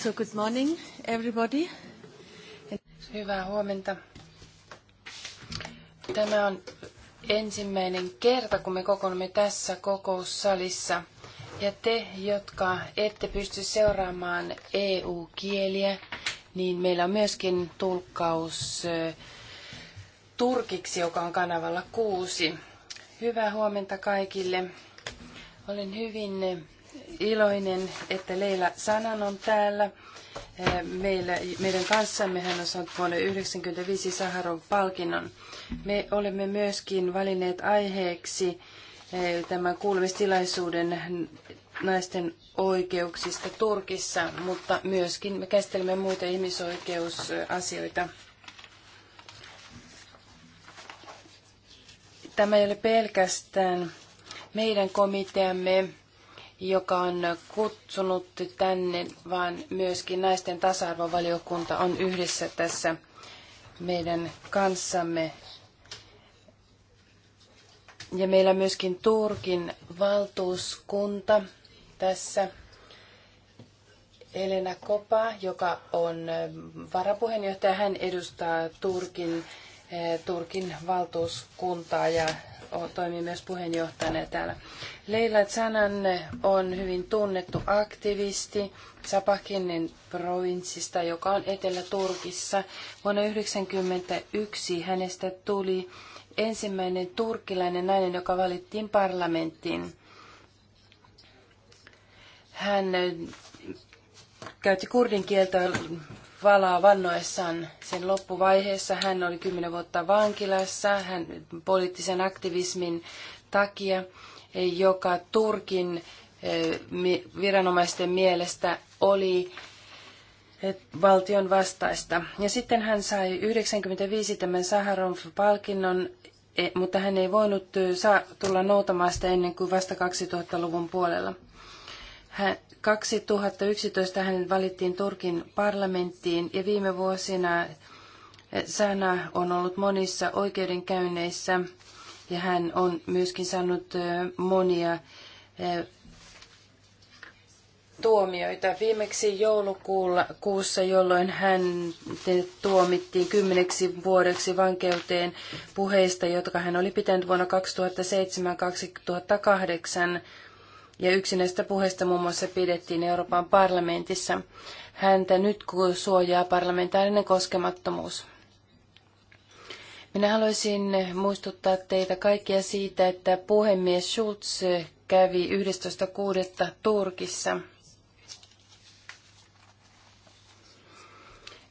So good morning everybody. Hyvää huomenta. Tämä on ensimmäinen kerta, kun me kokoonnumme tässä kokoussalissa. Ja te, jotka ette pysty seuraamaan EU-kieliä, niin meillä on myöskin tulkkaus turkiksi, joka on kanavalla kuusi. Hyvää huomenta kaikille. Olen hyvin iloinen, että Leila Sanan on täällä. Eh, meillä, meidän kanssamme hän on saanut vuonna 1995 Saharon palkinnon. Me olemme myöskin valinneet aiheeksi eh, tämän kuulemistilaisuuden naisten oikeuksista Turkissa, mutta myöskin me käsittelemme muita ihmisoikeusasioita. Tämä ei ole pelkästään meidän komiteamme joka on kutsunut tänne, vaan myöskin naisten tasa-arvovaliokunta on yhdessä tässä meidän kanssamme. Ja meillä myöskin Turkin valtuuskunta tässä. Elena Kopa, joka on ähm, varapuheenjohtaja, hän edustaa Turkin, äh, Turkin valtuuskuntaa ja toimii myös puheenjohtajana täällä. Leila Zananne on hyvin tunnettu aktivisti Sapakinen provinssista, joka on Etelä-Turkissa. Vuonna 1991 hänestä tuli ensimmäinen turkkilainen nainen, joka valittiin parlamenttiin. Hän käytti kurdin kieltä valaa vannoessaan sen loppuvaiheessa. Hän oli kymmenen vuotta vankilassa hän, poliittisen aktivismin takia, eh, joka Turkin eh, viranomaisten mielestä oli eh, valtion vastaista. Ja sitten hän sai 95 tämän Saharov-palkinnon, mutta hän ei voinut saa tulla noutamaan sitä ennen kuin vasta 2000-luvun puolella. Hän, 2011 hänet valittiin Turkin parlamenttiin ja viime vuosina sana on ollut monissa oikeudenkäynneissä ja hän on myöskin saanut monia tuomioita. Viimeksi joulukuulla kuussa, jolloin hän tuomittiin kymmeneksi vuodeksi vankeuteen puheista, jotka hän oli pitänyt vuonna 2007-2008 ja yksi näistä puheista muun muassa pidettiin Euroopan parlamentissa. Häntä nyt suojaa parlamentaarinen koskemattomuus. Minä haluaisin muistuttaa teitä kaikkia siitä, että puhemies Schulz kävi 11.6. Turkissa.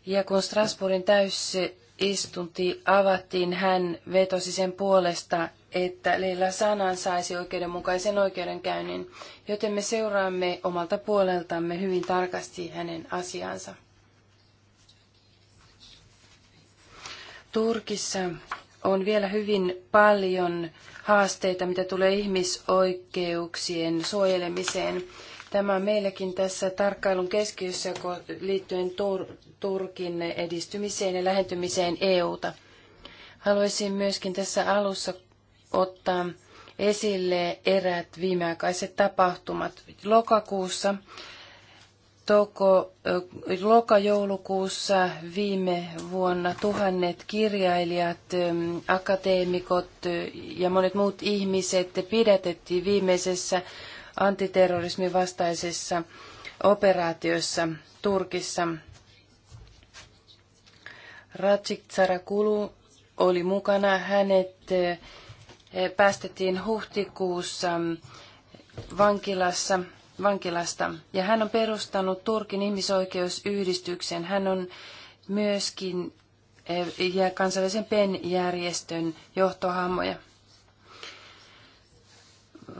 Ja kun Strasbourgin täysistunti avattiin, hän vetosi sen puolesta, että Leila Sanan saisi oikeudenmukaisen oikeudenkäynnin, joten me seuraamme omalta puoleltamme hyvin tarkasti hänen asiansa. Turkissa on vielä hyvin paljon haasteita, mitä tulee ihmisoikeuksien suojelemiseen. Tämä on meilläkin tässä tarkkailun keskiössä liittyen Tur- Turkin edistymiseen ja lähentymiseen EUta. Haluaisin myöskin tässä alussa ottaa esille eräät viimeaikaiset tapahtumat. Lokakuussa, toko, lokajoulukuussa viime vuonna tuhannet kirjailijat, akateemikot ja monet muut ihmiset pidätettiin viimeisessä antiterrorismin vastaisessa operaatiossa Turkissa. Ratsik Tsarakulu oli mukana. Hänet päästettiin huhtikuussa vankilassa, vankilasta. Ja hän on perustanut Turkin ihmisoikeusyhdistyksen. Hän on myöskin ja kansainvälisen PEN-järjestön johtohahmoja.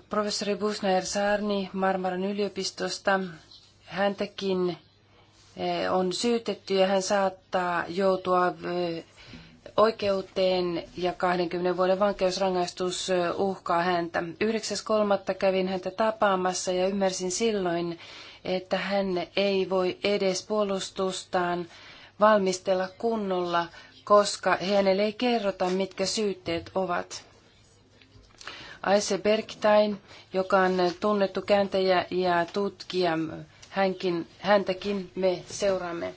Professori Busnaer Saarni Marmaran yliopistosta, häntäkin on syytetty ja hän saattaa joutua oikeuteen ja 20 vuoden vankeusrangaistus uhkaa häntä. 9.3. kävin häntä tapaamassa ja ymmärsin silloin, että hän ei voi edes puolustustaan valmistella kunnolla, koska hänelle ei kerrota, mitkä syytteet ovat. Aise Bergtain, joka on tunnettu kääntäjä ja tutkija, hänkin, häntäkin me seuraamme.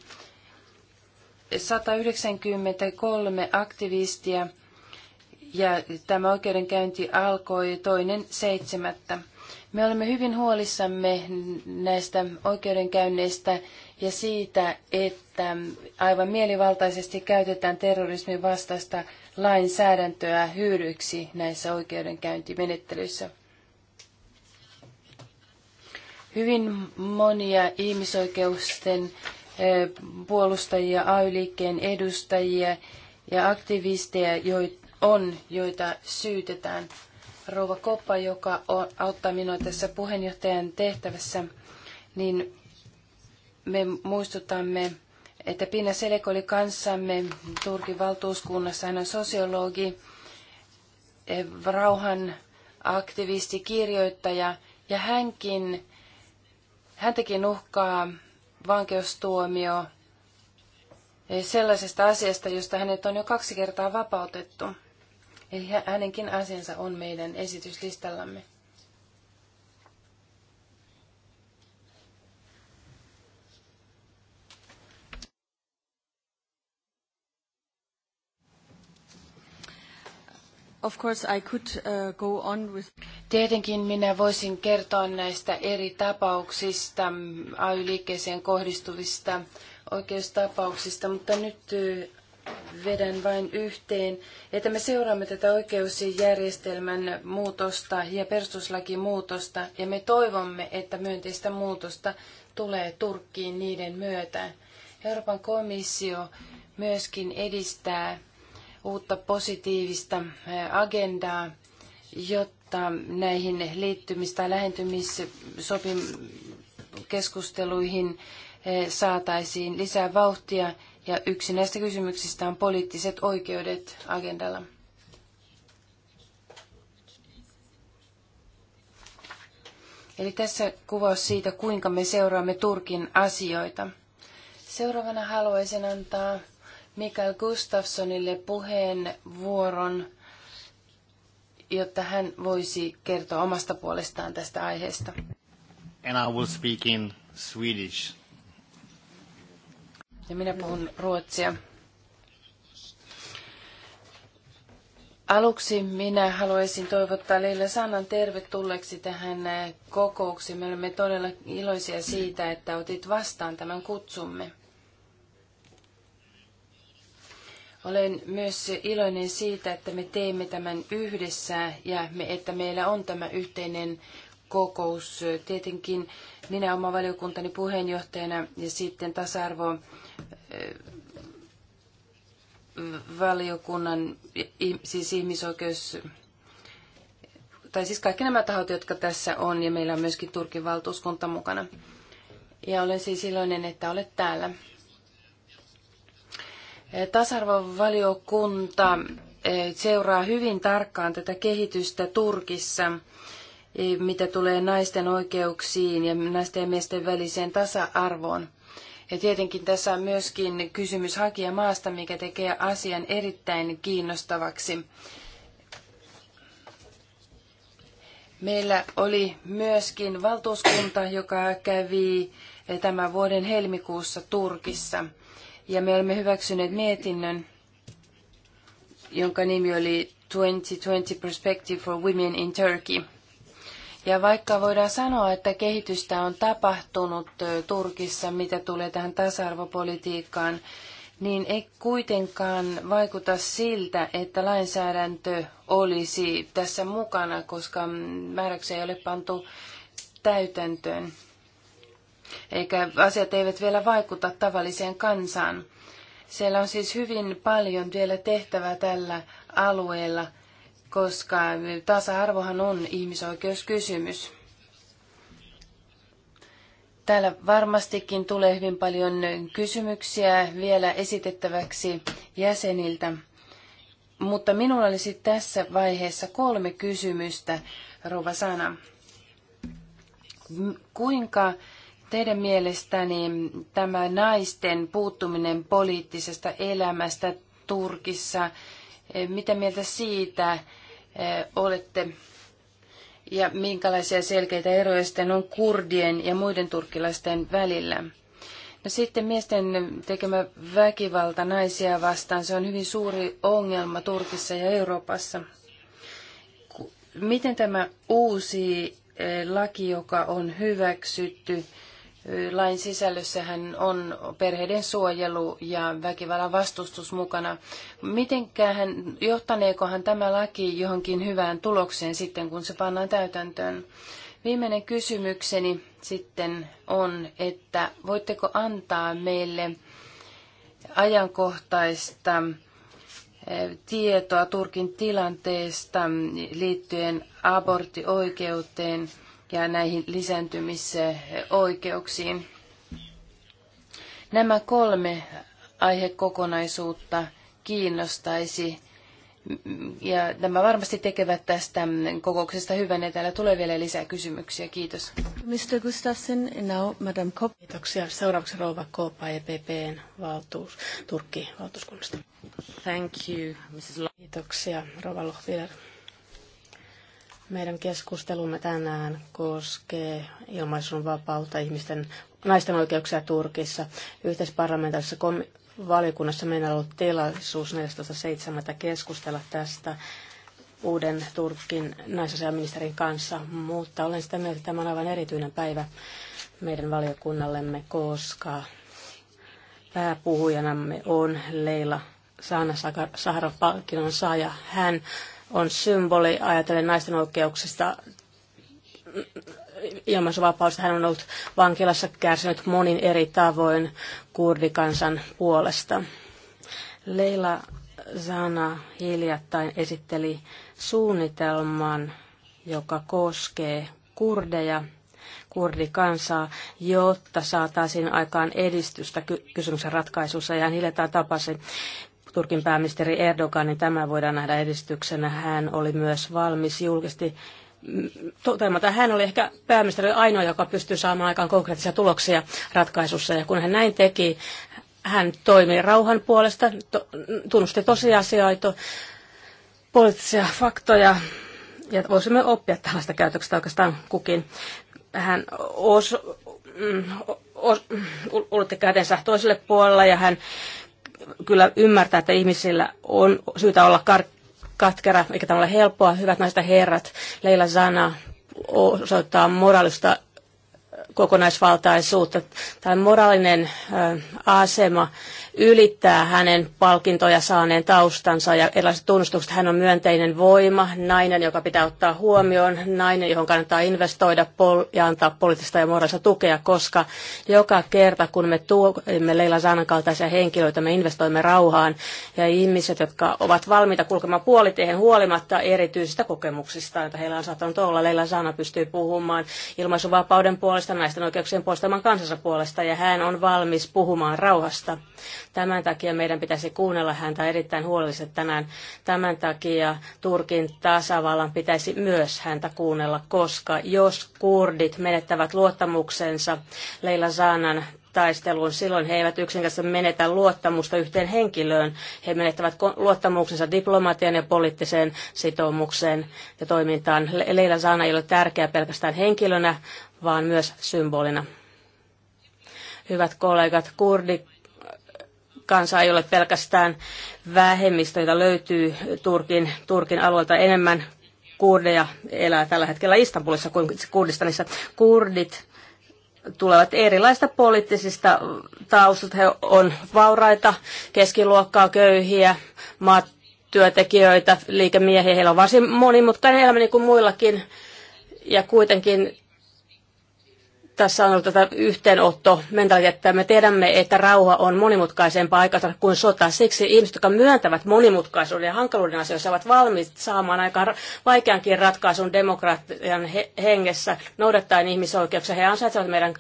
193 aktivistia ja tämä oikeudenkäynti alkoi toinen seitsemättä. Me olemme hyvin huolissamme näistä oikeudenkäynneistä ja siitä, että aivan mielivaltaisesti käytetään terrorismin vastaista lainsäädäntöä hyödyksi näissä oikeudenkäyntimenettelyissä. Hyvin monia ihmisoikeusten puolustajia, AY-liikkeen edustajia ja aktivisteja joita on, joita syytetään. Rouva Koppa, joka auttaa minua tässä puheenjohtajan tehtävässä, niin me muistutamme, että Pina Selek oli kanssamme Turkin valtuuskunnassa. Hän on sosiologi, rauhan aktivisti, kirjoittaja ja hänkin, häntäkin uhkaa vankeustuomio sellaisesta asiasta, josta hänet on jo kaksi kertaa vapautettu. Eli hänenkin asiansa on meidän esityslistallamme. Of course I could uh, go on with... Tietenkin minä voisin kertoa näistä eri tapauksista, AY-liikkeeseen kohdistuvista oikeustapauksista, mutta nyt vedän vain yhteen, että me seuraamme tätä oikeusjärjestelmän muutosta ja perustuslakimuutosta ja me toivomme, että myönteistä muutosta tulee Turkkiin niiden myötä. Euroopan komissio myöskin edistää uutta positiivista agendaa, jotta näihin liittymis- tai lähentymiskeskusteluihin saataisiin lisää vauhtia. Ja yksi näistä kysymyksistä on poliittiset oikeudet agendalla. Eli tässä kuvaus siitä, kuinka me seuraamme Turkin asioita. Seuraavana haluaisin antaa Mikael Gustafssonille puheenvuoron, jotta hän voisi kertoa omasta puolestaan tästä aiheesta. And I will speak in Swedish. Ja minä puhun ruotsia. Aluksi minä haluaisin toivottaa Leila Sannan tervetulleeksi tähän kokoukseen. Me olemme todella iloisia siitä, että otit vastaan tämän kutsumme. Olen myös iloinen siitä, että me teemme tämän yhdessä ja me, että meillä on tämä yhteinen kokous. Tietenkin minä oma valiokuntani puheenjohtajana ja sitten tasa-arvo eh, valiokunnan, siis ihmisoikeus, tai siis kaikki nämä tahot, jotka tässä on, ja meillä on myöskin Turkin valtuuskunta mukana. Ja olen siis iloinen, että olet täällä. Tasa-arvovaliokunta eh, seuraa hyvin tarkkaan tätä kehitystä Turkissa, eh, mitä tulee naisten oikeuksiin ja naisten ja miesten väliseen tasa-arvoon. Ja tietenkin tässä on myöskin kysymys hakijamaasta, mikä tekee asian erittäin kiinnostavaksi. Meillä oli myöskin valtuuskunta, joka kävi eh, tämän vuoden helmikuussa Turkissa ja me olemme hyväksyneet mietinnön, jonka nimi oli 2020 Perspective for Women in Turkey. Ja vaikka voidaan sanoa, että kehitystä on tapahtunut Turkissa, mitä tulee tähän tasa-arvopolitiikkaan, niin ei kuitenkaan vaikuta siltä, että lainsäädäntö olisi tässä mukana, koska määräksi ei ole pantu täytäntöön eikä asiat eivät vielä vaikuta tavalliseen kansaan. Siellä on siis hyvin paljon vielä tehtävää tällä alueella, koska tasa-arvohan on ihmisoikeuskysymys. Täällä varmastikin tulee hyvin paljon kysymyksiä vielä esitettäväksi jäseniltä. Mutta minulla olisi tässä vaiheessa kolme kysymystä, Rova Sana. Kuinka teidän mielestäni tämä naisten puuttuminen poliittisesta elämästä Turkissa, e, mitä mieltä siitä e, olette ja minkälaisia selkeitä eroja sitten on kurdien ja muiden turkkilaisten välillä? No sitten miesten tekemä väkivalta naisia vastaan, se on hyvin suuri ongelma Turkissa ja Euroopassa. Miten tämä uusi e, laki, joka on hyväksytty, Lain sisällössähän on perheiden suojelu ja väkivallan vastustus mukana. Mitenkään johtaneekohan tämä laki johonkin hyvään tulokseen sitten, kun se pannaan täytäntöön? Viimeinen kysymykseni sitten on, että voitteko antaa meille ajankohtaista eh, tietoa Turkin tilanteesta liittyen aborttioikeuteen – ja näihin lisääntymisoikeuksiin. Nämä kolme aihekokonaisuutta kiinnostaisi ja nämä varmasti tekevät tästä kokouksesta hyvän, ja täällä tulee vielä lisää kysymyksiä. Kiitos. Mr. Gustafsson, now Madam Kopp. Kiitoksia. Seuraavaksi Rouva ja EPPn valtuus, Turkki valtuuskunnasta. Thank you, Mrs. L Kiitoksia, Rouva Lohviler. Meidän keskustelumme tänään koskee ilmaisun vapautta ihmisten naisten oikeuksia Turkissa. Yhteisparlamentaarisessa kom- valiokunnassa meillä on ollut tilaisuus 14.7. keskustella tästä uuden Turkin naisasiaministerin kanssa, mutta olen sitä mieltä, että tämä on aivan erityinen päivä meidän valiokunnallemme, koska pääpuhujanamme on Leila Saana sahara palkinnon saaja. Hän on symboli ajatellen naisten oikeuksista ilmaisuvapaudesta. Hän on ollut vankilassa kärsinyt monin eri tavoin kurdikansan puolesta. Leila Zana hiljattain esitteli suunnitelman, joka koskee kurdeja, kurdikansaa, jotta saataisiin aikaan edistystä kysymyksen ratkaisussa. Ja hän hiljattain tapasi Turkin pääministeri Erdoganin niin tämä voidaan nähdä edistyksenä. Hän oli myös valmis julkisesti mm, toteamatta. Hän oli ehkä pääministeri ainoa, joka pystyi saamaan aikaan konkreettisia tuloksia ratkaisussa. Ja kun hän näin teki, hän toimi rauhan puolesta, to, tunnusti tosiasioita, poliittisia faktoja, ja voisimme oppia tällaista käytöksestä oikeastaan kukin. Hän os, mm, os, os, mm, ulotti kätensä toiselle puolelle ja hän kyllä ymmärtää, että ihmisillä on syytä olla katkera, eikä tämä ole helppoa. Hyvät naiset ja herrat, Leila Zana osoittaa moraalista kokonaisvaltaisuutta. Tämä moraalinen asema ylittää hänen palkintoja saaneen taustansa ja erilaiset tunnustukset. Hän on myönteinen voima, nainen, joka pitää ottaa huomioon, nainen, johon kannattaa investoida ja antaa poliittista ja moraalista tukea, koska joka kerta, kun me tuomme Leila Zanan kaltaisia henkilöitä, me investoimme rauhaan ja ihmiset, jotka ovat valmiita kulkemaan puolitiehen huolimatta erityisistä kokemuksista, joita heillä on saattanut olla. Leila Zana pystyy puhumaan ilmaisuvapauden puolesta, naisten oikeuksien puolesta, kansansa puolesta ja hän on valmis puhumaan rauhasta. Tämän takia meidän pitäisi kuunnella häntä erittäin huolellisesti tänään. Tämän takia Turkin tasavallan pitäisi myös häntä kuunnella, koska jos kurdit menettävät luottamuksensa Leila Zanan taisteluun. Silloin he eivät yksinkertaisesti menetä luottamusta yhteen henkilöön. He menettävät luottamuksensa diplomatian ja poliittiseen sitoumukseen ja toimintaan. Leila Zana ei ole tärkeä pelkästään henkilönä, vaan myös symbolina. Hyvät kollegat, Kurdit kansa ei ole pelkästään vähemmistö, joita löytyy Turkin, Turkin alueelta enemmän kurdeja elää tällä hetkellä Istanbulissa kuin Kurdistanissa. Kurdit tulevat erilaista poliittisista taustat. He on vauraita, keskiluokkaa, köyhiä, maat työntekijöitä, liikemiehiä. Heillä on varsin monimutkainen elämä niin kuin muillakin. Ja kuitenkin tässä on ollut tätä yhteenotto mentaliteettia. Me tiedämme, että rauha on monimutkaisempaa aikaa kuin sota. Siksi ihmiset, jotka myöntävät monimutkaisuuden ja hankaluuden asioissa, ovat valmiit saamaan aika vaikeankin ratkaisun demokratian hengessä, noudattaen ihmisoikeuksia. He ansaitsevat meidän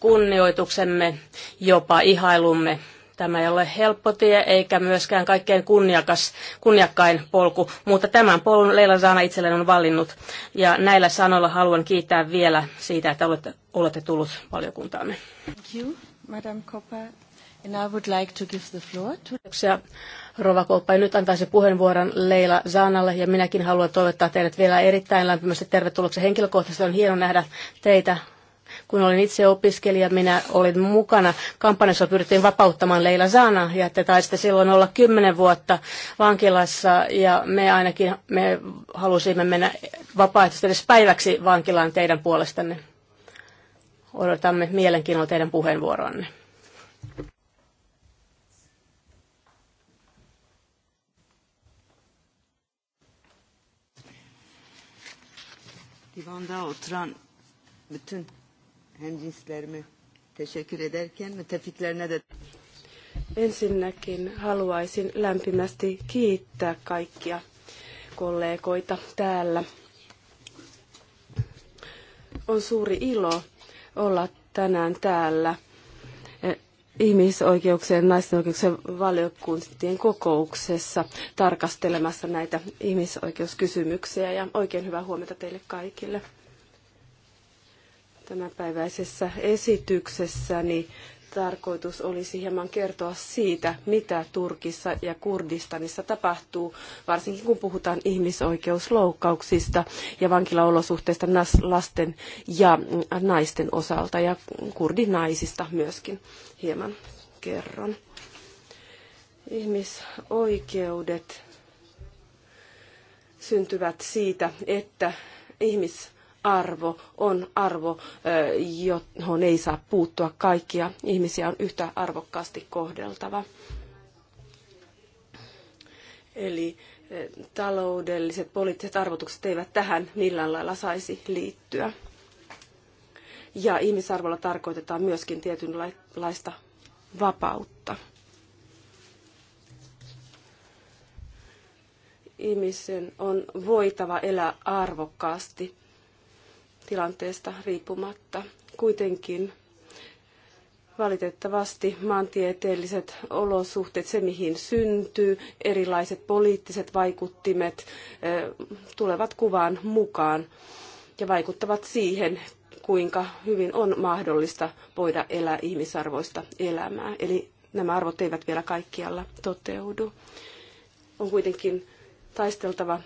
kunnioituksemme, jopa ihailumme. Tämä ei ole helppo tie eikä myöskään kaikkein kunniakas, kunniakkain polku, mutta tämän polun Leila Saana itselleen on valinnut. Ja näillä sanoilla haluan kiittää vielä siitä, että olette, olette tullut valiokuntaamme. Thank you, Madam Koppa. And I would like to give the floor to... Kiitoksia, Rova Koppa. Ja nyt antaisin puheenvuoron Leila Zaanalle ja minäkin haluan toivottaa teidät vielä erittäin lämpimästi tervetulleeksi henkilökohtaisesti. On hieno nähdä teitä kun olin itse opiskelija, minä olin mukana kampanjassa, pyrittiin vapauttamaan Leila Zana, ja te taisitte silloin olla kymmenen vuotta vankilassa, ja me ainakin me halusimme mennä vapaaehtoisesti edes päiväksi vankilaan teidän puolestanne. Odotamme mielenkiinnolla teidän puheenvuoronne. divanda oturan bütün teşekkür ederken de Ensinnäkin haluaisin lämpimästi kiittää kaikkia kollegoita täällä. On suuri ilo olla tänään täällä eh, ihmisoikeuksien, naisten oikeuksien valiokuntien kokouksessa tarkastelemassa näitä ihmisoikeuskysymyksiä ja oikein hyvää huomenta teille kaikille tämänpäiväisessä esityksessäni tarkoitus olisi hieman kertoa siitä, mitä Turkissa ja Kurdistanissa tapahtuu, varsinkin kun puhutaan ihmisoikeusloukkauksista ja vankilaolosuhteista lasten ja naisten osalta ja kurdinaisista myöskin hieman kerron. Ihmisoikeudet syntyvät siitä, että ihmis arvo on arvo, johon ei saa puuttua. Kaikkia ihmisiä on yhtä arvokkaasti kohdeltava. Eli taloudelliset, poliittiset arvotukset eivät tähän millään lailla saisi liittyä. Ja ihmisarvolla tarkoitetaan myöskin tietynlaista vapautta. Ihmisen on voitava elää arvokkaasti tilanteesta riippumatta. Kuitenkin valitettavasti maantieteelliset olosuhteet, se mihin syntyy, erilaiset poliittiset vaikuttimet tulevat kuvaan mukaan ja vaikuttavat siihen, kuinka hyvin on mahdollista voida elää ihmisarvoista elämää. Eli nämä arvot eivät vielä kaikkialla toteudu. On kuitenkin taisteltava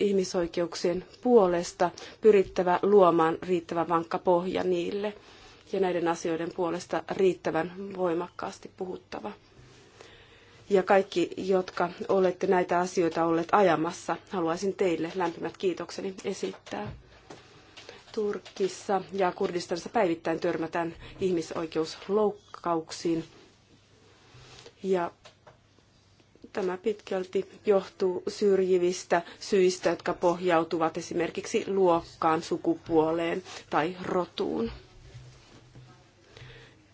ihmisoikeuksien puolesta pyrittävä luomaan riittävän vankka pohja niille ja näiden asioiden puolesta riittävän voimakkaasti puhuttava. Ja kaikki, jotka olette näitä asioita olleet ajamassa, haluaisin teille lämpimät kiitokseni esittää. Turkissa ja Kurdistanissa päivittäin törmätään ihmisoikeusloukkauksiin. Ja Tämä pitkälti johtuu syrjivistä syistä, jotka pohjautuvat esimerkiksi luokkaan, sukupuoleen tai rotuun.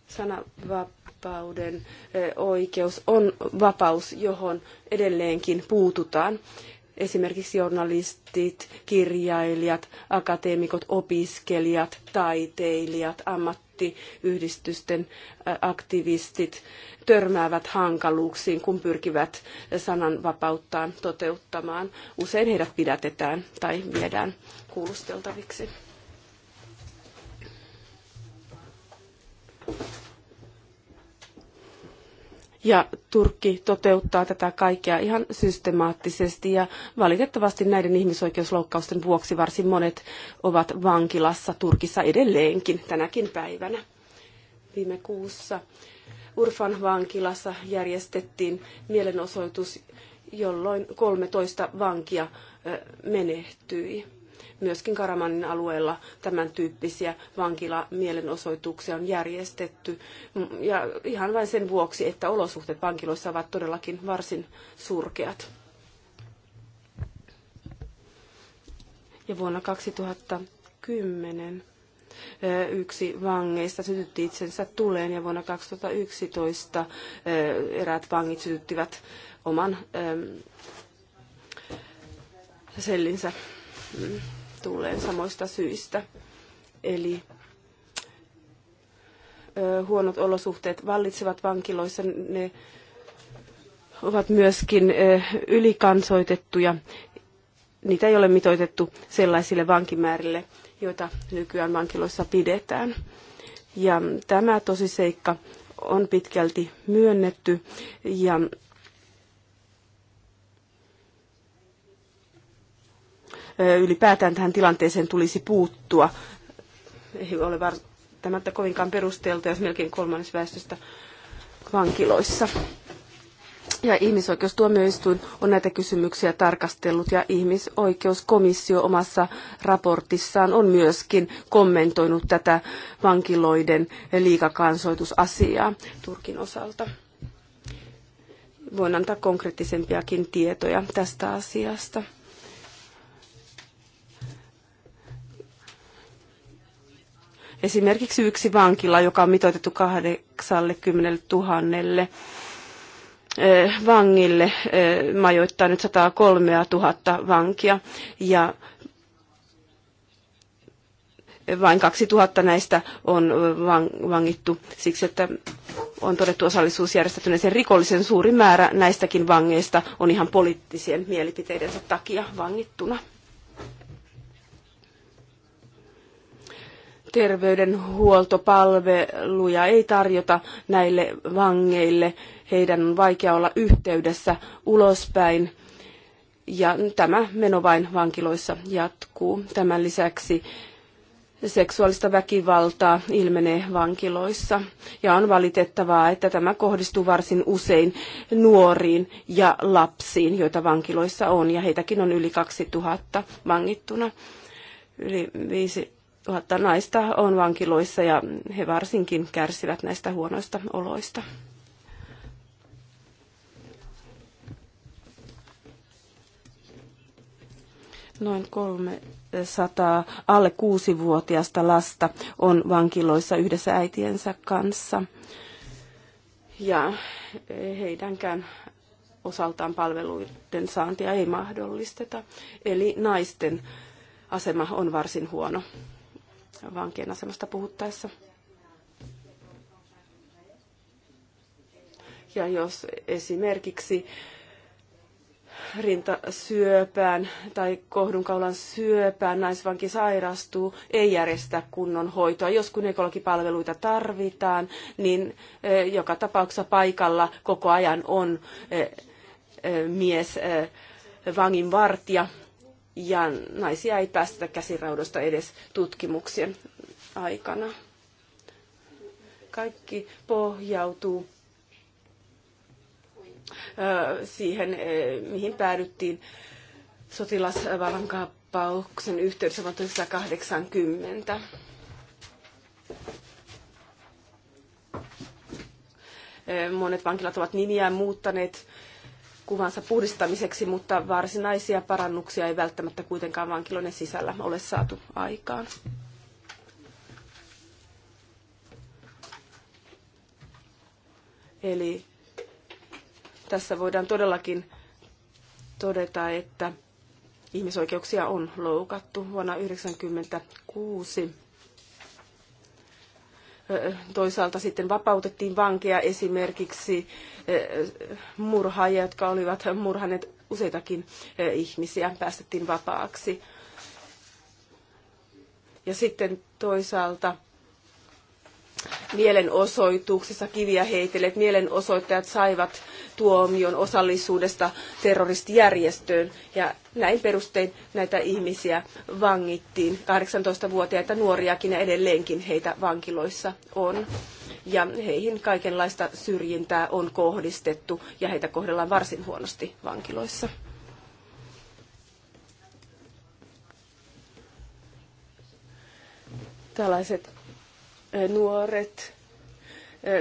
Sananvapauden eh, oikeus on vapaus, johon edelleenkin puututaan. Esimerkiksi journalistit, kirjailijat, akateemikot, opiskelijat, taiteilijat, ammattilaiset ammattiyhdistysten aktivistit törmäävät hankaluuksiin, kun pyrkivät sananvapauttaan toteuttamaan. Usein heidät pidätetään tai viedään kuulusteltaviksi. ja Turkki toteuttaa tätä kaikkea ihan systemaattisesti ja valitettavasti näiden ihmisoikeusloukkausten vuoksi varsin monet ovat vankilassa Turkissa edelleenkin tänäkin päivänä. Viime kuussa Urfan vankilassa järjestettiin mielenosoitus, jolloin 13 vankia menehtyi Myöskin Karamanin alueella tämän tyyppisiä vankilamielenosoituksia on järjestetty. Ja ihan vain sen vuoksi, että olosuhteet vankiloissa ovat todellakin varsin surkeat. Ja vuonna 2010 yksi vangeista sytytti itsensä tuleen ja vuonna 2011 eräät vangit sytyttivät oman sellinsä tulleen samoista syistä. Eli huonot olosuhteet vallitsevat vankiloissa, ne ovat myöskin ylikansoitettuja. Niitä ei ole mitoitettu sellaisille vankimäärille, joita nykyään vankiloissa pidetään. Ja tämä tosiseikka on pitkälti myönnetty ja ylipäätään tähän tilanteeseen tulisi puuttua. Ei ole välttämättä kovinkaan perusteltu, jos melkein kolmannes väestöstä vankiloissa. Ja ihmisoikeustuomioistuin on näitä kysymyksiä tarkastellut ja ihmisoikeuskomissio omassa raportissaan on myöskin kommentoinut tätä vankiloiden liikakansoitusasiaa Turkin osalta. Voin antaa konkreettisempiakin tietoja tästä asiasta. esimerkiksi yksi vankila, joka on mitoitettu 80 000 eh, vangille, eh, majoittaa nyt 103 000 vankia ja vain 2000 näistä on vangittu siksi, että on todettu osallisuus järjestäytyneeseen rikollisen suuri määrä näistäkin vangeista on ihan poliittisien mielipiteidensä takia vangittuna. terveydenhuoltopalveluja ei tarjota näille vangeille. Heidän on vaikea olla yhteydessä ulospäin. Ja tämä meno vain vankiloissa jatkuu. Tämän lisäksi seksuaalista väkivaltaa ilmenee vankiloissa. Ja on valitettavaa, että tämä kohdistuu varsin usein nuoriin ja lapsiin, joita vankiloissa on. Ja heitäkin on yli 2000 vangittuna. Yli viisi tuhatta naista on vankiloissa ja he varsinkin kärsivät näistä huonoista oloista. Noin 300 alle 6-vuotiasta lasta on vankiloissa yhdessä äitiensä kanssa. Ja heidänkään osaltaan palveluiden saantia ei mahdollisteta. Eli naisten asema on varsin huono vankien asemasta puhuttaessa. Ja jos esimerkiksi rintasyöpään tai kohdunkaulan syöpään naisvanki sairastuu, ei järjestä kunnon hoitoa. Jos ekologipalveluita tarvitaan, niin e, joka tapauksessa paikalla koko ajan on e, e, mies vangin vartija ja naisia ei päästetä käsiraudoista edes tutkimuksien aikana. Kaikki pohjautuu siihen, mihin päädyttiin sotilasvallankaappauksen yhteydessä vuonna 1980. Monet vankilat ovat nimiään muuttaneet kuvansa puhdistamiseksi, mutta varsinaisia parannuksia ei välttämättä kuitenkaan vankiloiden sisällä ole saatu aikaan. Eli tässä voidaan todellakin todeta, että ihmisoikeuksia on loukattu vuonna 1996 Toisaalta sitten vapautettiin vankeja esimerkiksi eh, murhaajia, jotka olivat murhanneet useitakin eh, ihmisiä, päästettiin vapaaksi. Ja sitten toisaalta mielenosoituksissa kiviä heitelleet mielenosoittajat saivat tuomion osallisuudesta terroristijärjestöön ja näin perustein näitä ihmisiä vangittiin. 18-vuotiaita nuoriakin ja edelleenkin heitä vankiloissa on. Ja heihin kaikenlaista syrjintää on kohdistettu ja heitä kohdellaan varsin huonosti vankiloissa. Tällaiset nuoret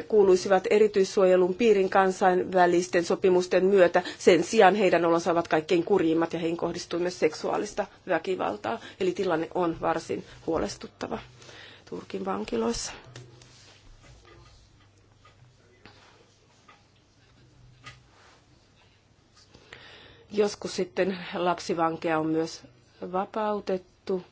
kuuluisivat erityissuojelun piirin kansainvälisten sopimusten myötä. Sen sijaan heidän olonsa ovat kaikkein kurjimmat ja heihin kohdistuu myös seksuaalista väkivaltaa. Eli tilanne on varsin huolestuttava Turkin vankiloissa. Joskus sitten lapsivankeja on myös vapautettu,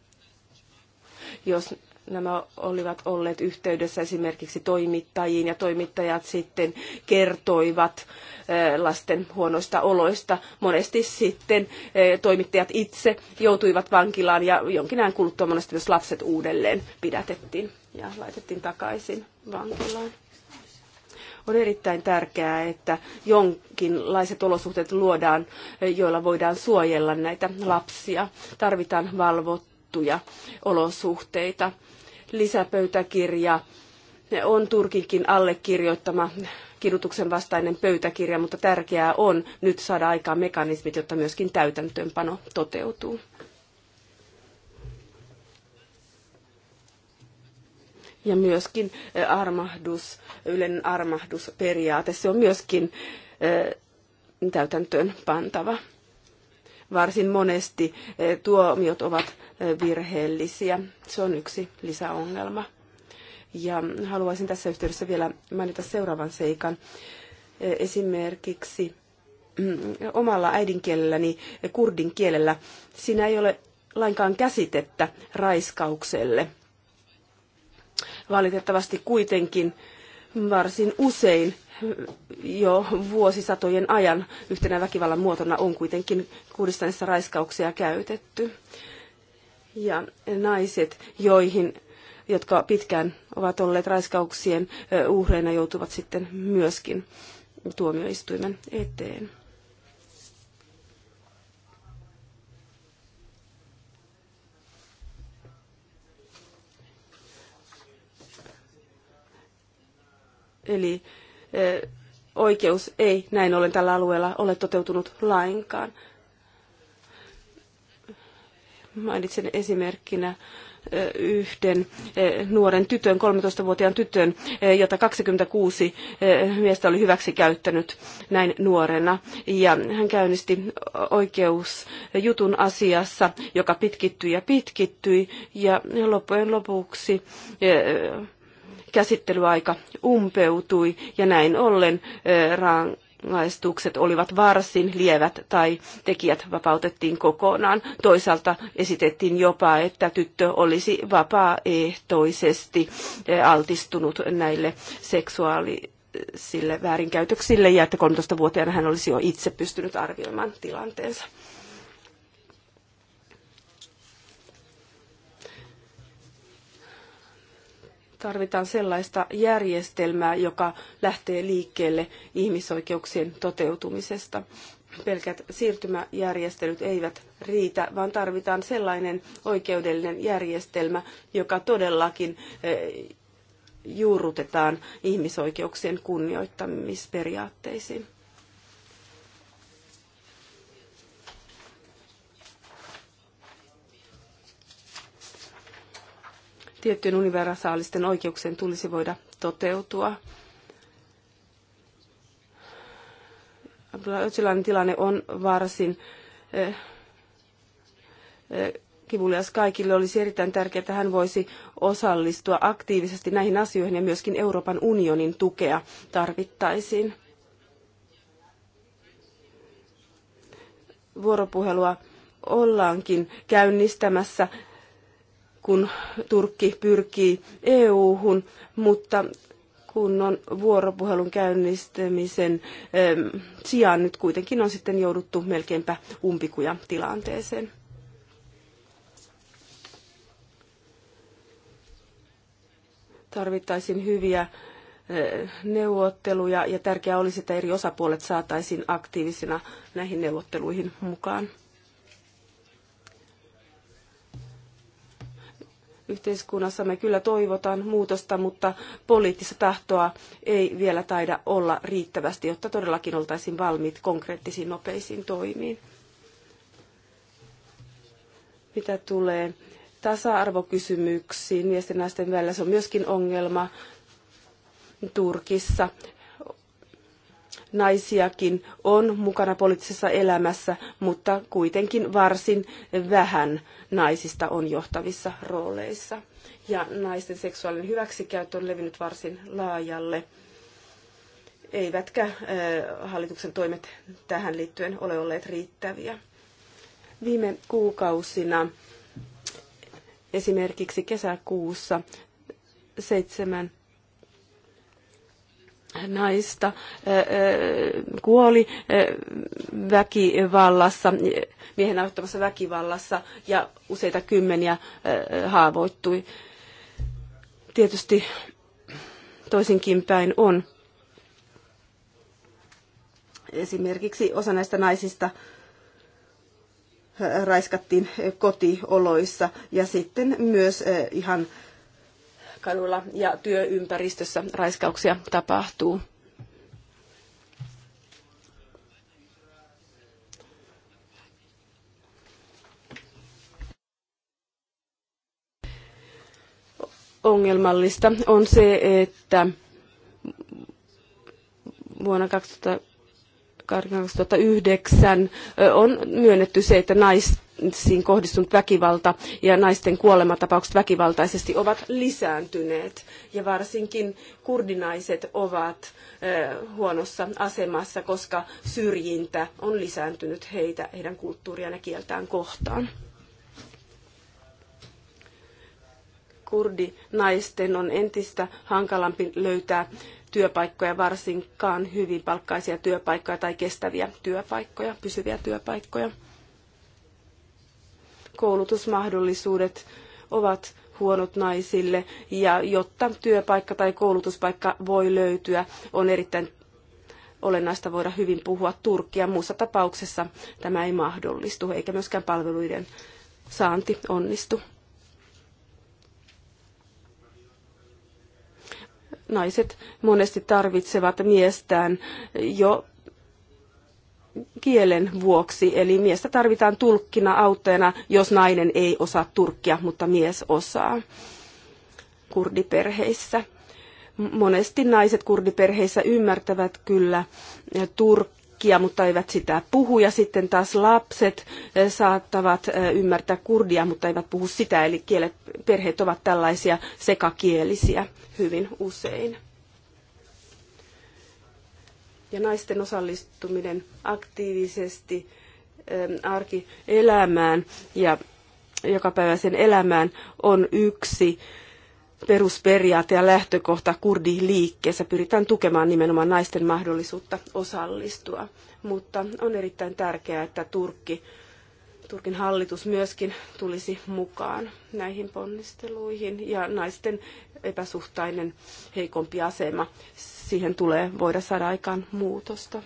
jos nämä olivat olleet yhteydessä esimerkiksi toimittajiin ja toimittajat sitten kertoivat eh, lasten huonoista oloista. Monesti sitten eh, toimittajat itse joutuivat vankilaan ja jonkin ajan kuluttua monesti myös lapset uudelleen pidätettiin ja laitettiin takaisin vankilaan on erittäin tärkeää, että jonkinlaiset olosuhteet luodaan, eh, joilla voidaan suojella näitä lapsia. Tarvitaan valvottuja olosuhteita lisäpöytäkirja on Turkinkin allekirjoittama kidutuksen vastainen pöytäkirja, mutta tärkeää on nyt saada aikaan mekanismit, jotta myöskin täytäntöönpano toteutuu. Ja myöskin eh, armahdus, yleinen armahdusperiaate, se on myöskin eh, täytäntöön pantava. Varsin monesti eh, tuomiot ovat virheellisiä. Se on yksi lisäongelma. Ja haluaisin tässä yhteydessä vielä mainita seuraavan seikan. Esimerkiksi mm, omalla äidinkielelläni, kurdin kielellä, siinä ei ole lainkaan käsitettä raiskaukselle. Valitettavasti kuitenkin varsin usein jo vuosisatojen ajan yhtenä väkivallan muotona on kuitenkin Kurdistanissa raiskauksia käytetty ja naiset, joihin, jotka pitkään ovat olleet raiskauksien uhreina, joutuvat sitten myöskin tuomioistuimen eteen. Eli oikeus ei näin ollen tällä alueella ole toteutunut lainkaan. Mainitsen esimerkkinä yhden nuoren tytön, 13-vuotiaan tytön, jota 26 miestä oli hyväksi käyttänyt näin nuorena. Ja hän käynnisti oikeusjutun asiassa, joka pitkittyi ja pitkittyi. Ja loppujen lopuksi käsittelyaika umpeutui ja näin ollen rangaistukset olivat varsin lievät tai tekijät vapautettiin kokonaan. Toisaalta esitettiin jopa, että tyttö olisi vapaaehtoisesti eh, altistunut näille seksuaalisille väärinkäytöksille ja että 13-vuotiaana hän olisi jo itse pystynyt arvioimaan tilanteensa. tarvitaan sellaista järjestelmää, joka lähtee liikkeelle ihmisoikeuksien toteutumisesta. Pelkät siirtymäjärjestelyt eivät riitä, vaan tarvitaan sellainen oikeudellinen järjestelmä, joka todellakin e, juurrutetaan ihmisoikeuksien kunnioittamisperiaatteisiin. tiettyjen universaalisten oikeuksien tulisi voida toteutua. Abdullah tilanne on varsin eh, eh, kivulias kaikille. Olisi erittäin tärkeää, että hän voisi osallistua aktiivisesti näihin asioihin ja myöskin Euroopan unionin tukea tarvittaisiin. Vuoropuhelua ollaankin käynnistämässä kun Turkki pyrkii EU-hun, mutta on vuoropuhelun käynnistämisen sijaan nyt kuitenkin on sitten jouduttu melkeinpä umpikuja tilanteeseen. Tarvittaisiin hyviä eh, neuvotteluja ja tärkeää olisi, että eri osapuolet saataisiin aktiivisina näihin neuvotteluihin mukaan. yhteiskunnassamme kyllä toivotaan muutosta, mutta poliittista tahtoa ei vielä taida olla riittävästi, jotta todellakin oltaisiin valmiit konkreettisiin nopeisiin toimiin. Mitä tulee tasa-arvokysymyksiin miesten ja naisten välillä, se on myöskin ongelma. Turkissa naisiakin on mukana poliittisessa elämässä, mutta kuitenkin varsin vähän naisista on johtavissa rooleissa. Ja naisten seksuaalinen hyväksikäyttö on levinnyt varsin laajalle. Eivätkä hallituksen toimet tähän liittyen ole olleet riittäviä. Viime kuukausina, esimerkiksi kesäkuussa, seitsemän naista kuoli väkivallassa, miehen aiheuttamassa väkivallassa ja useita kymmeniä haavoittui. Tietysti toisinkin päin on. Esimerkiksi osa näistä naisista raiskattiin kotioloissa ja sitten myös ihan kadulla ja työympäristössä raiskauksia tapahtuu. Ongelmallista on se, että vuonna 2009 on myönnetty se, että nais naisiin kohdistunut väkivalta ja naisten kuolematapaukset väkivaltaisesti ovat lisääntyneet. Ja varsinkin kurdinaiset ovat huonossa asemassa, koska syrjintä on lisääntynyt heitä, heidän kulttuuriaan ja kieltään kohtaan. Kurdinaisten on entistä hankalampi löytää työpaikkoja, varsinkaan hyvin palkkaisia työpaikkoja tai kestäviä työpaikkoja, pysyviä työpaikkoja koulutusmahdollisuudet ovat huonot naisille ja jotta työpaikka tai koulutuspaikka voi löytyä, on erittäin olennaista voida hyvin puhua turkkia. Muussa tapauksessa tämä ei mahdollistu eikä myöskään palveluiden saanti onnistu. Naiset monesti tarvitsevat miestään jo kielen vuoksi, eli miestä tarvitaan tulkkina, auttajana, jos nainen ei osaa turkkia, mutta mies osaa kurdiperheissä. Monesti naiset kurdiperheissä ymmärtävät kyllä eh, turkkia, mutta eivät sitä puhu, ja sitten taas lapset eh, saattavat eh, ymmärtää kurdia, mutta eivät puhu sitä, eli kielet, perheet ovat tällaisia sekakielisiä hyvin usein ja naisten osallistuminen aktiivisesti ähm, arkielämään ja jokapäiväisen elämään on yksi perusperiaate ja lähtökohta kurdiliikkeessä. Pyritään tukemaan nimenomaan naisten mahdollisuutta osallistua. Mutta on erittäin tärkeää, että Turkki, Turkin hallitus myöskin tulisi mukaan näihin ponnisteluihin ja naisten epäsuhtainen heikompi asema siihen tulee voida saada aikaan muutosta.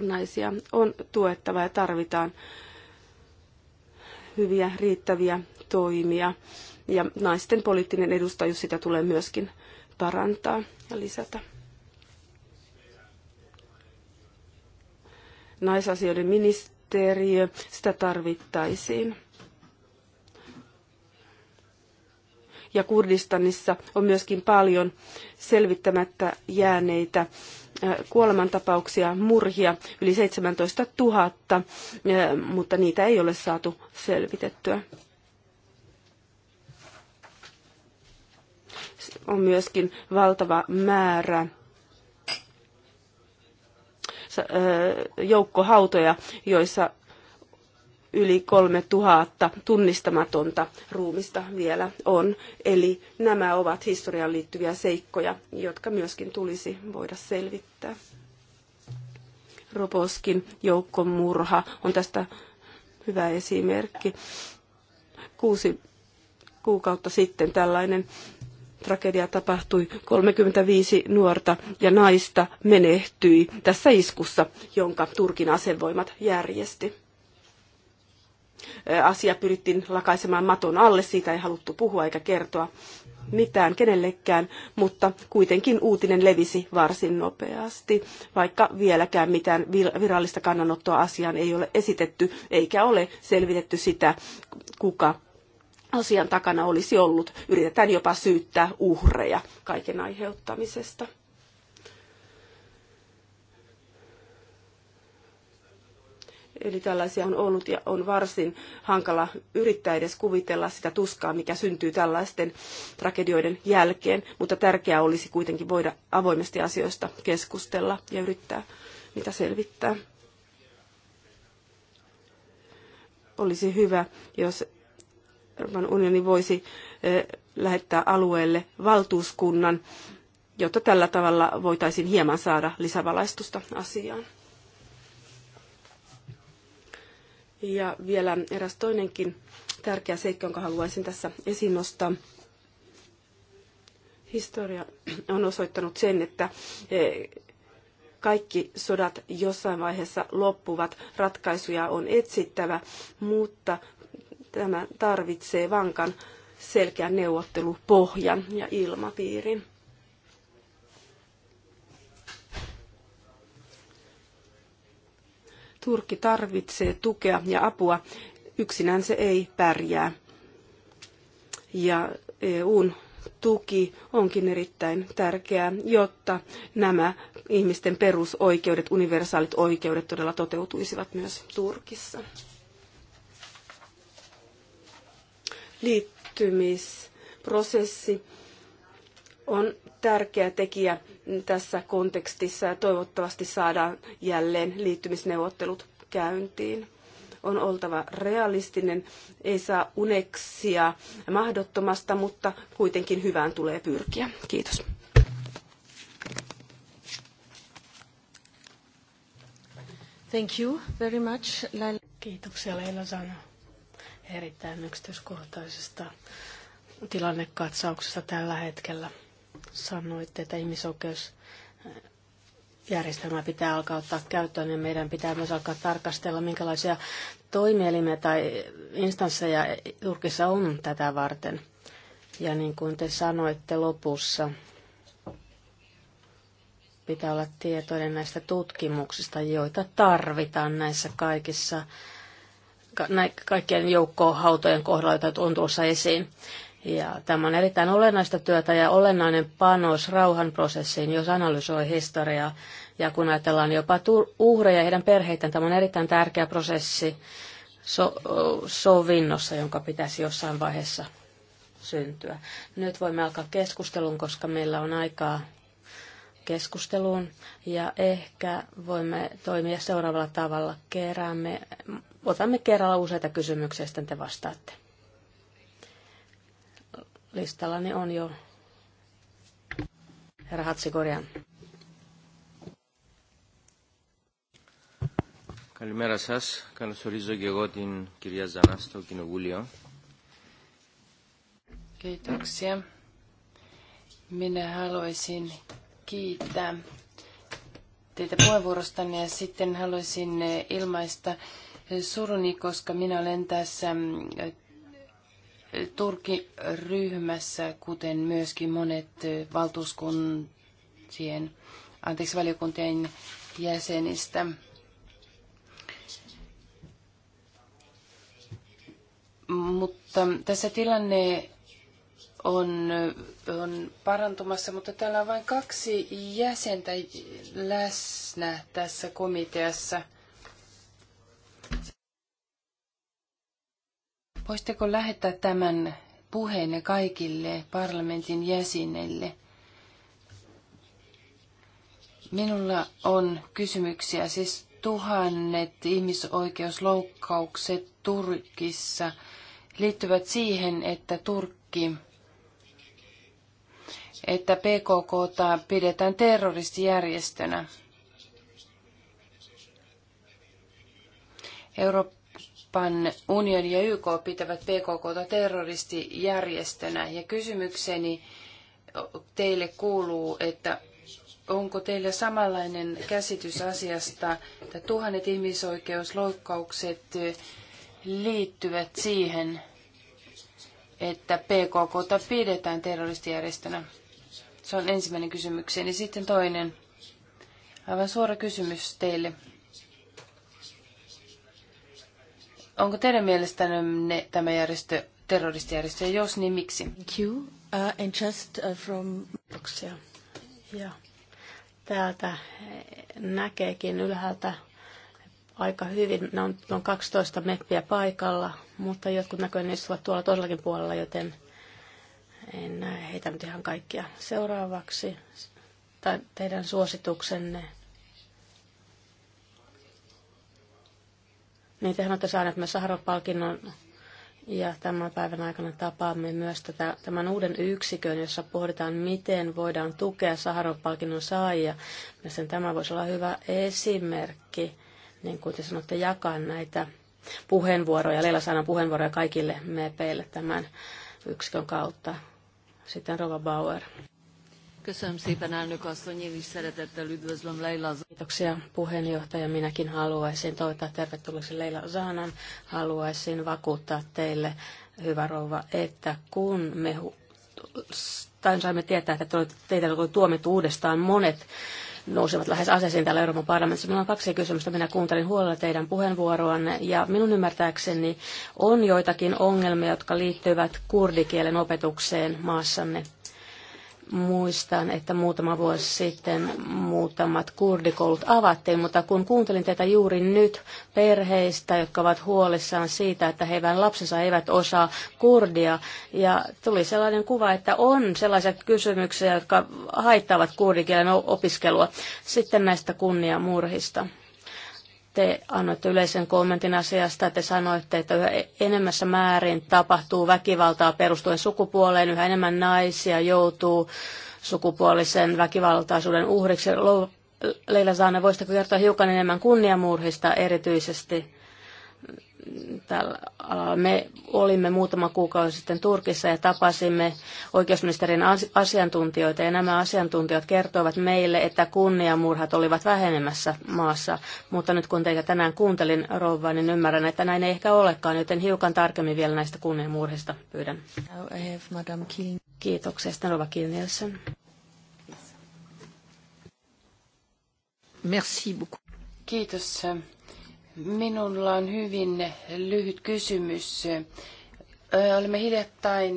Naisia on tuettava ja tarvitaan hyviä, riittäviä toimia. Ja naisten poliittinen edustajuus sitä tulee myöskin parantaa ja lisätä. Naisasioiden ministeriö, sitä tarvittaisiin. ja Kurdistanissa on myöskin paljon selvittämättä jääneitä kuolemantapauksia, murhia, yli 17 000, mutta niitä ei ole saatu selvitettyä. On myöskin valtava määrä joukkohautoja, joissa yli 3000 tunnistamatonta ruumista vielä on. Eli nämä ovat historiaan liittyviä seikkoja, jotka myöskin tulisi voida selvittää. Roboskin joukkomurha on tästä hyvä esimerkki. Kuusi kuukautta sitten tällainen tragedia tapahtui. 35 nuorta ja naista menehtyi tässä iskussa, jonka Turkin asevoimat järjesti asia pyrittiin lakaisemaan maton alle, siitä ei haluttu puhua eikä kertoa mitään kenellekään, mutta kuitenkin uutinen levisi varsin nopeasti, vaikka vieläkään mitään virallista kannanottoa asiaan ei ole esitetty, eikä ole selvitetty sitä, kuka asian takana olisi ollut. Yritetään jopa syyttää uhreja kaiken aiheuttamisesta. Eli tällaisia on ollut ja on varsin hankala yrittää edes kuvitella sitä tuskaa, mikä syntyy tällaisten tragedioiden jälkeen, mutta tärkeää olisi kuitenkin voida avoimesti asioista keskustella ja yrittää niitä selvittää. Olisi hyvä, jos Euroopan unioni voisi eh, lähettää alueelle valtuuskunnan, jotta tällä tavalla voitaisiin hieman saada lisävalaistusta asiaan. Ja vielä eräs toinenkin tärkeä seikka, jonka haluaisin tässä esiin nostaa. Historia on osoittanut sen, että e, kaikki sodat jossain vaiheessa loppuvat, ratkaisuja on etsittävä, mutta tämä tarvitsee vankan selkeän neuvottelupohjan ja ilmapiirin. Turkki tarvitsee tukea ja apua. Yksinään se ei pärjää. Ja EUn tuki onkin erittäin tärkeää, jotta nämä ihmisten perusoikeudet, universaalit oikeudet todella toteutuisivat myös Turkissa. Liittymisprosessi on tärkeä tekijä tässä kontekstissa ja toivottavasti saadaan jälleen liittymisneuvottelut käyntiin. On oltava realistinen, ei saa uneksia mahdottomasta, mutta kuitenkin hyvään tulee pyrkiä. Kiitos. Thank you very much. Laila. Kiitoksia Leila Sano erittäin yksityiskohtaisesta tilannekatsauksesta tällä hetkellä. Sanoitte, että ihmisoikeus järjestelmä pitää alkaa ottaa käyttöön, niin meidän pitää myös alkaa tarkastella, minkälaisia toimielimiä tai instansseja Turkissa on tätä varten. Ja niin kuin te sanoitte lopussa, pitää olla tietoinen näistä tutkimuksista, joita tarvitaan näissä kaikissa, kaikkien joukkohautojen kohdalla, joita on tuossa esiin. Ja tämä on erittäin olennaista työtä ja olennainen panos rauhanprosessiin, jos analysoi historiaa. Ja kun ajatellaan jopa uhreja ja heidän perheitään, tämä on erittäin tärkeä prosessi so- sovinnossa, jonka pitäisi jossain vaiheessa syntyä. Nyt voimme alkaa keskustelun, koska meillä on aikaa keskusteluun ja ehkä voimme toimia seuraavalla tavalla. Keräämme, otamme kerralla useita kysymyksiä, sitten te vastaatte. Listalla ne on jo herra Hatsikorian. Καλημέρα σας. Καλωσορίζω και εγώ την κυρία Ζανά στο Κοινοβούλιο. Kiitoksia. Minä haluaisin kiittää teitä puheenvuorostanne ja sitten haluaisin eh, ilmaista suruni, koska minä olen tässä eh, Turkki-ryhmässä, kuten myöskin monet valtuuskuntien, anteeksi, valiokuntien jäsenistä. Mutta tässä tilanne on, on parantumassa, mutta täällä on vain kaksi jäsentä läsnä tässä komiteassa – Voisitteko lähettää tämän puheenne kaikille parlamentin jäsenille? Minulla on kysymyksiä, siis tuhannet ihmisoikeusloukkaukset Turkissa liittyvät siihen, että Turkki, että PKK pidetään terroristijärjestönä. Euroopan Euroopan unioni ja YK pitävät PKK terroristijärjestönä. Ja kysymykseni teille kuuluu, että onko teillä samanlainen käsitys asiasta, että tuhannet ihmisoikeusloukkaukset liittyvät siihen, että PKK pidetään terroristijärjestönä? Se on ensimmäinen kysymykseni. Sitten toinen. Aivan suora kysymys teille. Onko teidän mielestänne tämä järjestö terroristijärjestö, ja jos niin miksi? Thank you. Uh, and just uh, from... Kiitoksia. täältä eh, näkeekin ylhäältä aika hyvin. Ne on, ne on 12 meppiä paikalla, mutta jotkut näköjään istuvat tuolla toisellakin puolella, joten en näe eh, heitä nyt ihan kaikkia. Seuraavaksi tai teidän suosituksenne Niin tehän olette saaneet myös Saharov-palkinnon ja tämän päivän aikana tapaamme myös tätä, tämän uuden yksikön, jossa pohditaan, miten voidaan tukea Saharov-palkinnon saajia. Mielestäni tämä voisi olla hyvä esimerkki, niin kuin te sanotte, jakaa näitä puheenvuoroja, Leila saadaan puheenvuoroja kaikille meille tämän yksikön kautta. Sitten Rova Bauer. Köszönöm szépen, elnök asszony, én is szeretettel üdvözlöm Leila Kiitoksia puheenjohtaja. Minäkin haluaisin toivottaa tervetulleeksi Leila Zahanan. Haluaisin vakuuttaa teille, hyvä rouva, että kun me tai saimme tietää, että teitä oli tuomittu uudestaan monet nousevat lähes aseisiin täällä Euroopan parlamentissa. Minulla on kaksi kysymystä. Minä kuuntelin huolella teidän puheenvuoroanne ja minun ymmärtääkseni on joitakin ongelmia, jotka liittyvät kurdikielen opetukseen maassanne Muistan, että muutama vuosi sitten muutamat kurdikoulut avattiin, mutta kun kuuntelin tätä juuri nyt perheistä, jotka ovat huolissaan siitä, että heidän lapsensa eivät osaa kurdia, ja tuli sellainen kuva, että on sellaisia kysymyksiä, jotka haittavat kurdikielen opiskelua. Sitten näistä kunniamurhista. Te annoitte yleisen kommentin asiasta, te sanoitte, että yhä enemmässä määrin tapahtuu väkivaltaa perustuen sukupuoleen, yhä enemmän naisia joutuu sukupuolisen väkivaltaisuuden uhriksi. Leila Saane, voisitteko kertoa hiukan enemmän kunniamurhista erityisesti? tällä alalla. Me olimme muutama kuukausi sitten Turkissa ja tapasimme oikeusministerin asiantuntijoita ja nämä asiantuntijat kertoivat meille, että kunniamurhat olivat vähenemässä maassa. Mutta nyt kun teitä tänään kuuntelin, Rouva, niin ymmärrän, että näin ei ehkä olekaan, joten hiukan tarkemmin vielä näistä kunniamurhista pyydän. Kiitoksia, sitten Rouva Kilnielsen. Merci beaucoup. Kiitos Minulla on hyvin lyhyt kysymys. Olemme hiljattain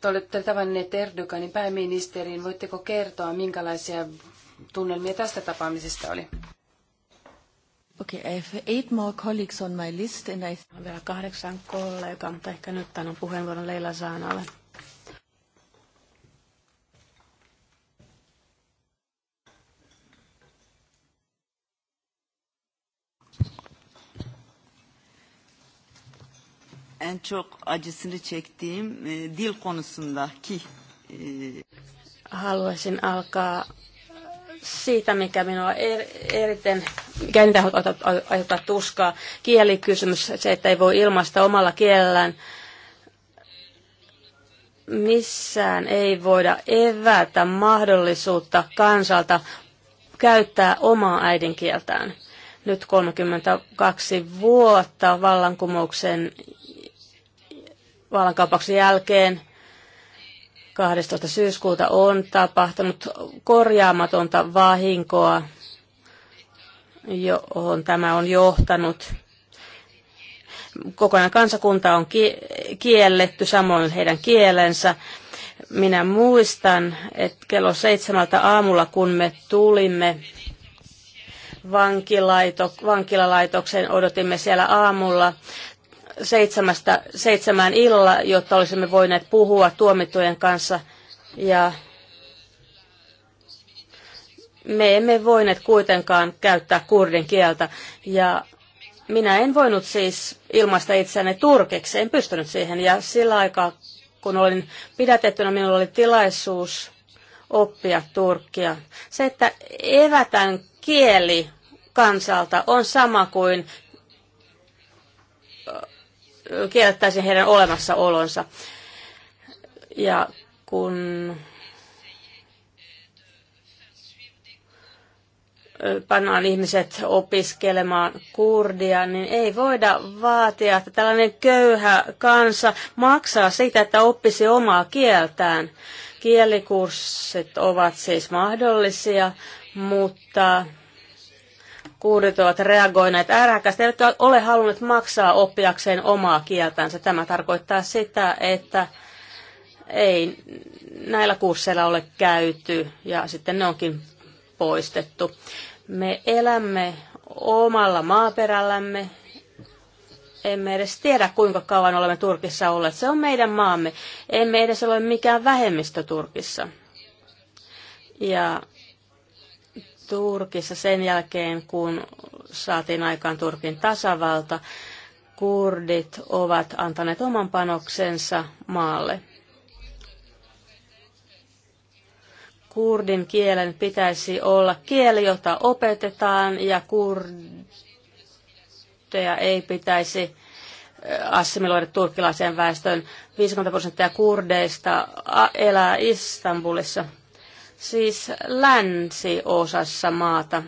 te olette tavanneet Erdoganin pääministerin. Voitteko kertoa, minkälaisia tunnelmia tästä tapaamisesta oli? Okay, I have eight more colleagues on my list and I... On vielä kahdeksan kollegaa, mutta ehkä nyt annan puheenvuoron Leila Saanalle. en çok acısını çektiğim e, dil konusundaki... E... Haluaisin alkaa siitä, mikä minua er, eriten kentä aiheuttaa tuskaa. Kielikysymys, se, että ei voi ilmaista omalla kielellään. Missään ei voida evätä mahdollisuutta kansalta käyttää omaa äidinkieltään. Nyt 32 vuotta vallankumouksen vallankaappauksen jälkeen 12. syyskuuta on tapahtunut korjaamatonta vahinkoa, johon tämä on johtanut. Kokonaan kansakunta on ki- kielletty, samoin heidän kielensä. Minä muistan, että kello seitsemältä aamulla, kun me tulimme vankilalaitokseen, odotimme siellä aamulla seitsemästä, seitsemään illalla, jotta olisimme voineet puhua tuomittujen kanssa. Ja me emme voineet kuitenkaan käyttää kurdin kieltä. Ja minä en voinut siis ilmaista itseäni turkiksi, en pystynyt siihen. Ja sillä aikaa, kun olin pidätettynä, minulla oli tilaisuus oppia turkkia. Se, että evätän kieli kansalta on sama kuin kiellettäisiin heidän olemassaolonsa. Ja kun pannaan ihmiset opiskelemaan kurdia, niin ei voida vaatia, että tällainen köyhä kansa maksaa sitä, että oppisi omaa kieltään. Kielikurssit ovat siis mahdollisia, mutta kuudet ovat reagoineet ärhäkästi, eivätkä ole halunneet maksaa oppiakseen omaa kieltänsä. Tämä tarkoittaa sitä, että ei näillä kursseilla ole käyty ja sitten ne onkin poistettu. Me elämme omalla maaperällämme, emme edes tiedä, kuinka kauan olemme Turkissa olleet. Se on meidän maamme. Emme edes ole mikään vähemmistö Turkissa. Ja Turkissa sen jälkeen, kun saatiin aikaan Turkin tasavalta. Kurdit ovat antaneet oman panoksensa maalle. Kurdin kielen pitäisi olla kieli, jota opetetaan, ja kurdeja ei pitäisi assimiloida turkkilaiseen väestöön. 50 prosenttia kurdeista elää Istanbulissa siis länsiosassa maata.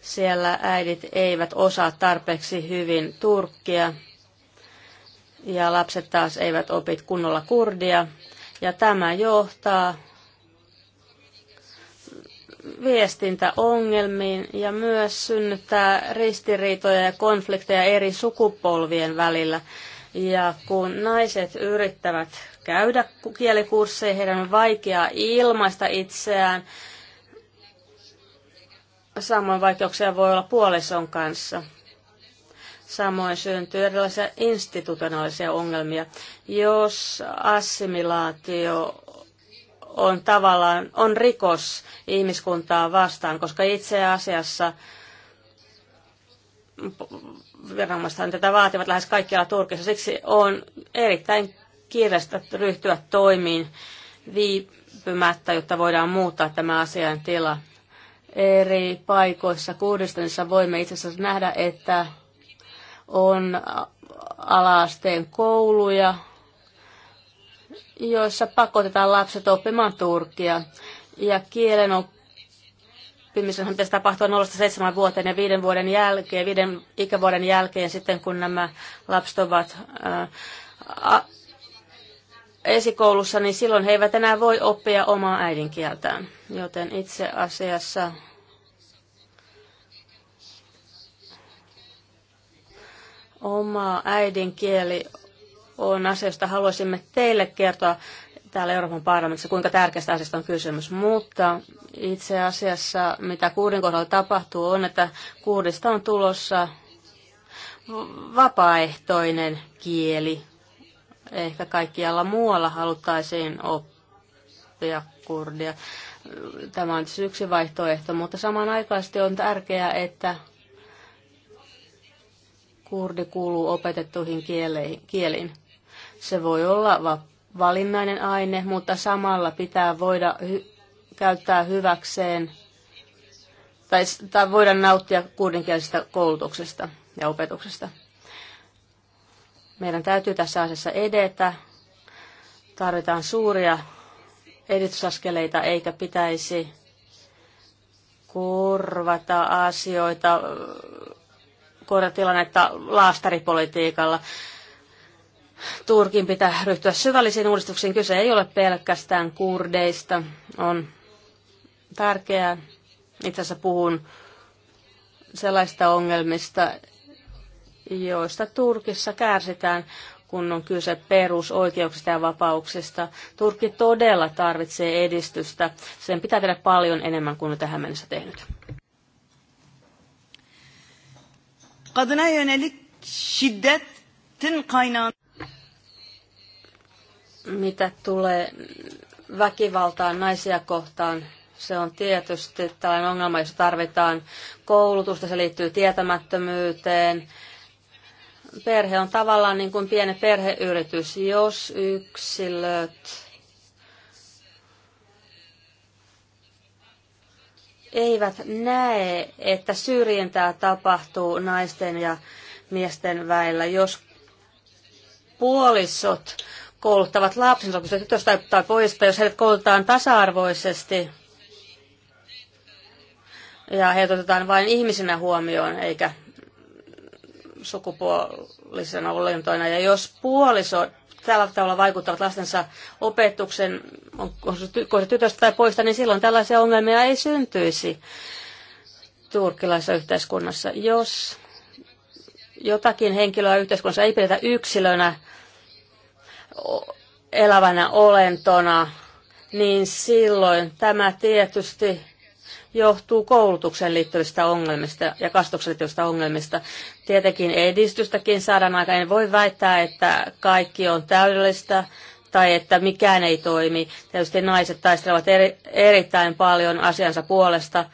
Siellä äidit eivät osaa tarpeeksi hyvin turkkia ja lapset taas eivät opit kunnolla kurdia. Ja tämä johtaa viestintäongelmiin ja myös synnyttää ristiriitoja ja konflikteja eri sukupolvien välillä. Ja kun naiset yrittävät käydä kielikursseja, heidän on vaikeaa ilmaista itseään. Samoin vaikeuksia voi olla puolison kanssa. Samoin syntyy erilaisia institutionaalisia ongelmia. Jos assimilaatio on tavallaan on rikos ihmiskuntaa vastaan, koska itse asiassa viranomaistahan tätä vaativat lähes kaikkialla Turkissa. Siksi on erittäin kiireistä ryhtyä toimiin viipymättä, jotta voidaan muuttaa tämä asian tila. Eri paikoissa Kurdistanissa voimme itse asiassa nähdä, että on alaasteen kouluja, joissa pakotetaan lapset oppimaan turkia. Ja kielen on pitäisi tapahtua 0-7 vuoteen ja viiden vuoden jälkeen, viiden ikävuoden jälkeen sitten, kun nämä lapset ovat ää, äh, esikoulussa, niin silloin he eivät enää voi oppia omaa äidinkieltään. Joten itse asiassa oma äidinkieli on asia, josta haluaisimme teille kertoa täällä Euroopan parlamentissa, kuinka tärkeästä asiasta on kysymys. Mutta itse asiassa, mitä kuurin kohdalla tapahtuu, on, että kuudesta on tulossa vapaaehtoinen kieli. Ehkä kaikkialla muualla haluttaisiin oppia kurdia. Tämä on siis yksi vaihtoehto, mutta samanaikaisesti on tärkeää, että kurdi kuuluu opetettuihin kieliin. Se voi olla vapaa valinnainen aine, mutta samalla pitää voida hy- käyttää hyväkseen tai, tai voida nauttia kuudenkielisestä koulutuksesta ja opetuksesta. Meidän täytyy tässä asiassa edetä. Tarvitaan suuria edistysaskeleita eikä pitäisi korvata asioita, korjata tilannetta laastaripolitiikalla. Turkin pitää ryhtyä syvällisiin uudistuksiin. Kyse ei ole pelkästään kurdeista. On tärkeää. Itse asiassa puhun sellaista ongelmista, joista Turkissa kärsitään, kun on kyse perusoikeuksista ja vapauksista. Turkki todella tarvitsee edistystä. Sen pitää tehdä paljon enemmän kuin on tähän mennessä tehnyt. Kadına yönelik şiddetin kaynağı. Mitä tulee väkivaltaan naisia kohtaan, se on tietysti tällainen ongelma, jossa tarvitaan koulutusta, se liittyy tietämättömyyteen. Perhe on tavallaan niin kuin pieni perheyritys, jos yksilöt eivät näe, että syrjintää tapahtuu naisten ja miesten väillä. Jos puolisot kouluttavat lapsensa, kun se tytöstä tai poista, jos heidät koulutetaan tasa-arvoisesti ja heidät otetaan vain ihmisinä huomioon eikä sukupuolisena olentoina. Ja jos puoliso tällä tavalla vaikuttavat lastensa opetuksen, kun se tytöstä tai poista, niin silloin tällaisia ongelmia ei syntyisi turkkilaisessa yhteiskunnassa. Jos jotakin henkilöä yhteiskunnassa ei pidetä yksilönä, elävänä olentona, niin silloin tämä tietysti johtuu koulutukseen liittyvistä ongelmista ja kasvatukseen liittyvistä ongelmista. Tietenkin edistystäkin saadaan aika. En voi väittää, että kaikki on täydellistä tai että mikään ei toimi. Tietysti naiset taistelevat eri, erittäin paljon asiansa puolesta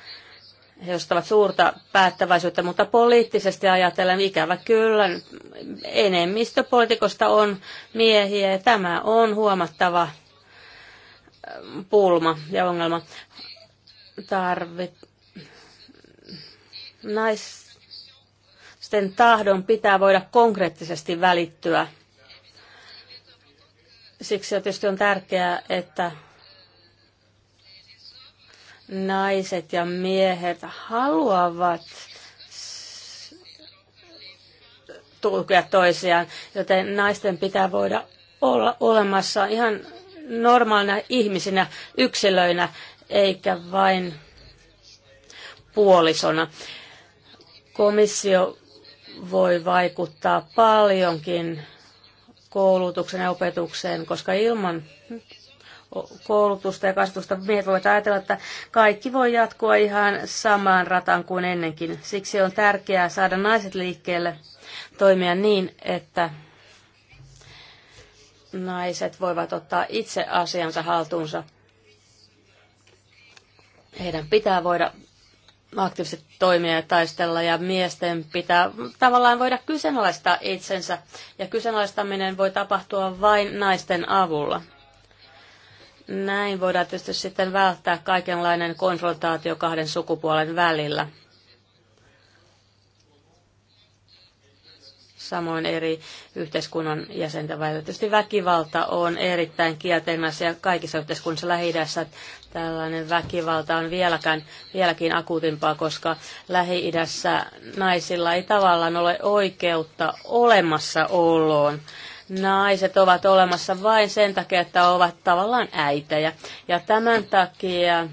he ostavat suurta päättäväisyyttä, mutta poliittisesti ajatellen ikävä kyllä enemmistö poliitikosta on miehiä ja tämä on huomattava ähm, pulma ja ongelma. Tarvit... Naisten tahdon pitää voida konkreettisesti välittyä. Siksi tietysti on tärkeää, että naiset ja miehet haluavat tukea toisiaan, joten naisten pitää voida olla olemassa ihan normaalina ihmisinä, yksilöinä, eikä vain puolisona. Komissio voi vaikuttaa paljonkin koulutuksen ja opetukseen, koska ilman koulutusta ja kasvatusta. Miehet voivat ajatella, että kaikki voi jatkua ihan samaan rataan kuin ennenkin. Siksi on tärkeää saada naiset liikkeelle toimia niin, että naiset voivat ottaa itse asiansa haltuunsa. Heidän pitää voida aktiivisesti toimia ja taistella ja miesten pitää tavallaan voida kyseenalaistaa itsensä ja kyseenalaistaminen voi tapahtua vain naisten avulla. Näin voidaan tietysti sitten välttää kaikenlainen konfrontaatio kahden sukupuolen välillä. Samoin eri yhteiskunnan jäsenten välillä. Tietysti väkivalta on erittäin kielteinen asia kaikissa yhteiskunnissa lähi Tällainen väkivalta on vieläkään, vieläkin akuutimpaa, koska Lähi-idässä naisilla ei tavallaan ole oikeutta olemassaoloon naiset ovat olemassa vain sen takia, että ovat tavallaan äitejä. Ja tämän takia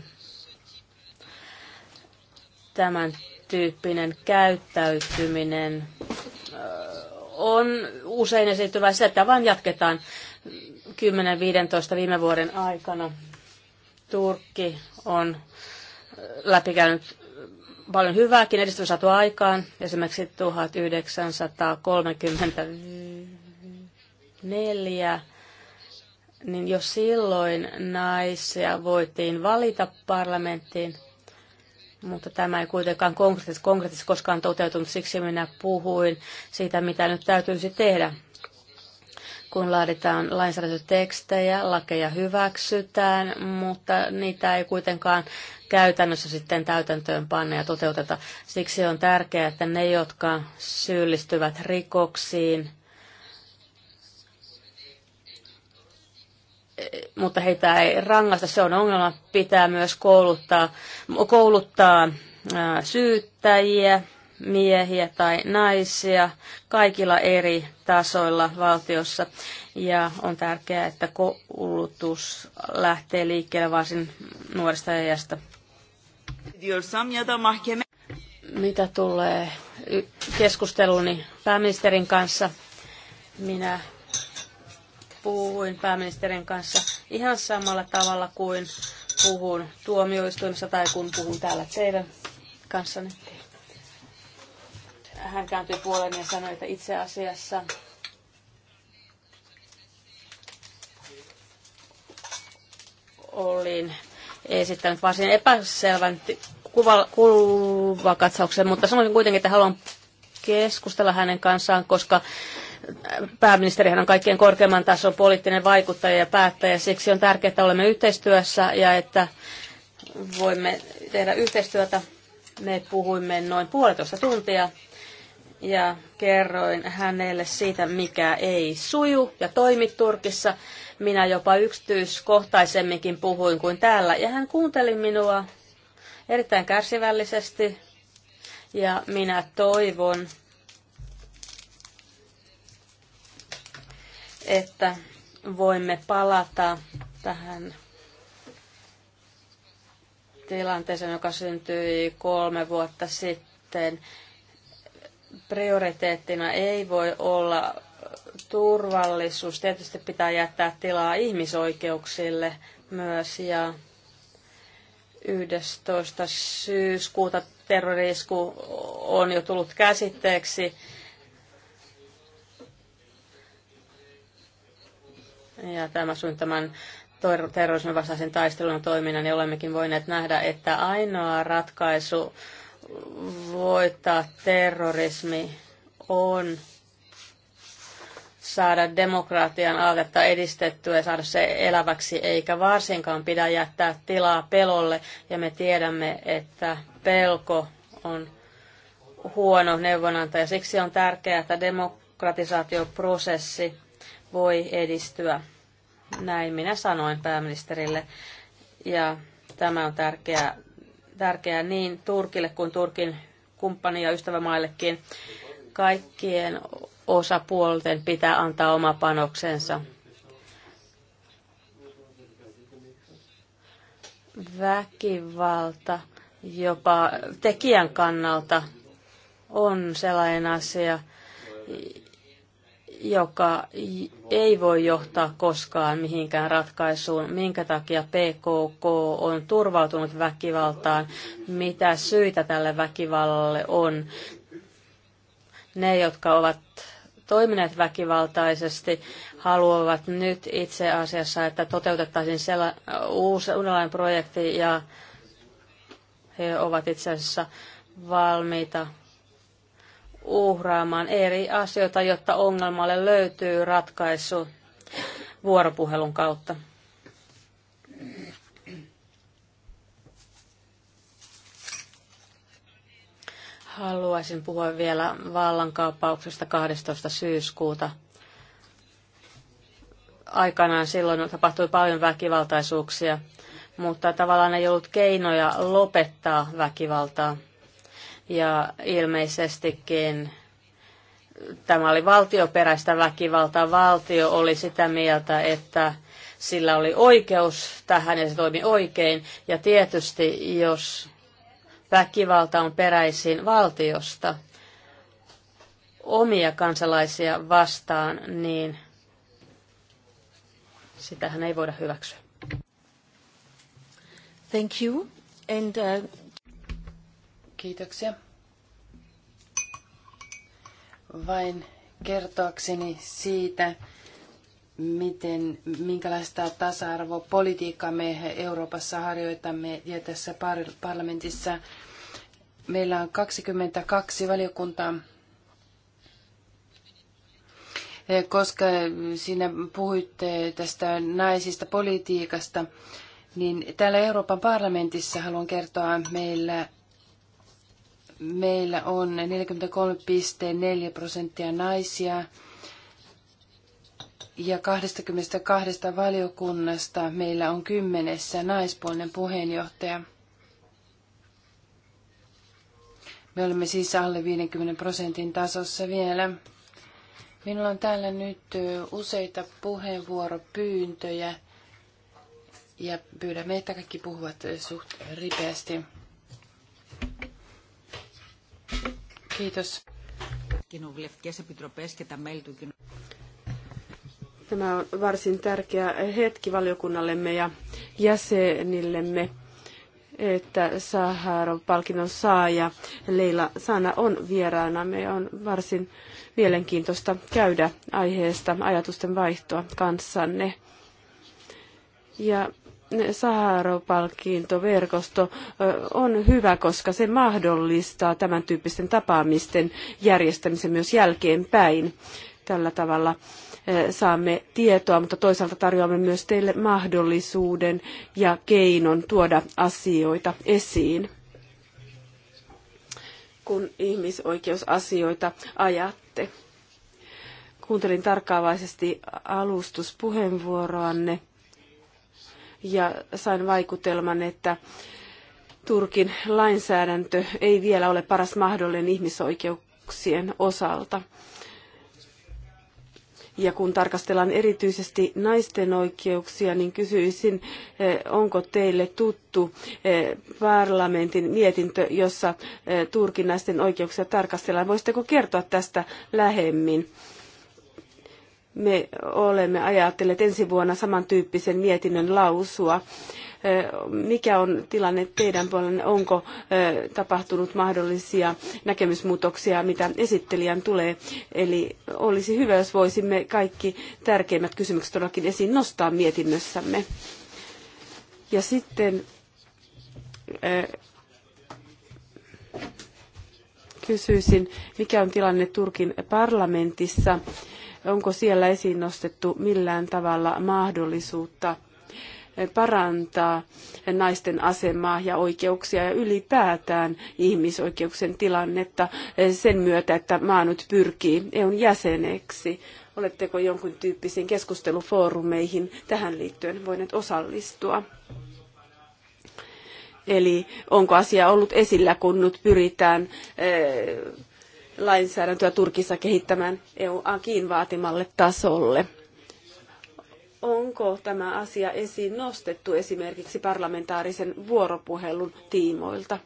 tämän tyyppinen käyttäytyminen on usein esiintyvä se, että vain jatketaan 10-15 viime vuoden aikana. Turkki on läpikäynyt paljon hyvääkin edistystä saatu aikaan. Esimerkiksi 1935 neljä, niin jo silloin naisia voitiin valita parlamenttiin, mutta tämä ei kuitenkaan konkreettisesti, konkreettisesti koskaan toteutunut, siksi minä puhuin siitä, mitä nyt täytyisi tehdä. Kun laaditaan lainsäädäntötekstejä, lakeja hyväksytään, mutta niitä ei kuitenkaan käytännössä sitten täytäntöön panna ja toteuteta. Siksi on tärkeää, että ne, jotka syyllistyvät rikoksiin, mutta heitä ei rangaista, se on ongelma. Pitää myös kouluttaa, kouluttaa syyttäjiä, miehiä tai naisia kaikilla eri tasoilla valtiossa. Ja on tärkeää, että koulutus lähtee liikkeelle varsin nuoresta ajasta. Mitä tulee keskusteluni pääministerin kanssa, minä puhuin pääministerin kanssa ihan samalla tavalla kuin puhun tuomioistuimessa tai kun puhun täällä teidän kanssanne. Hän kääntyi puoleen ja sanoi, että itse asiassa olin esittänyt varsin epäselvän kuvakatsauksen, mutta sanoisin kuitenkin, että haluan keskustella hänen kanssaan, koska pääministerihän on kaikkien korkeimman tason poliittinen vaikuttaja ja päättäjä. Siksi on tärkeää, että olemme yhteistyössä ja että voimme tehdä yhteistyötä. Me puhuimme noin puolitoista tuntia ja kerroin hänelle siitä, mikä ei suju ja toimi Turkissa. Minä jopa yksityiskohtaisemminkin puhuin kuin täällä. Ja hän kuunteli minua erittäin kärsivällisesti ja minä toivon, että voimme palata tähän tilanteeseen, joka syntyi kolme vuotta sitten. Prioriteettina ei voi olla turvallisuus. Tietysti pitää jättää tilaa ihmisoikeuksille myös. Ja 11. syyskuuta terrorisku on jo tullut käsitteeksi Ja tämä suunnittaman terrorismin vastaisen taistelun toiminnan, niin olemmekin voineet nähdä, että ainoa ratkaisu voittaa terrorismi on saada demokratian aatetta edistettyä ja saada se eläväksi, eikä varsinkaan pidä jättää tilaa pelolle. Ja me tiedämme, että pelko on huono neuvonantaja. Siksi on tärkeää, että demokratisaatioprosessi voi edistyä. Näin minä sanoin pääministerille. Ja tämä on tärkeää, tärkeää niin Turkille kuin Turkin kumppani- ja ystävämaillekin. Kaikkien osapuolten pitää antaa oma panoksensa. Väkivalta jopa tekijän kannalta on sellainen asia, joka ei voi johtaa koskaan mihinkään ratkaisuun, minkä takia PKK on turvautunut väkivaltaan, mitä syitä tälle väkivallalle on. Ne, jotka ovat toimineet väkivaltaisesti, haluavat nyt itse asiassa, että toteutettaisiin siellä uusi, uudenlainen projekti ja he ovat itse asiassa valmiita uhraamaan eri asioita, jotta ongelmalle löytyy ratkaisu vuoropuhelun kautta. Haluaisin puhua vielä vallankaappauksesta 12. syyskuuta. Aikanaan silloin tapahtui paljon väkivaltaisuuksia, mutta tavallaan ei ollut keinoja lopettaa väkivaltaa ja ilmeisestikin tämä oli valtioperäistä väkivaltaa. Valtio oli sitä mieltä, että sillä oli oikeus tähän ja se toimi oikein. Ja tietysti, jos väkivalta on peräisin valtiosta omia kansalaisia vastaan, niin sitähän ei voida hyväksyä. Thank you. And, uh... Kiitoksia. Vain kertoakseni siitä, miten, minkälaista tasa-arvopolitiikkaa me Euroopassa harjoitamme ja tässä parlamentissa meillä on 22 valiokuntaa, koska sinä puhuitte tästä naisista politiikasta, niin täällä Euroopan parlamentissa haluan kertoa, meillä meillä on 43,4 prosenttia naisia ja 22 valiokunnasta meillä on kymmenessä naispuolinen puheenjohtaja. Me olemme siis alle 50 prosentin tasossa vielä. Minulla on täällä nyt useita puheenvuoropyyntöjä ja pyydämme, että kaikki puhuvat suht ripeästi. Kiitos. Tämä on varsin tärkeä hetki valiokunnallemme ja jäsenillemme että Saharon palkinnon saaja Leila Sana on vieraana. Me on varsin mielenkiintoista käydä aiheesta ajatusten vaihtoa kanssanne. Ja Saharov-palkintoverkosto on hyvä, koska se mahdollistaa tämän tyyppisten tapaamisten järjestämisen myös jälkeenpäin. Tällä tavalla saamme tietoa, mutta toisaalta tarjoamme myös teille mahdollisuuden ja keinon tuoda asioita esiin, kun ihmisoikeusasioita ajatte. Kuuntelin tarkkaavaisesti alustuspuheenvuoroanne ja sain vaikutelman, että Turkin lainsäädäntö ei vielä ole paras mahdollinen ihmisoikeuksien osalta. Ja kun tarkastellaan erityisesti naisten oikeuksia, niin kysyisin, eh, onko teille tuttu eh, parlamentin mietintö, jossa eh, Turkin naisten oikeuksia tarkastellaan. Voisitteko kertoa tästä lähemmin? me olemme ajatelleet ensi vuonna samantyyppisen mietinnön lausua. Mikä on tilanne teidän puolellanne? Onko tapahtunut mahdollisia näkemysmuutoksia, mitä esittelijän tulee? Eli olisi hyvä, jos voisimme kaikki tärkeimmät kysymykset todellakin esiin nostaa mietinnössämme. Ja sitten kysyisin, mikä on tilanne Turkin parlamentissa Onko siellä esiin nostettu millään tavalla mahdollisuutta parantaa naisten asemaa ja oikeuksia ja ylipäätään ihmisoikeuksien tilannetta sen myötä, että maa nyt pyrkii EUn jäseneksi. Oletteko jonkun tyyppisiin keskustelufoorumeihin tähän liittyen voineet osallistua? Eli onko asia ollut esillä, kun nyt pyritään eh, lainsäädäntöä Turkissa kehittämään EU-akin vaatimalle tasolle. Onko tämä asia esiin nostettu esimerkiksi parlamentaarisen vuoropuhelun tiimoilta?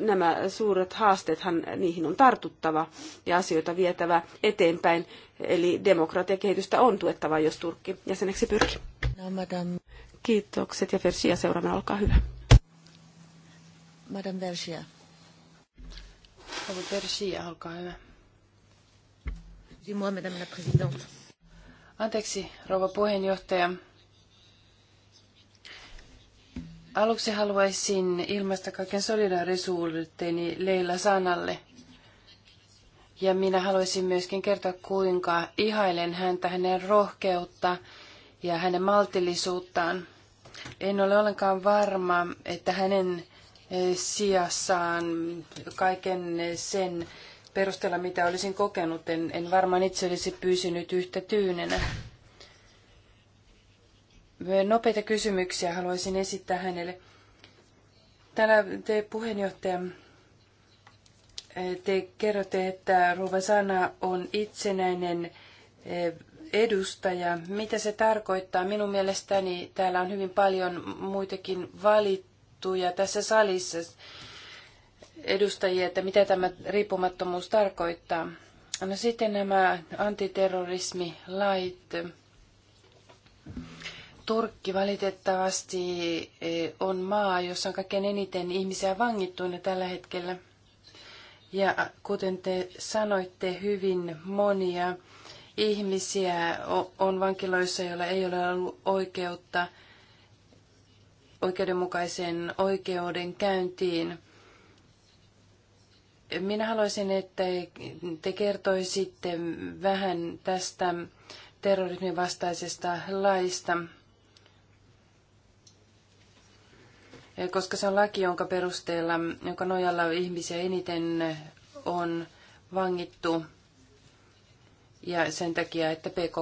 Nämä suuret haasteethan, niihin on tartuttava ja asioita vietävä eteenpäin. Eli demokratiakehitystä on tuettava, jos Turkki jäseneksi pyrkii. No, Kiitokset ja Fersia seuraavana, olkaa hyvä. Madame Vergia. Madame Vergia, olkaa hyvä. Dis-moi, Madame la Présidente. Anteeksi, rouva puheenjohtaja. Aluksi haluaisin ilmaista kaiken solidaarisuuteni Leila Sanalle. Ja minä haluaisin myöskin kertoa, kuinka ihailen häntä, hänen rohkeutta ja hänen maltillisuuttaan. En ole ollenkaan varma, että hänen sijassaan kaiken sen perusteella, mitä olisin kokenut. En, en varmaan itse olisi pysynyt yhtä tyynenä. Nopeita kysymyksiä haluaisin esittää hänelle. Täällä te puheenjohtaja, te kerrotte, että Ruvasana on itsenäinen e, edustaja. Mitä se tarkoittaa? Minun mielestäni täällä on hyvin paljon muitakin valit ja tässä salissa edustajia, että mitä tämä riippumattomuus tarkoittaa. No sitten nämä antiterrorismilait. Turkki valitettavasti e, on maa, jossa on kaikkein eniten ihmisiä vangittuina tällä hetkellä. Ja kuten te sanoitte, hyvin monia ihmisiä on vankiloissa, joilla ei ole ollut oikeutta oikeudenmukaiseen oikeudenkäyntiin. Minä haluaisin, että te kertoisitte vähän tästä terrorismin vastaisesta laista, koska se on laki, jonka perusteella, jonka nojalla ihmisiä eniten on vangittu ja sen takia, että PK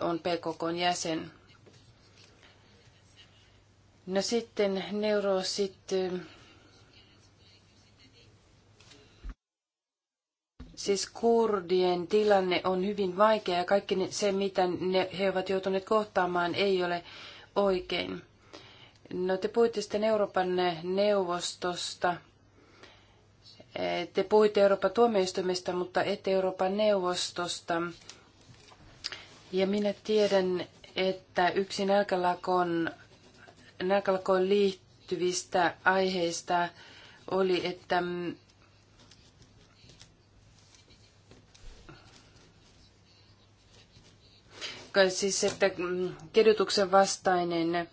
on PKK jäsen. No sitten neuroosit. Eh, siis kurdien tilanne on hyvin vaikea ja kaikki se, mitä ne, he ovat joutuneet kohtaamaan, ei ole oikein. No te puhuitte sitten Euroopan neuvostosta. Eh, te puhuitte Euroopan tuomioistuimesta, mutta ette Euroopan neuvostosta. Ja minä tiedän, että yksi nälkälakon nälkälkoon liittyvistä aiheista oli, että mm, siis että mm, kedotuksen vastainen eh,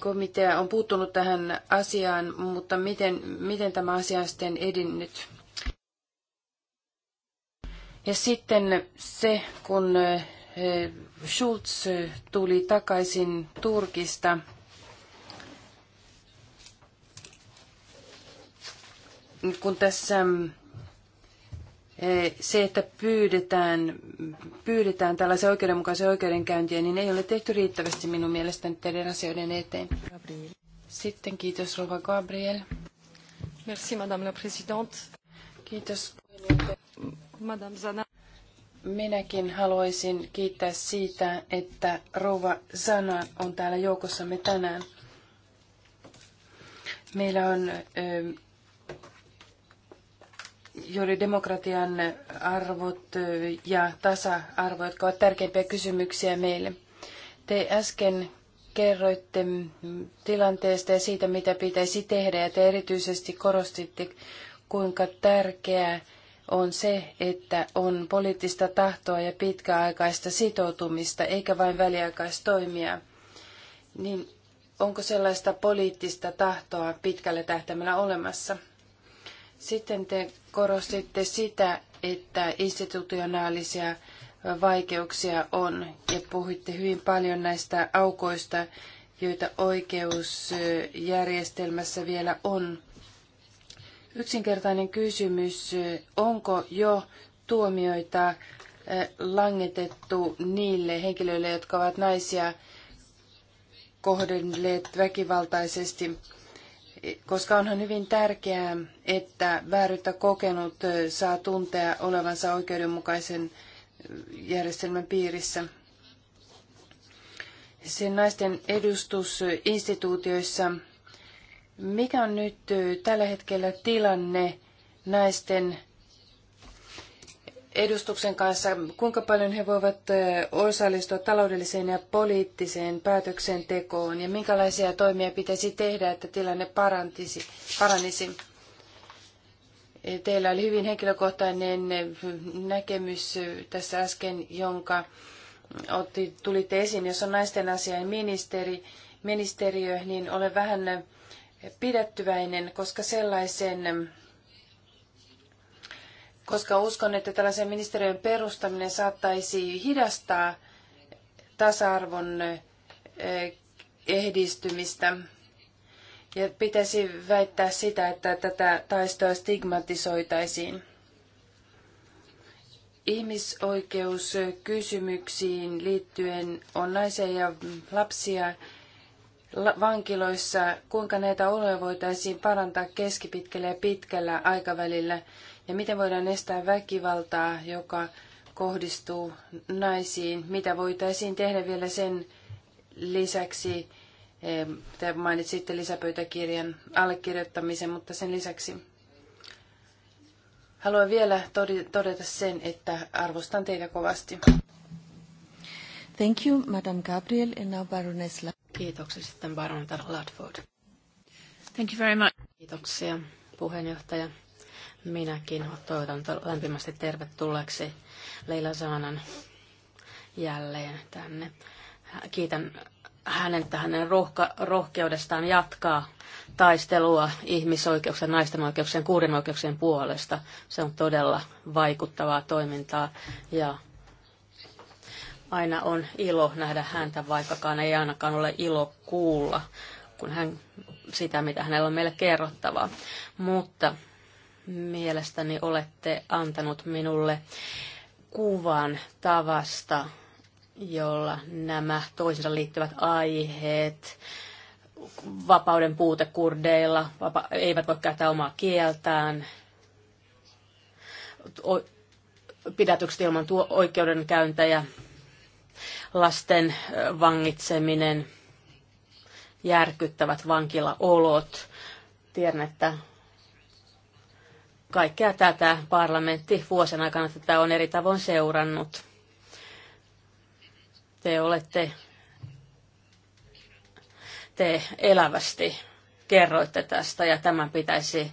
komitea on puuttunut tähän asiaan, mutta miten, miten tämä asia on sitten edinnyt? Ja sitten se, kun eh, Schulz tuli takaisin Turkista, kun tässä mm, e, se, että pyydetään, pyydetään tällaisen oikeudenmukaisen oikeudenkäyntiä, niin ei ole tehty riittävästi minun mielestäni teidän asioiden eteen. Gabriel. Sitten kiitos Rova Gabriel. Merci Madame la Présidente. Kiitos Madame Zana. Minäkin haluaisin kiittää siitä, että Rova Zana on täällä joukossamme tänään. Meillä on juuri demokratian arvot ja tasa-arvo, jotka ovat tärkeimpiä kysymyksiä meille. Te äsken kerroitte tilanteesta ja siitä, mitä pitäisi tehdä, ja te erityisesti korostitte, kuinka tärkeää on se, että on poliittista tahtoa ja pitkäaikaista sitoutumista, eikä vain väliaikaistoimia. Niin onko sellaista poliittista tahtoa pitkällä tähtäimellä olemassa? Sitten te korostitte sitä, että institutionaalisia vaikeuksia on ja puhuitte hyvin paljon näistä aukoista, joita oikeusjärjestelmässä vielä on. Yksinkertainen kysymys, onko jo tuomioita langetettu niille henkilöille, jotka ovat naisia kohdelleet väkivaltaisesti? koska onhan hyvin tärkeää, että vääryyttä kokenut saa tuntea olevansa oikeudenmukaisen järjestelmän piirissä. Sen naisten edustusinstituutioissa, mikä on nyt tällä hetkellä tilanne naisten edustuksen kanssa, kuinka paljon he voivat osallistua taloudelliseen ja poliittiseen päätöksentekoon ja minkälaisia toimia pitäisi tehdä, että tilanne parantisi, paranisi. E, teillä oli hyvin henkilökohtainen näkemys tässä äsken, jonka otti, tulitte esiin, jos on naisten asiain ministeri, ministeriö, niin olen vähän pidättyväinen, koska sellaisen koska uskon, että tällaisen ministeriön perustaminen saattaisi hidastaa tasa-arvon ehdistymistä. Ja pitäisi väittää sitä, että tätä taistoa stigmatisoitaisiin. Ihmisoikeuskysymyksiin liittyen on naisia ja lapsia vankiloissa, kuinka näitä oloja voitaisiin parantaa keskipitkällä ja pitkällä aikavälillä. Ja miten voidaan estää väkivaltaa, joka kohdistuu naisiin? Mitä voitaisiin tehdä vielä sen lisäksi? Te mainitsitte lisäpöytäkirjan allekirjoittamisen, mutta sen lisäksi haluan vielä todeta sen, että arvostan teitä kovasti. Thank you, Madam Gabriel, and now Baroness Kiitoksia sitten Baronetar Ladford. Thank you very much. Kiitoksia puheenjohtaja. Minäkin toivotan lämpimästi tervetulleeksi Leila Saanan jälleen tänne. Kiitän hänen, hänen rohka, rohkeudestaan jatkaa taistelua ihmisoikeuksien, naisten oikeuksien, kuuden oikeuksien puolesta. Se on todella vaikuttavaa toimintaa ja aina on ilo nähdä häntä, vaikkakaan ei ainakaan ole ilo kuulla kun hän, sitä, mitä hänellä on meille kerrottavaa. Mutta Mielestäni olette antanut minulle kuvan tavasta, jolla nämä toisensa liittyvät aiheet, vapauden puute kurdeilla, vapa- eivät voi käyttää omaa kieltään, o- pidätykset ilman tuo oikeudenkäyntäjä, lasten vangitseminen, järkyttävät vankilaolot. Tiedän, että Kaikkea tätä parlamentti vuosien aikana tätä on eri tavoin seurannut. Te olette, te elävästi kerroitte tästä ja tämän pitäisi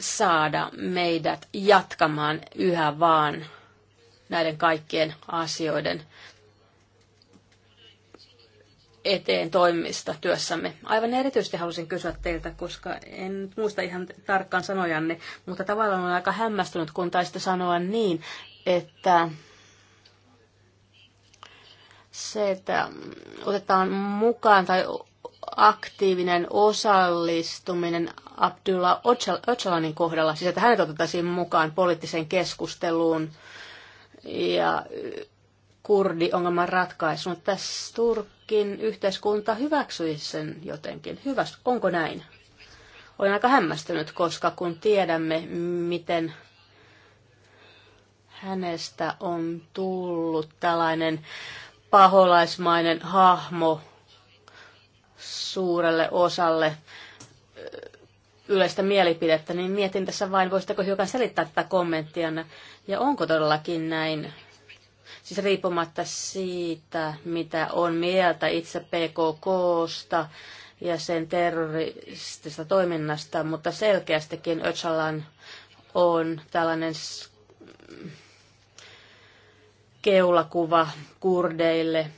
saada meidät jatkamaan yhä vaan näiden kaikkien asioiden eteen toimista työssämme. Aivan erityisesti halusin kysyä teiltä, koska en muista ihan tarkkaan sanojanne, mutta tavallaan olen aika hämmästynyt, kun taisitte sanoa niin, että se, että otetaan mukaan tai aktiivinen osallistuminen Abdullah Öcalanin kohdalla, siis että hänet otettaisiin mukaan poliittiseen keskusteluun ja kurdiongelman mutta Tässä Turkin yhteiskunta hyväksyi sen jotenkin. Hyvä, onko näin? Olen aika hämmästynyt, koska kun tiedämme, miten hänestä on tullut tällainen paholaismainen hahmo suurelle osalle yleistä mielipidettä, niin mietin tässä vain, voisitteko hiukan selittää tätä kommenttia, ja onko todellakin näin siis riippumatta siitä, mitä on mieltä itse PKKsta ja sen terroristista toiminnasta, mutta selkeästikin Öcalan on tällainen keulakuva kurdeille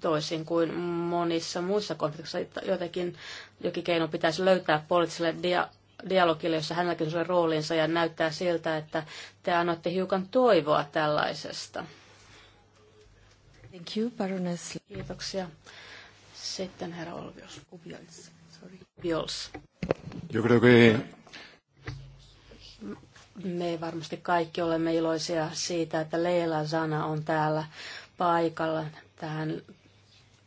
toisin kuin monissa muissa konflikteissa. Jotenkin jokin keino pitäisi löytää poliittiselle dia- dialogille, jossa hänelläkin on roolinsa ja näyttää siltä, että te annatte hiukan toivoa tällaisesta. Thank you, Baroness. Kiitoksia. Sitten herra Olvios. Ubiols. Sorry. Ubiols. Yo creo que... Me varmasti kaikki olemme iloisia siitä, että Leila Zana on täällä paikalla. Tähän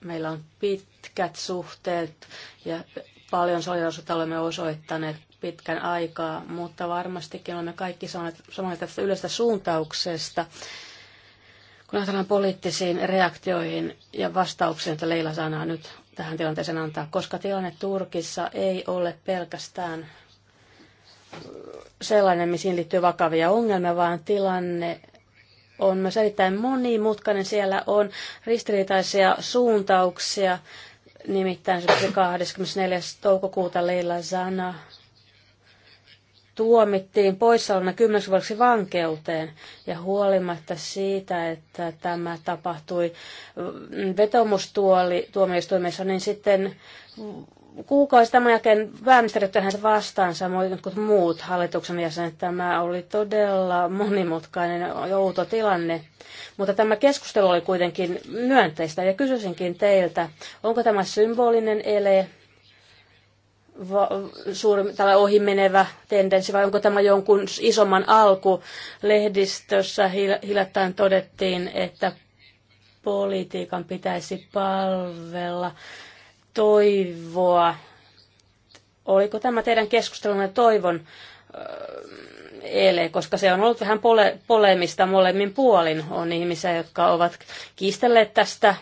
meillä on pitkät suhteet ja paljon solidarisuutta olemme osoittaneet pitkän aikaa, mutta varmastikin olemme kaikki samaa tästä yleisestä suuntauksesta. Kun ajatellaan poliittisiin reaktioihin ja vastauksiin, että Leila sanaa nyt tähän tilanteeseen antaa, koska tilanne Turkissa ei ole pelkästään sellainen, missä liittyy vakavia ongelmia, vaan tilanne on myös erittäin monimutkainen. Siellä on ristiriitaisia suuntauksia, nimittäin se 24. toukokuuta Leila Zana tuomittiin poissaolona kymmenen vuodeksi vankeuteen. Ja huolimatta siitä, että tämä tapahtui mm, vetomustuoli tuomioistuimessa, niin sitten kuukausi tämän jälkeen pääministeri otti häntä vastaan, samoin kuin muut hallituksen jäsenet. Tämä oli todella monimutkainen ja outo tilanne. Mutta tämä keskustelu oli kuitenkin myönteistä ja kysyisinkin teiltä, onko tämä symbolinen ele va- suurin, ohimenevä tendenssi vai onko tämä jonkun isomman alku? Lehdistössä hil- hiljattain todettiin, että politiikan pitäisi palvella toivoa. Oliko tämä teidän keskustelunne toivon ele, koska se on ollut vähän pole- polemista molemmin puolin. On ihmisiä, jotka ovat kiistelleet tästä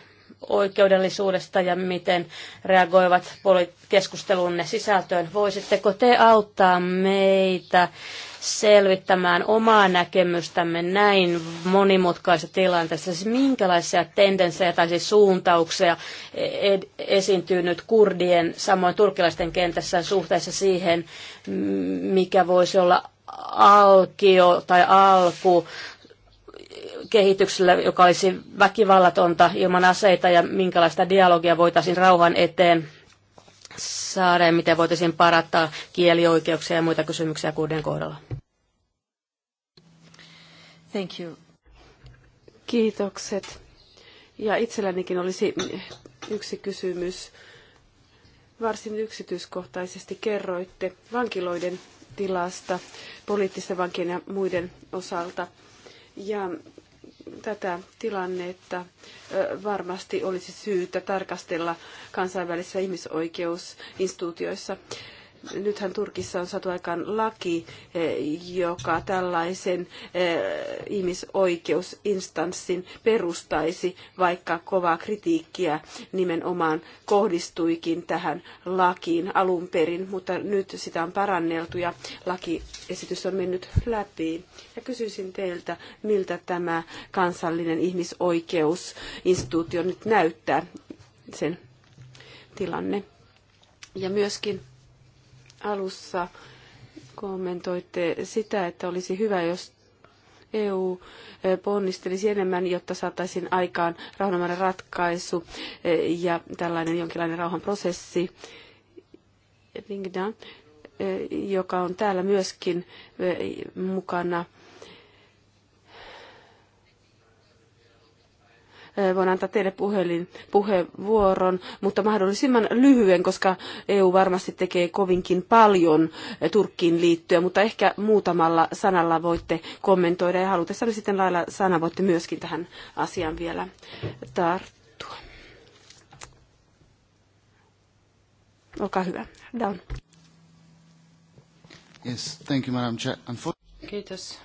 oikeudellisuudesta ja miten reagoivat keskustelunne sisältöön. Voisitteko te auttaa meitä selvittämään omaa näkemystämme näin monimutkaisessa tilanteessa? Siis minkälaisia tendenssejä tai siis suuntauksia e- esiintyy nyt kurdien, samoin turkilaisten kentässä suhteessa siihen, mikä voisi olla alkio tai alku kehityksellä, joka olisi väkivallatonta ilman aseita ja minkälaista dialogia voitaisiin rauhan eteen saada ja miten voitaisiin parantaa kielioikeuksia ja muita kysymyksiä kuuden kohdalla. Thank you. Kiitokset. Ja itsellänikin olisi yksi kysymys. Varsin yksityiskohtaisesti kerroitte vankiloiden tilasta poliittisten vankien ja muiden osalta. Ja tätä tilannetta varmasti olisi syytä tarkastella kansainvälisissä ihmisoikeusinstituutioissa Nythän Turkissa on saatu aikaan laki, eh, joka tällaisen eh, ihmisoikeusinstanssin perustaisi, vaikka kovaa kritiikkiä nimenomaan kohdistuikin tähän lakiin alun perin, mutta nyt sitä on paranneltu ja lakiesitys on mennyt läpi. Ja kysyisin teiltä, miltä tämä kansallinen ihmisoikeusinstituutio nyt näyttää sen tilanne. Ja myöskin Alussa kommentoitte sitä, että olisi hyvä, jos EU eh, ponnistelisi enemmän, jotta saataisiin aikaan rauhanomainen ratkaisu eh, ja tällainen jonkinlainen rauhanprosessi, eh, joka on täällä myöskin mukana voin antaa teille puhelin, puheenvuoron, mutta mahdollisimman lyhyen, koska EU varmasti tekee kovinkin paljon Turkkiin liittyen, mutta ehkä muutamalla sanalla voitte kommentoida ja halutessanne sitten lailla sana voitte myöskin tähän asiaan vielä tarttua. Olkaa hyvä. Down. Yes, thank you, Madam Chair. Kiitos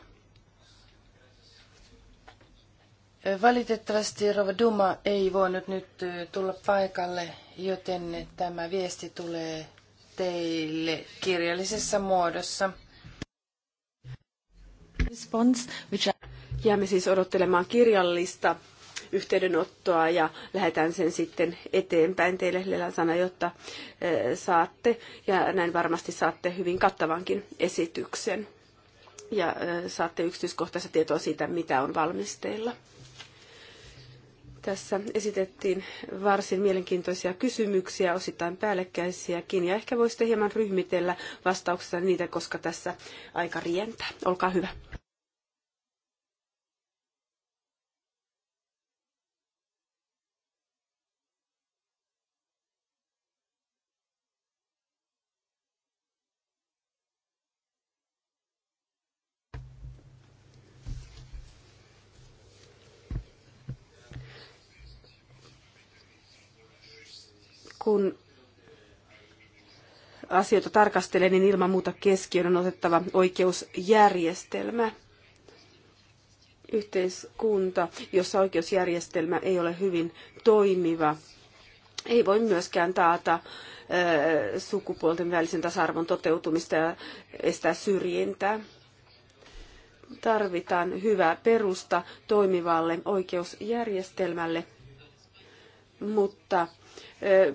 Valitettavasti Rova Duma ei voinut nyt tulla paikalle, joten tämä viesti tulee teille kirjallisessa muodossa. Jäämme siis odottelemaan kirjallista yhteydenottoa ja lähetän sen sitten eteenpäin teille Lelan jotta saatte, ja näin varmasti saatte hyvin kattavankin esityksen ja saatte yksityiskohtaista tietoa siitä, mitä on valmisteilla. Tässä esitettiin varsin mielenkiintoisia kysymyksiä, osittain päällekkäisiäkin, ja ehkä voisitte hieman ryhmitellä vastauksessa niitä, koska tässä aika rientää. Olkaa hyvä. kun asioita tarkastelee, niin ilman muuta keskiön on otettava oikeusjärjestelmä. Yhteiskunta, jossa oikeusjärjestelmä ei ole hyvin toimiva, ei voi myöskään taata sukupuolten välisen tasa-arvon toteutumista ja estää syrjintää. Tarvitaan hyvä perusta toimivalle oikeusjärjestelmälle, mutta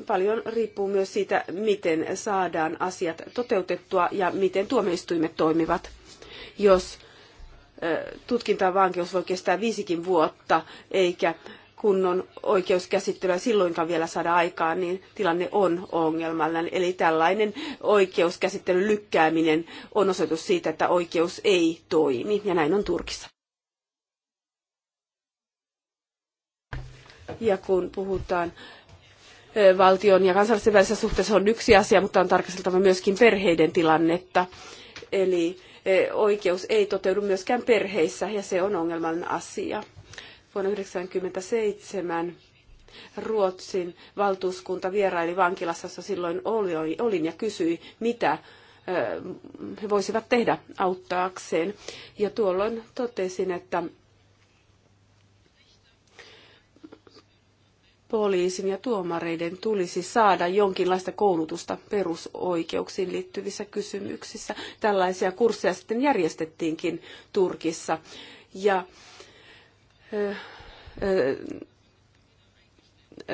Paljon riippuu myös siitä, miten saadaan asiat toteutettua ja miten tuomioistuimet toimivat. Jos tutkintaan vankeus voi kestää viisikin vuotta, eikä kunnon oikeuskäsittelyä silloinkaan vielä saada aikaan, niin tilanne on ongelmallinen. Eli tällainen oikeuskäsittelyn lykkääminen on osoitus siitä, että oikeus ei toimi, ja näin on Turkissa. Ja kun puhutaan valtion ja kansallisten välisessä suhteessa on yksi asia, mutta on tarkasteltava myöskin perheiden tilannetta. Eli oikeus ei toteudu myöskään perheissä ja se on ongelmallinen asia. Vuonna 1997 Ruotsin valtuuskunta vieraili vankilassa, jossa silloin olin ja kysyi, mitä he voisivat tehdä auttaakseen. Ja tuolloin totesin, että poliisin ja tuomareiden tulisi saada jonkinlaista koulutusta perusoikeuksiin liittyvissä kysymyksissä. Tällaisia kursseja sitten järjestettiinkin Turkissa. Ja ö, ö,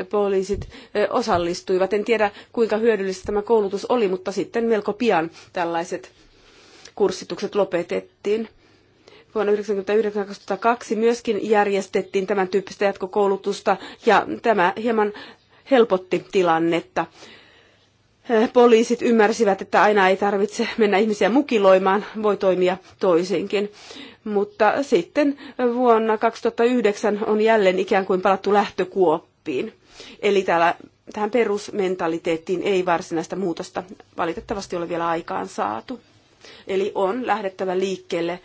poliisit osallistuivat. En tiedä, kuinka hyödyllistä tämä koulutus oli, mutta sitten melko pian tällaiset kurssitukset lopetettiin vuonna 1992 myöskin järjestettiin tämän tyyppistä jatkokoulutusta ja tämä hieman helpotti tilannetta. Eh, poliisit ymmärsivät, että aina ei tarvitse mennä ihmisiä mukiloimaan, voi toimia toisinkin. Mutta sitten vuonna 2009 on jälleen ikään kuin palattu lähtökuoppiin. Eli täällä, tähän perusmentaliteettiin ei varsinaista muutosta valitettavasti ole vielä aikaan saatu. Eli on lähdettävä liikkeelle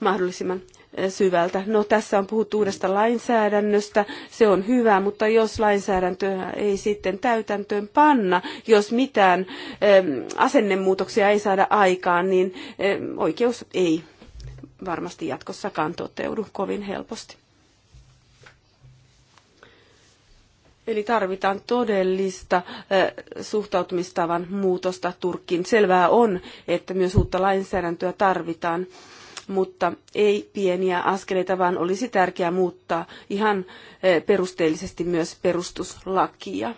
mahdollisimman syvältä. No tässä on puhuttu uudesta lainsäädännöstä, se on hyvä, mutta jos lainsäädäntöä ei sitten täytäntöön panna, jos mitään asennemuutoksia ei saada aikaan, niin oikeus ei varmasti jatkossakaan toteudu kovin helposti. Eli tarvitaan todellista suhtautumistavan muutosta Turkkiin. Selvää on, että myös uutta lainsäädäntöä tarvitaan mutta ei pieniä askeleita, vaan olisi tärkeää muuttaa ihan eh, perusteellisesti myös perustuslakia.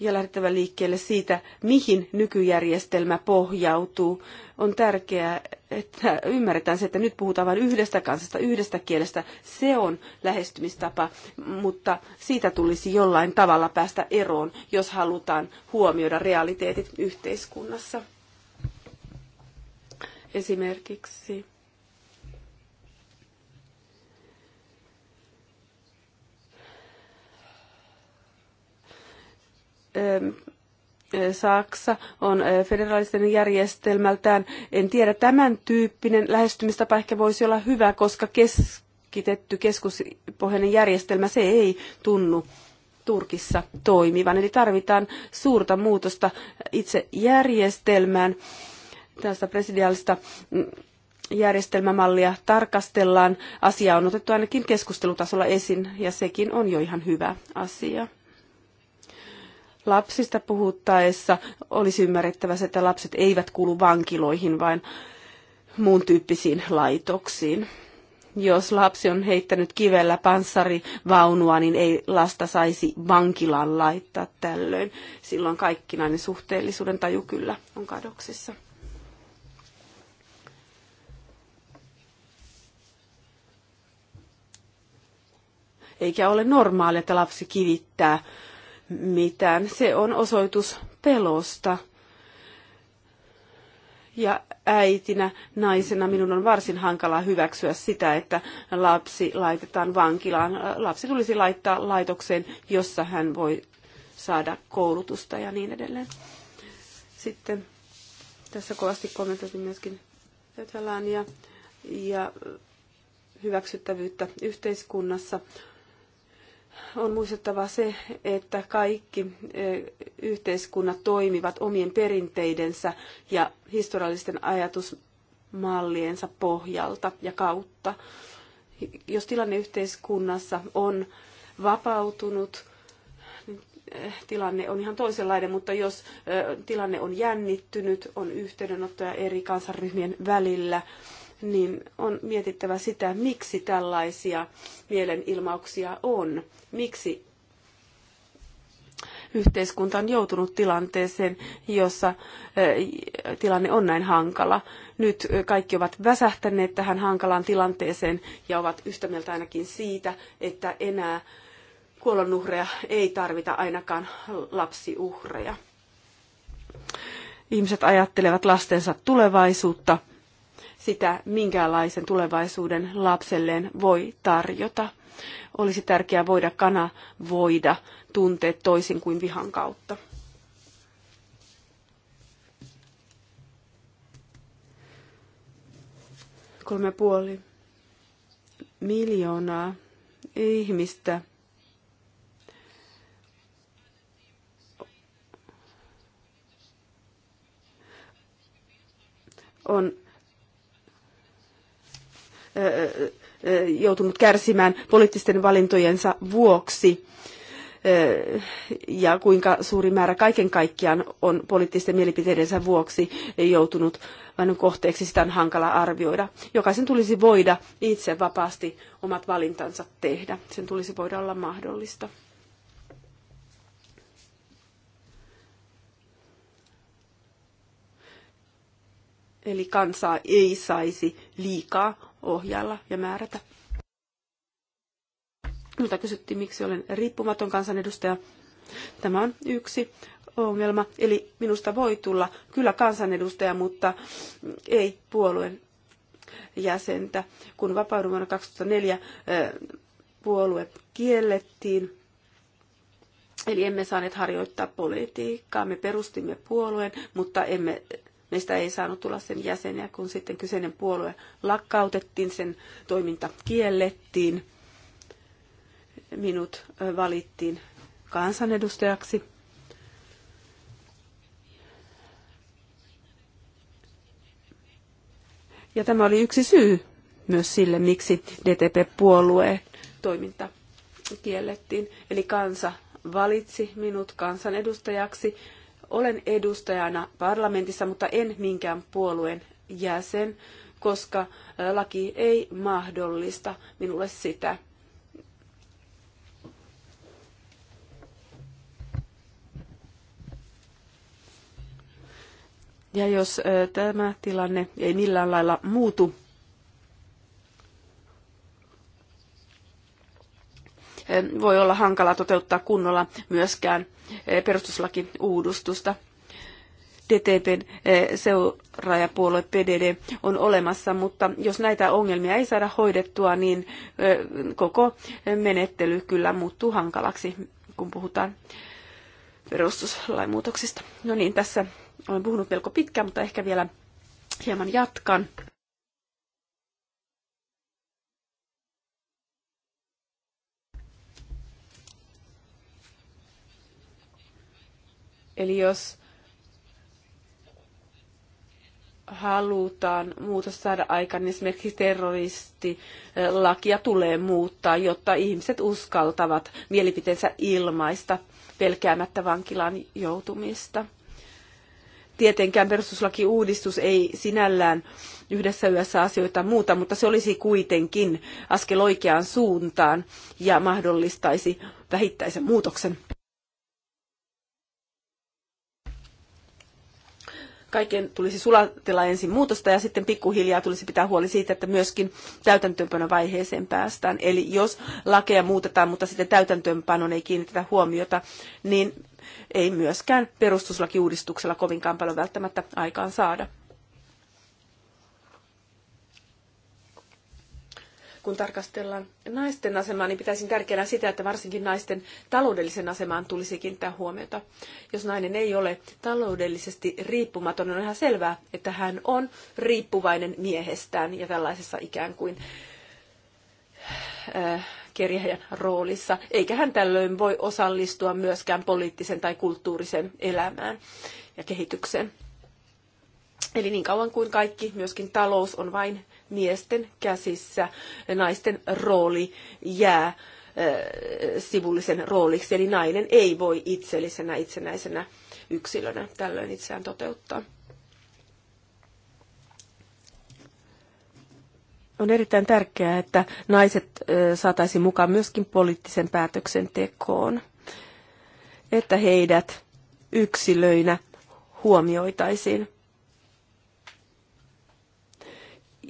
Ja lähdettävä liikkeelle siitä, mihin nykyjärjestelmä pohjautuu. On tärkeää, että ymmärretään se, että nyt puhutaan vain yhdestä kansasta, yhdestä kielestä. Se on lähestymistapa, mutta siitä tulisi jollain tavalla päästä eroon, jos halutaan huomioida realiteetit yhteiskunnassa esimerkiksi. Saksa on federalisten järjestelmältään. En tiedä, tämän tyyppinen lähestymistapa ehkä voisi olla hyvä, koska keskitetty keskuspohjainen järjestelmä, se ei tunnu Turkissa toimivan. Eli tarvitaan suurta muutosta itse järjestelmään tästä presidiaalista mm, järjestelmämallia tarkastellaan. Asia on otettu ainakin keskustelutasolla esiin ja sekin on jo ihan hyvä asia. Lapsista puhuttaessa olisi ymmärrettävä se, että lapset eivät kuulu vankiloihin, vaan muun tyyppisiin laitoksiin. Jos lapsi on heittänyt kivellä panssarivaunua, niin ei lasta saisi vankilaan laittaa tällöin. Silloin kaikkinainen suhteellisuuden taju kyllä on kadoksissa. eikä ole normaalia, että lapsi kivittää mitään. Se on osoitus pelosta. Ja äitinä, naisena minun on varsin hankala hyväksyä sitä, että lapsi laitetaan vankilaan. Lapsi tulisi laittaa laitokseen, jossa hän voi saada koulutusta ja niin edelleen. Sitten tässä kovasti kommentoitiin myöskin Tötälään ja hyväksyttävyyttä yhteiskunnassa on muistettava se, että kaikki e, yhteiskunnat toimivat omien perinteidensä ja historiallisten ajatusmalliensa pohjalta ja kautta. Jos tilanne yhteiskunnassa on vapautunut, niin, e, tilanne on ihan toisenlainen, mutta jos e, tilanne on jännittynyt, on yhteydenottoja eri kansanryhmien välillä, niin on mietittävä sitä, miksi tällaisia mielenilmauksia on, miksi yhteiskunta on joutunut tilanteeseen, jossa eh, tilanne on näin hankala. Nyt eh, kaikki ovat väsähtäneet tähän hankalaan tilanteeseen ja ovat yhtä mieltä ainakin siitä, että enää kuolonuhreja ei tarvita ainakaan lapsiuhreja. Ihmiset ajattelevat lastensa tulevaisuutta sitä, minkälaisen tulevaisuuden lapselleen voi tarjota. Olisi tärkeää voida kanavoida tunteet toisin kuin vihan kautta. Kolme puoli miljoonaa ihmistä on joutunut kärsimään poliittisten valintojensa vuoksi ja kuinka suuri määrä kaiken kaikkiaan on poliittisten mielipiteidensä vuoksi joutunut vain kohteeksi, sitä on hankala arvioida. Jokaisen tulisi voida itse vapaasti omat valintansa tehdä. Sen tulisi voida olla mahdollista. Eli kansaa ei saisi liikaa ohjailla ja määrätä. Minulta kysyttiin, miksi olen riippumaton kansanedustaja. Tämä on yksi ongelma. Eli minusta voi tulla kyllä kansanedustaja, mutta ei puolueen jäsentä. Kun vapaudumme vuonna 2004 eh, puolue kiellettiin, Eli emme saaneet harjoittaa politiikkaa, me perustimme puolueen, mutta emme Meistä ei saanut tulla sen jäseniä, kun sitten kyseinen puolue lakkautettiin, sen toiminta kiellettiin. Minut valittiin kansanedustajaksi. Ja tämä oli yksi syy myös sille, miksi DTP-puolueen toiminta kiellettiin. Eli kansa valitsi minut kansanedustajaksi olen edustajana parlamentissa, mutta en minkään puolueen jäsen, koska laki ei mahdollista minulle sitä. Ja jos tämä tilanne ei millään lailla muutu, voi olla hankala toteuttaa kunnolla myöskään eh, perustuslakiuudistusta. DTPn eh, seuraajapuolue PDD on olemassa, mutta jos näitä ongelmia ei saada hoidettua, niin eh, koko menettely kyllä muuttuu hankalaksi, kun puhutaan perustuslain muutoksista. No niin, tässä olen puhunut melko pitkään, mutta ehkä vielä hieman jatkan. Eli jos halutaan muutos saada aikaan, niin esimerkiksi terroristilakia tulee muuttaa, jotta ihmiset uskaltavat mielipiteensä ilmaista pelkäämättä vankilaan joutumista. Tietenkään perustuslakiuudistus ei sinällään yhdessä yössä asioita muuta, mutta se olisi kuitenkin askel oikeaan suuntaan ja mahdollistaisi vähittäisen muutoksen. Kaiken tulisi sulatella ensin muutosta ja sitten pikkuhiljaa tulisi pitää huoli siitä, että myöskin täytäntöönpanovaiheeseen päästään. Eli jos lakeja muutetaan, mutta sitten täytäntöönpanoon ei kiinnitetä huomiota, niin ei myöskään perustuslakiuudistuksella kovinkaan paljon välttämättä aikaan saada. kun tarkastellaan naisten asemaa, niin pitäisin tärkeänä sitä, että varsinkin naisten taloudellisen asemaan tulisi kiinnittää huomiota. Jos nainen ei ole taloudellisesti riippumaton, on ihan selvää, että hän on riippuvainen miehestään ja tällaisessa ikään kuin äh, roolissa, eikä hän tällöin voi osallistua myöskään poliittisen tai kulttuurisen elämään ja kehitykseen. Eli niin kauan kuin kaikki, myöskin talous, on vain miesten käsissä. Naisten rooli jää sivullisen rooliksi, eli nainen ei voi itsellisenä itsenäisenä yksilönä tällöin itseään toteuttaa. on erittäin tärkeää, että naiset saataisiin mukaan myöskin poliittisen päätöksentekoon, että heidät yksilöinä huomioitaisiin.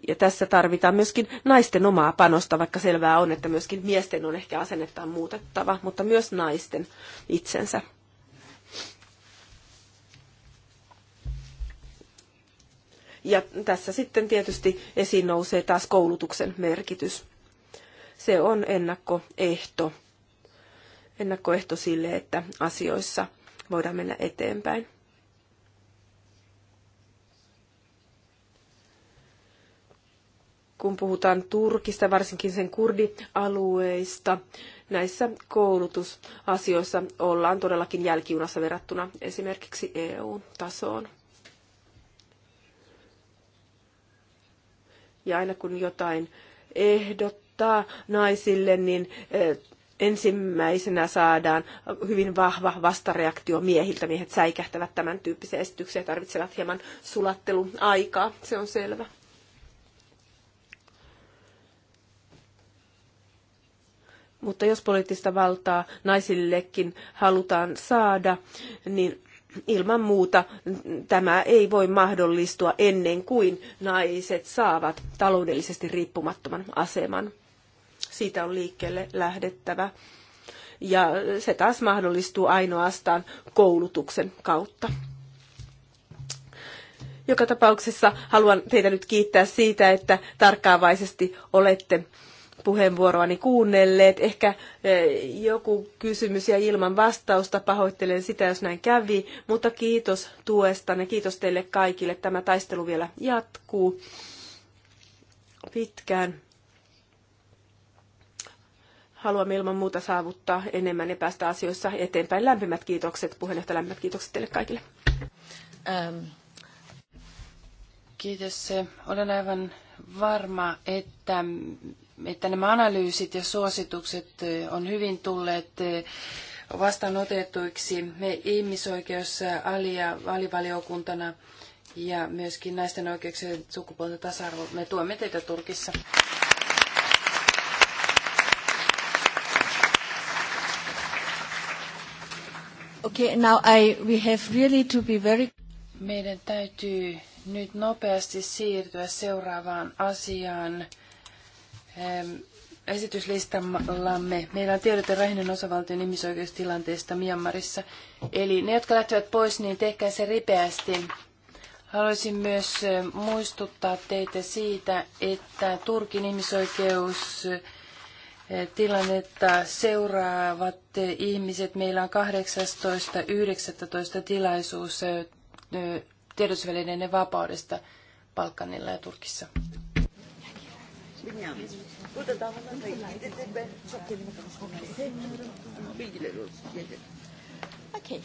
Ja tässä tarvitaan myöskin naisten omaa panosta, vaikka selvää on, että myöskin miesten on ehkä asennettaan muutettava, mutta myös naisten itsensä. Ja tässä sitten tietysti esiin nousee taas koulutuksen merkitys. Se on ennakkoehto, ennakkoehto sille, että asioissa voidaan mennä eteenpäin. kun puhutaan Turkista, varsinkin sen kurdialueista, näissä koulutusasioissa ollaan todellakin jälkijunassa verrattuna esimerkiksi EU-tasoon. Ja aina kun jotain ehdottaa naisille, niin e, ensimmäisenä saadaan hyvin vahva vastareaktio miehiltä. Miehet säikähtävät tämän tyyppisiä esityksiä ja tarvitsevat hieman sulatteluaikaa, se on selvä. Mutta jos poliittista valtaa naisillekin halutaan saada, niin ilman muuta tämä ei voi mahdollistua ennen kuin naiset saavat taloudellisesti riippumattoman aseman. Siitä on liikkeelle lähdettävä. Ja se taas mahdollistuu ainoastaan koulutuksen kautta. Joka tapauksessa haluan teitä nyt kiittää siitä, että tarkkaavaisesti olette puheenvuoroani kuunnelleet. Ehkä eh, joku kysymys ja ilman vastausta pahoittelen sitä, jos näin kävi, mutta kiitos tuestanne, kiitos teille kaikille. Tämä taistelu vielä jatkuu pitkään. Haluamme ilman muuta saavuttaa enemmän ja päästä asioissa eteenpäin. Lämpimät kiitokset, puheenjohtaja, lämpimät kiitokset teille kaikille. Ähm. Kiitos. Olen aivan varma, että että nämä analyysit ja suositukset on hyvin tulleet vastaanotetuiksi me ihmisoikeus alia, alivaliokuntana ja myöskin naisten oikeuksien sukupuolten tasa-arvo. Me tuemme teitä Turkissa. Okay, now I, we have really to be very... Meidän täytyy nyt nopeasti siirtyä seuraavaan asiaan esityslistallamme. Meillä on tiedot Rähinen osavaltion ihmisoikeustilanteesta Myanmarissa. Eli ne, jotka lähtevät pois, niin tehkää se ripeästi. Haluaisin myös muistuttaa teitä siitä, että Turkin ihmisoikeustilannetta eh, seuraavat ihmiset. Meillä on 18.19. tilaisuus eh, eh, tiedotusvälineiden vapaudesta Balkanilla ja Turkissa. Anlayamayız. Burada davranışla ilgili de ben çok kelime konuşmayı sevmiyorum. Ama bilgiler olsun dedi. Okay.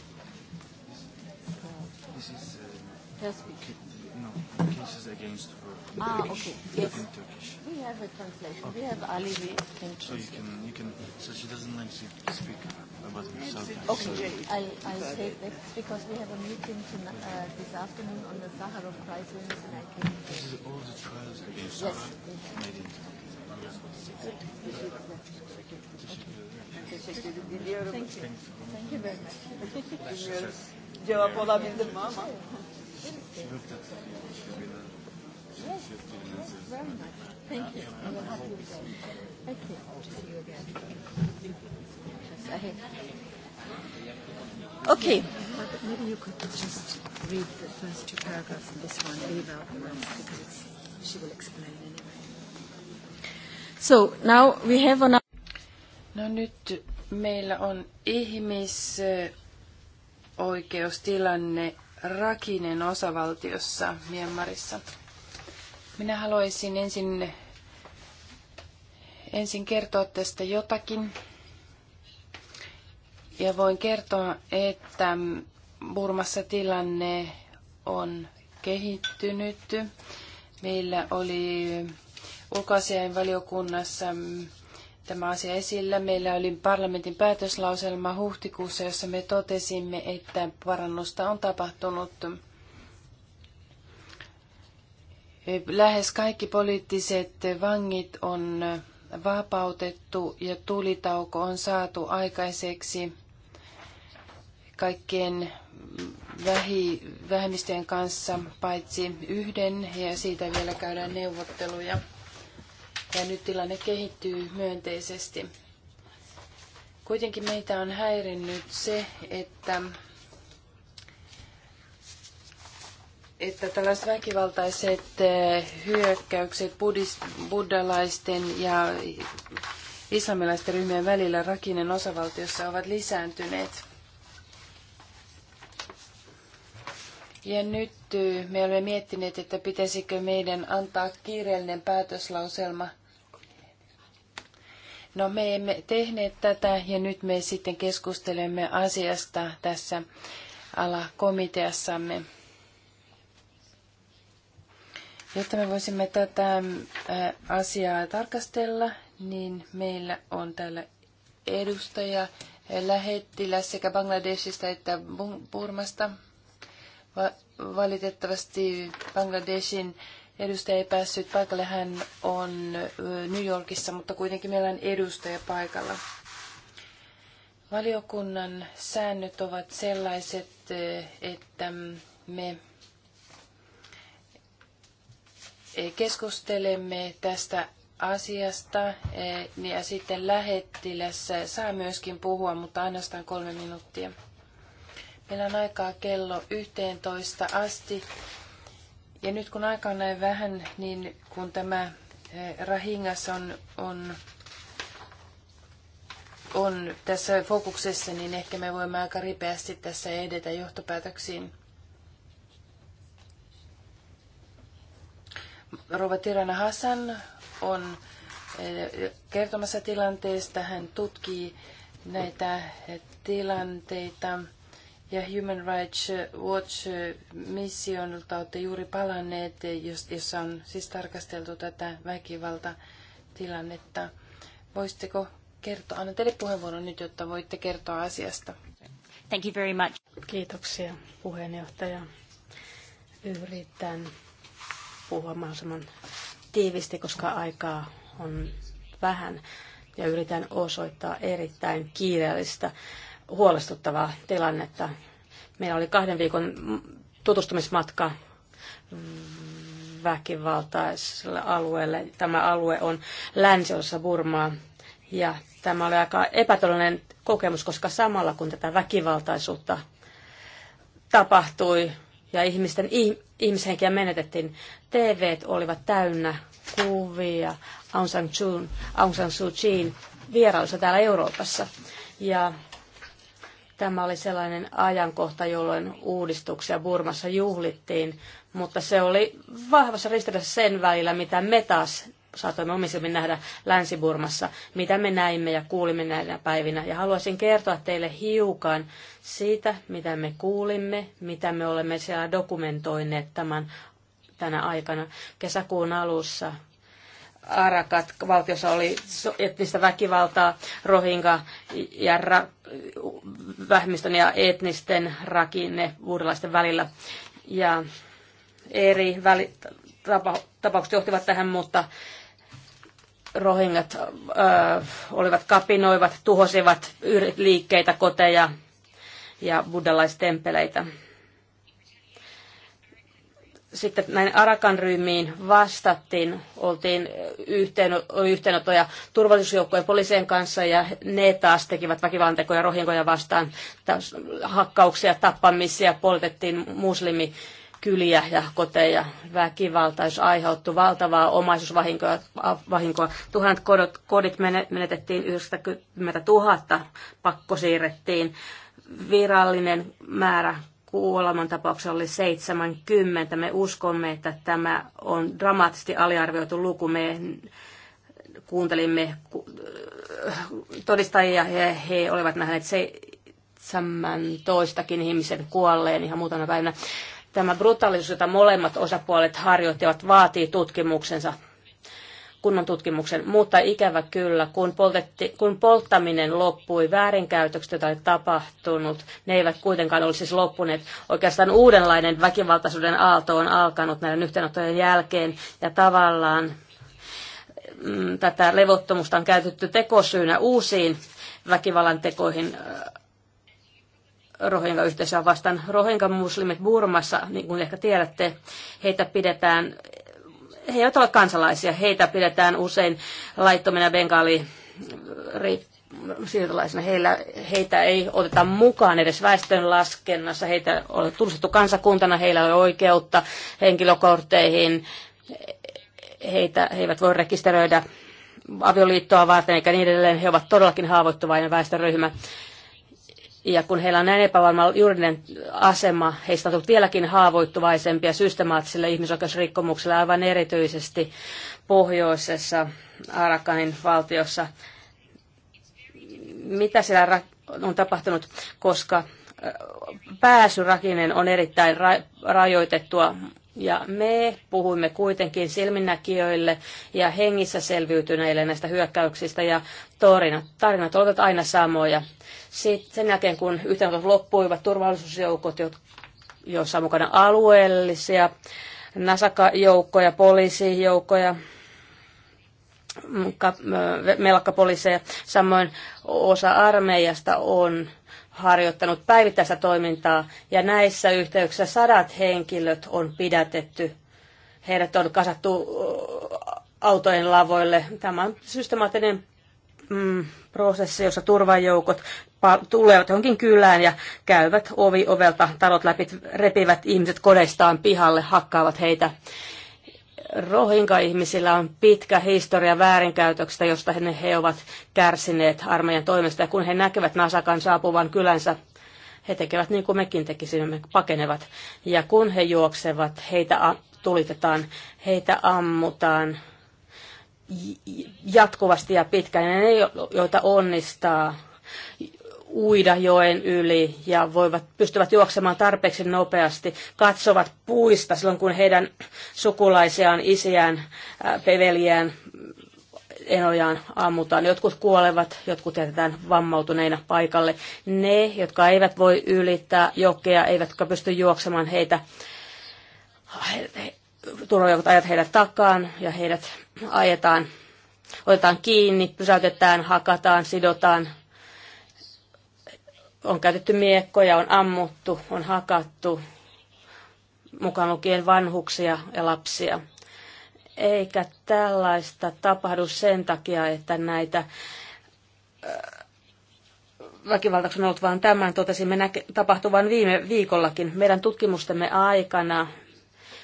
This is, uh, No, cases against her. Ah, Turkish, okay. Yes. In Turkish. We have a translation. Okay. We have Ali in Turkish. So you can, you can, so she doesn't like to speak about herself. Okay, so I'll, say that because we have a meeting tonight uh, this afternoon on the Sakharov Prize winners and I can... This is all the trials against yes. yes. made in Teşekkür ediyorum. Thank you. Thank you very much. Bilmiyorum cevap olabildim mi ama. Okay. Maybe you could just read the first two paragraphs in this one, leave out the rest because she will explain anyway. So now we have on. No nyt meillä on ihmisoikeustilanne Rakinen osavaltiossa Myanmarissa. Minä haluaisin ensin, ensin kertoa tästä jotakin. Ja voin kertoa, että Burmassa tilanne on kehittynyt. Meillä oli ulkoasiainvaliokunnassa valiokunnassa tämä asia esillä. Meillä oli parlamentin päätöslauselma huhtikuussa, jossa me totesimme, että parannusta on tapahtunut. Lähes kaikki poliittiset vangit on vapautettu ja tulitauko on saatu aikaiseksi kaikkien vähi, vähemmistöjen kanssa, paitsi yhden, ja siitä vielä käydään neuvotteluja ja nyt tilanne kehittyy myönteisesti. Kuitenkin meitä on häirinnyt se, että, että tällaiset väkivaltaiset eh, hyökkäykset buddhalaisten ja islamilaisten ryhmien välillä Rakinen osavaltiossa ovat lisääntyneet. Ja nyt eh, me olemme miettineet, että pitäisikö meidän antaa kiireellinen päätöslauselma – No me emme tehneet tätä ja nyt me sitten keskustelemme asiasta tässä alakomiteassamme. Jotta me voisimme tätä äh, asiaa tarkastella, niin meillä on täällä edustaja äh, lähettiläs sekä Bangladesista että Burmasta. Valitettavasti Bangladesin. Edustaja ei päässyt paikalle, hän on New Yorkissa, mutta kuitenkin meillä on edustaja paikalla. Valiokunnan säännöt ovat sellaiset, että me keskustelemme tästä asiasta, niin- ja sitten lähettilässä saa myöskin puhua, mutta ainoastaan kolme minuuttia. Meillä on aikaa kello 11 asti ja nyt kun aika on näin vähän, niin kun tämä eh, Rahingas on, on, on tässä fokuksessa, niin ehkä me voimme aika ripeästi tässä edetä johtopäätöksiin. Rova Tirana Hassan on eh, kertomassa tilanteesta. Hän tutkii näitä eh, tilanteita ja Human Rights Watch missionilta olette juuri palanneet, jossa on siis tarkasteltu tätä väkivaltatilannetta. Voisitteko kertoa, annan teille puheenvuoron nyt, jotta voitte kertoa asiasta. Thank you very much. Kiitoksia puheenjohtaja. Yritän puhua mahdollisimman tiivisti, koska aikaa on vähän ja yritän osoittaa erittäin kiireellistä huolestuttavaa tilannetta. Meillä oli kahden viikon tutustumismatka väkivaltaiselle alueelle. Tämä alue on länsiosassa Burmaa ja tämä oli aika epätodollinen kokemus, koska samalla kun tätä väkivaltaisuutta tapahtui ja ihmisten, ihmishenkiä menetettiin, TV olivat täynnä kuvia Aung San, Chun, Aung San Suu Kyiin vierailussa täällä Euroopassa. Ja Tämä oli sellainen ajankohta, jolloin uudistuksia Burmassa juhlittiin, mutta se oli vahvassa ristiriidassa sen välillä, mitä me taas saatoimme omisemmin nähdä Länsi-Burmassa, mitä me näimme ja kuulimme näinä päivinä. Ja haluaisin kertoa teille hiukan siitä, mitä me kuulimme, mitä me olemme siellä dokumentoineet tämän tänä aikana. Kesäkuun alussa Arakat valtiossa oli etnistä väkivaltaa, rohinga ja ra- vähemmistön ja etnisten rakinne buurilaisten välillä. Ja eri väli- tapa- tapaukset johtivat tähän, mutta rohingat ö, äh, olivat kapinoivat, tuhosivat liikkeitä, koteja ja buddhalaistempeleitä sitten näin Arakan ryhmiin vastattiin, oltiin yhteen, yhteenotoja turvallisuusjoukkojen poliisien kanssa ja ne taas tekivät väkivallantekoja rohinkoja vastaan, taas hakkauksia, tappamisia, poltettiin muslimi kyliä ja koteja. Väkivaltaisuus aiheuttui valtavaa omaisuusvahinkoa. Vahinkoa. Tuhannet kodot, kodit menetettiin 90 000, pakko siirrettiin. Virallinen määrä tapauksessa oli 70. Me uskomme, että tämä on dramaattisesti aliarvioitu luku. Me kuuntelimme todistajia ja he olivat nähneet 17 ihmisen kuolleen ihan muutama päivänä. Tämä brutaalisuus, jota molemmat osapuolet harjoittivat, vaatii tutkimuksensa kunnon tutkimuksen, mutta ikävä kyllä, kun, poltetti, kun polttaminen loppui, väärinkäytökset tai tapahtunut, ne eivät kuitenkaan olisi siis loppuneet. Oikeastaan uudenlainen väkivaltaisuuden aalto on alkanut näiden yhteenottojen jälkeen, ja tavallaan mm, tätä levottomusta on käytetty tekosyynä uusiin väkivallan tekoihin rohinga-yhteisöä vastaan. Rohinga-muslimit Burmassa, niin kuin ehkä tiedätte, heitä pidetään he eivät ole kansalaisia. Heitä pidetään usein laittomina bengali siirtolaisina. Heillä, heitä ei oteta mukaan edes väestön laskennassa. Heitä on tunnistettu kansakuntana, heillä on oikeutta henkilökortteihin. Heitä, he eivät voi rekisteröidä avioliittoa varten eikä niin edelleen. He ovat todellakin haavoittuvainen väestöryhmä. Ja kun heillä on näin epävarma juridinen asema, heistä on tullut vieläkin haavoittuvaisempia systemaattisille ihmisoikeusrikkomuksille, aivan erityisesti pohjoisessa Arakanin valtiossa. Mitä siellä on tapahtunut, koska pääsy rakinen on erittäin ra- rajoitettua ja me puhuimme kuitenkin silminnäkijöille ja hengissä selviytyneille näistä hyökkäyksistä ja tarinat, tarinat olivat aina samoja. Sitten sen jälkeen kun yhteenotot loppuivat, turvallisuusjoukot, joissa on mukana alueellisia, nasakajoukkoja, poliisijoukkoja, melkkapoliiseja, samoin osa armeijasta on harjoittanut päivittäistä toimintaa ja näissä yhteyksissä sadat henkilöt on pidätetty. Heidät on kasattu autojen lavoille. Tämä on systemaattinen mm, prosessi, jossa turvajoukot tulevat johonkin kylään ja käyvät ovi ovelta, talot läpi, repivät ihmiset kodeistaan pihalle, hakkaavat heitä Rohinka-ihmisillä on pitkä historia väärinkäytöksistä, josta he, he ovat kärsineet armeijan toimesta. Ja kun he näkevät Nasakan saapuvan kylänsä, he tekevät niin kuin mekin tekisimme, pakenevat. Ja kun he juoksevat, heitä tulitetaan, heitä ammutaan jatkuvasti ja pitkään. Ja ne, joita onnistaa, uida joen yli ja voivat, pystyvät juoksemaan tarpeeksi nopeasti, katsovat puista silloin, kun heidän sukulaisiaan, isiään, peveliään, enojaan ammutaan. Jotkut kuolevat, jotkut jätetään vammautuneina paikalle. Ne, jotka eivät voi ylittää jokea, eivätkä pysty juoksemaan heitä, turvajoukot ajat heidät takaan ja heidät ajetaan, otetaan kiinni, pysäytetään, hakataan, sidotaan, on käytetty miekkoja, on ammuttu, on hakattu, mukaan lukien vanhuksia ja lapsia. Eikä tällaista tapahdu sen takia, että näitä äh, väkivaltaksi on ollut vain tämän, totesimme näke- tapahtuvan viime viikollakin. Meidän tutkimustemme aikana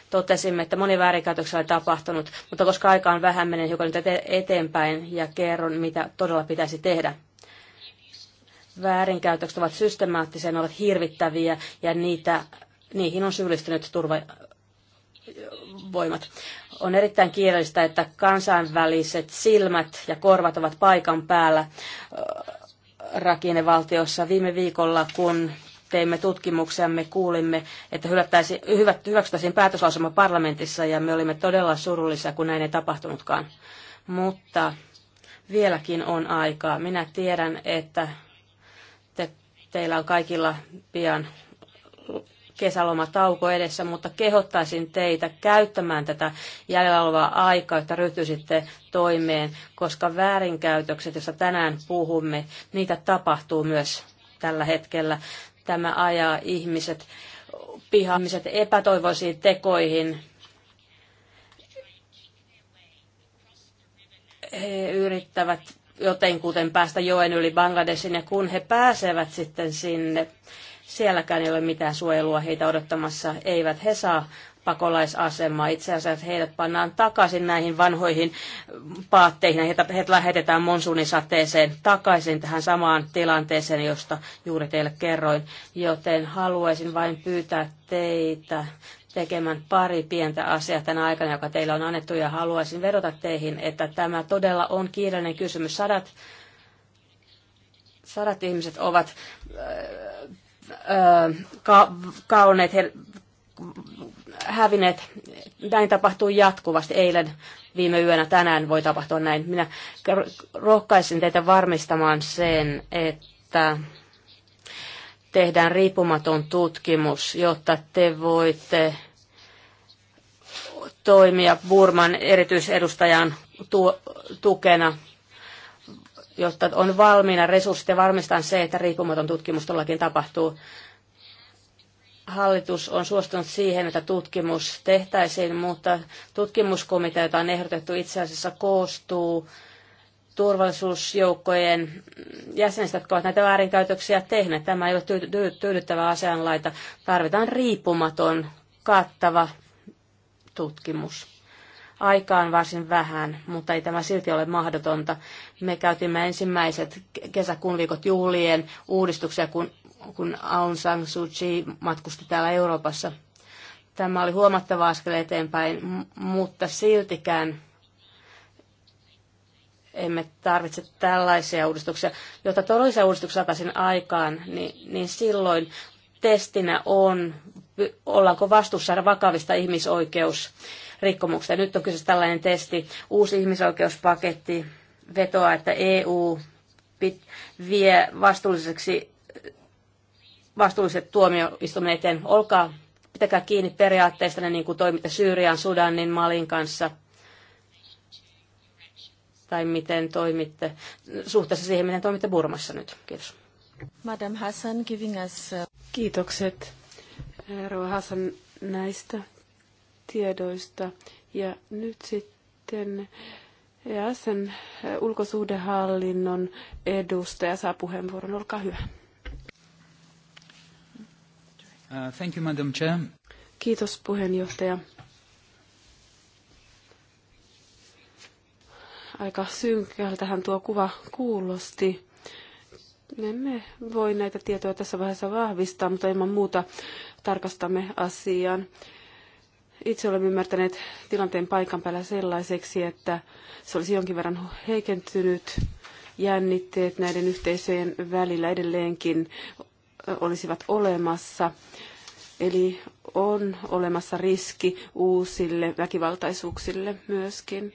totesimme, että moni väärinkäytöksiä oli tapahtunut, mutta koska aika on vähän, menen hiukan nyt eteenpäin ja kerron, mitä todella pitäisi tehdä väärinkäytökset ovat systemaattisia, ne ovat hirvittäviä ja niitä, niihin on syyllistynyt turvavoimat. On erittäin kiireellistä, että kansainväliset silmät ja korvat ovat paikan päällä äh, rakinevaltiossa. Viime viikolla, kun teimme me kuulimme, että hyväksyttäisiin päätöslausuma parlamentissa ja me olimme todella surullisia, kun näin ei tapahtunutkaan. Mutta vieläkin on aikaa. Minä tiedän, että Teillä on kaikilla pian kesälomatauko edessä, mutta kehottaisin teitä käyttämään tätä jäljellä olevaa aikaa, että ryhtyisitte toimeen, koska väärinkäytökset, joista tänään puhumme, niitä tapahtuu myös tällä hetkellä. Tämä ajaa ihmiset, pihamiset epätoivoisiin tekoihin. He yrittävät jotenkuten päästä joen yli Bangladesin ja kun he pääsevät sitten sinne, sielläkään ei ole mitään suojelua heitä odottamassa, eivät he saa pakolaisasemaa. Itse asiassa heidät pannaan takaisin näihin vanhoihin paatteihin, heitä, heitä lähetetään monsuunisateeseen takaisin tähän samaan tilanteeseen, josta juuri teille kerroin. Joten haluaisin vain pyytää teitä tekemään pari pientä asiaa tänä aikana, joka teillä on annettu, ja haluaisin vedota teihin, että tämä todella on kiireinen kysymys. Sadat, sadat ihmiset ovat äh, ka- kauneet, he, hävinneet. Näin tapahtuu jatkuvasti. Eilen, viime yönä, tänään voi tapahtua näin. Minä rohkaisin teitä varmistamaan sen, että tehdään riippumaton tutkimus, jotta te voitte toimia Burman erityisedustajan tu- tukena, jotta on valmiina resurssit ja varmistan se, että riippumaton tutkimus todellakin tapahtuu. Hallitus on suostunut siihen, että tutkimus tehtäisiin, mutta tutkimuskomitea, jota on ehdotettu, itse asiassa koostuu turvallisuusjoukkojen jäsenistä, jotka ovat näitä väärinkäytöksiä tehneet. Tämä ei ole tyydyttävä asianlaita. Tarvitaan riippumaton, kattava tutkimus. Aikaan varsin vähän, mutta ei tämä silti ole mahdotonta. Me käytimme ensimmäiset kesäkuun viikot juhlien uudistuksia, kun, kun Aung San Suu Kyi matkusti täällä Euroopassa. Tämä oli huomattava askel eteenpäin, mutta siltikään emme tarvitse tällaisia uudistuksia. Jotta todellisia uudistuksia saataisiin aikaan, niin, niin silloin testinä on, ollaanko vastuussa vakavista ihmisoikeusrikkomuksista. Nyt on kyseessä tällainen testi, uusi ihmisoikeuspaketti vetoaa, että EU vie vastuulliseksi vastuulliset tuomioistuimen eteen. Olkaa, pitäkää kiinni periaatteista, niin kuin toimitte Syyrian, Sudanin, Malin kanssa – tai miten toimitte suhteessa siihen, miten toimitte Burmassa nyt. Kiitos. Madam Hassan giving us... Uh, Kiitokset Rova Hassan näistä tiedoista. Ja nyt sitten sen uh, ulkosuhdehallinnon edustaja saa puheenvuoron. Olkaa hyvä. Uh, thank you, Madam Chair. Kiitos puheenjohtaja. Aika synkältähän tuo kuva kuulosti. Me emme voi näitä tietoja tässä vaiheessa vahvistaa, mutta ilman muuta tarkastamme asian. Itse olemme ymmärtäneet tilanteen paikan päällä sellaiseksi, että se olisi jonkin verran heikentynyt. Jännitteet näiden yhteisöjen välillä edelleenkin olisivat olemassa. Eli on olemassa riski uusille väkivaltaisuuksille myöskin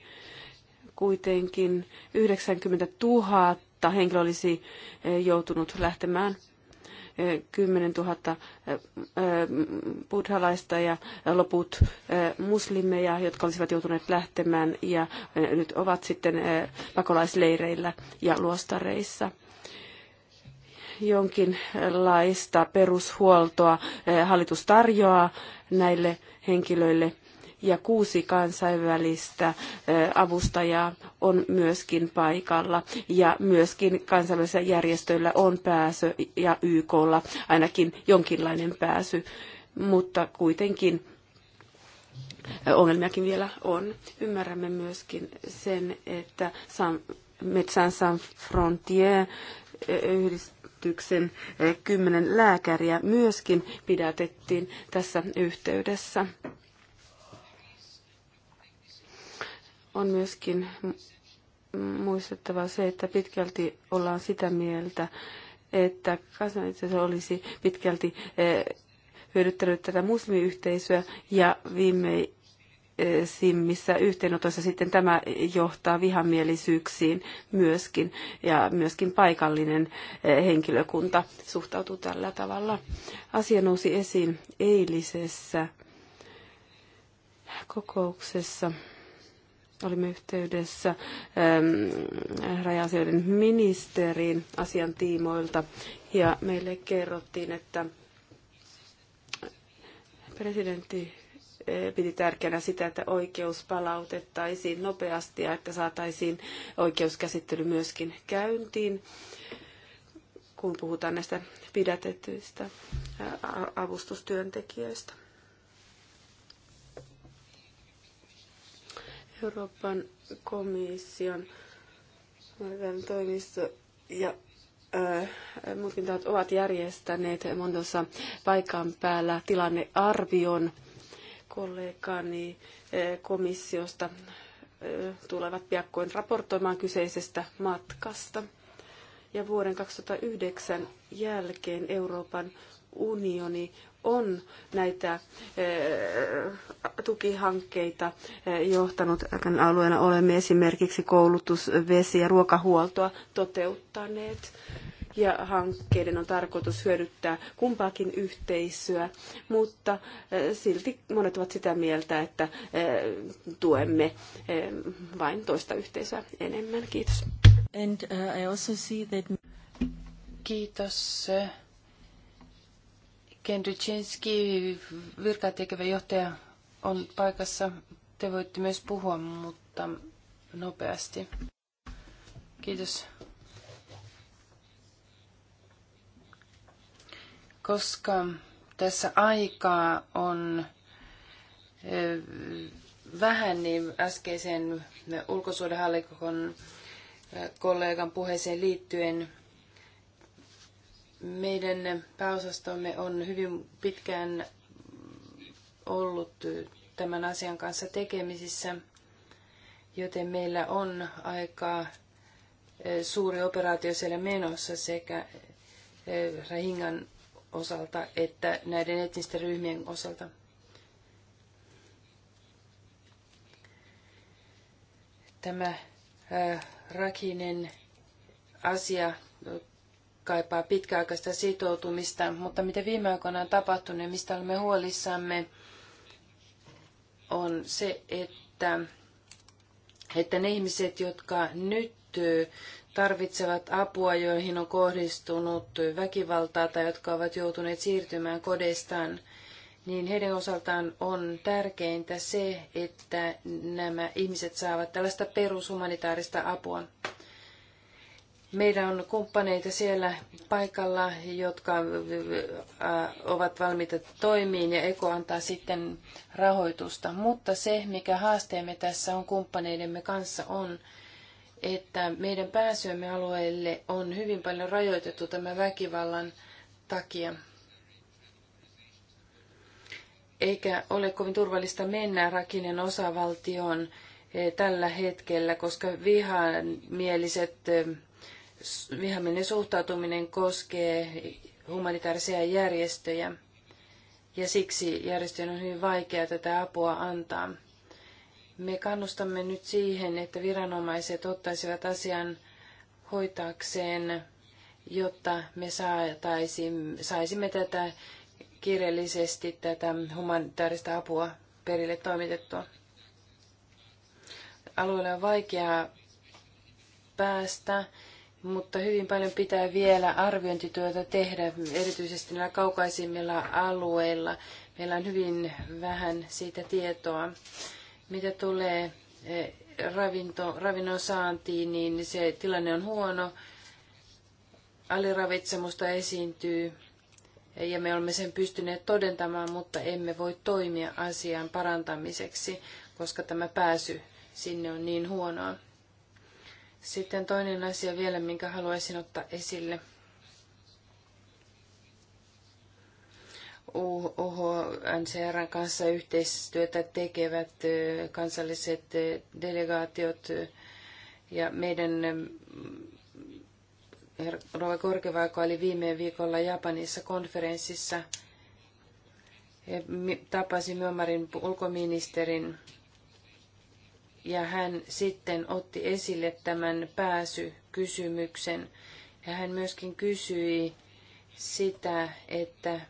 kuitenkin 90 000 henkilö olisi eh, joutunut lähtemään 10 eh, 000 eh, buddhalaista ja loput muslimeja, jotka olisivat joutuneet lähtemään ja nyt ovat sitten pakolaisleireillä ja luostareissa jonkinlaista perushuoltoa hallitus tarjoaa näille henkilöille ja kuusi kansainvälistä avustajaa on myöskin paikalla ja myöskin kansainvälisillä järjestöillä on pääsy ja YKlla ainakin jonkinlainen pääsy, mutta kuitenkin ongelmiakin vielä on. Ymmärrämme myöskin sen, että San, Metsän San Frontier yhdistyksen kymmenen lääkäriä myöskin pidätettiin tässä yhteydessä. on myöskin muistettava se, että pitkälti ollaan sitä mieltä, että kansan itse asiassa olisi pitkälti eh, hyödyttänyt tätä muslimiyhteisöä ja viime missä yhteenotossa sitten tämä johtaa vihamielisyyksiin myöskin ja myöskin paikallinen eh, henkilökunta suhtautuu tällä tavalla. Asia nousi esiin eilisessä kokouksessa Olimme yhteydessä ähm, raja-asioiden ministeriin asiantiimoilta ja meille kerrottiin, että presidentti eh, piti tärkeänä sitä, että oikeus palautettaisiin nopeasti ja että saataisiin oikeuskäsittely myöskin käyntiin, kun puhutaan näistä pidätetyistä avustustyöntekijöistä. Euroopan komission toimisto ja äh, muutkin tahot ovat järjestäneet Mondossa paikan päällä tilannearvion kollegani äh, komissiosta äh, tulevat piakkoin raportoimaan kyseisestä matkasta. Ja vuoden 2009 jälkeen Euroopan unioni on näitä eh, tukihankkeita eh, johtanut alueena. Olemme esimerkiksi koulutus, vesi ja ruokahuoltoa toteuttaneet ja hankkeiden on tarkoitus hyödyttää kumpaakin yhteisöä, mutta eh, silti monet ovat sitä mieltä, että tuemme vain toista yhteisöä enemmän. Kiitos. And, uh, I also see that... Kiitos. Kendrychinski, virkaa tekevä johtaja, on paikassa. Te voitte myös puhua, mutta nopeasti. Kiitos. Koska tässä aikaa on vähän, niin äskeisen ulkosuudenhallikon kollegan puheeseen liittyen – meidän pääosastomme on hyvin pitkään ollut tämän asian kanssa tekemisissä, joten meillä on aika suuri operaatio siellä menossa sekä Rahingan osalta että näiden etnisten ryhmien osalta. Tämä Rakinen asia kaipaa pitkäaikaista sitoutumista, mutta mitä viime aikoina on tapahtunut ja mistä olemme huolissamme, on se, että, että ne ihmiset, jotka nyt tarvitsevat apua, joihin on kohdistunut väkivaltaa tai jotka ovat joutuneet siirtymään kodestaan, niin heidän osaltaan on tärkeintä se, että nämä ihmiset saavat tällaista perushumanitaarista apua. Meillä on kumppaneita siellä paikalla, jotka äh, ovat valmiita toimiin ja Eko antaa sitten rahoitusta. Mutta se, mikä haasteemme tässä on kumppaneidemme kanssa, on, että meidän pääsyämme alueelle on hyvin paljon rajoitettu tämän väkivallan takia. Eikä ole kovin turvallista mennä Rakinen osavaltioon eh, tällä hetkellä, koska vihamieliset mieliset eh, vihamielinen suhtautuminen koskee humanitaarisia järjestöjä, ja siksi järjestöjen on hyvin vaikea tätä apua antaa. Me kannustamme nyt siihen, että viranomaiset ottaisivat asian hoitaakseen, jotta me saisimme tätä kirjallisesti tätä humanitaarista apua perille toimitettua. Alueelle on vaikeaa päästä mutta hyvin paljon pitää vielä arviointityötä tehdä, erityisesti näillä kaukaisimmilla alueilla. Meillä on hyvin vähän siitä tietoa. Mitä tulee eh, ravinto, ravinnon saantiin, niin se tilanne on huono. Aliravitsemusta esiintyy eh, ja me olemme sen pystyneet todentamaan, mutta emme voi toimia asian parantamiseksi, koska tämä pääsy sinne on niin huonoa. Sitten toinen asia vielä, minkä haluaisin ottaa esille. UHNCRn kanssa yhteistyötä tekevät kansalliset delegaatiot ja meidän Rova Korkeva, oli viime viikolla Japanissa konferenssissa, tapasi Myömarin ulkoministerin ja hän sitten otti esille tämän pääsykysymyksen. Ja hän myöskin kysyi sitä, että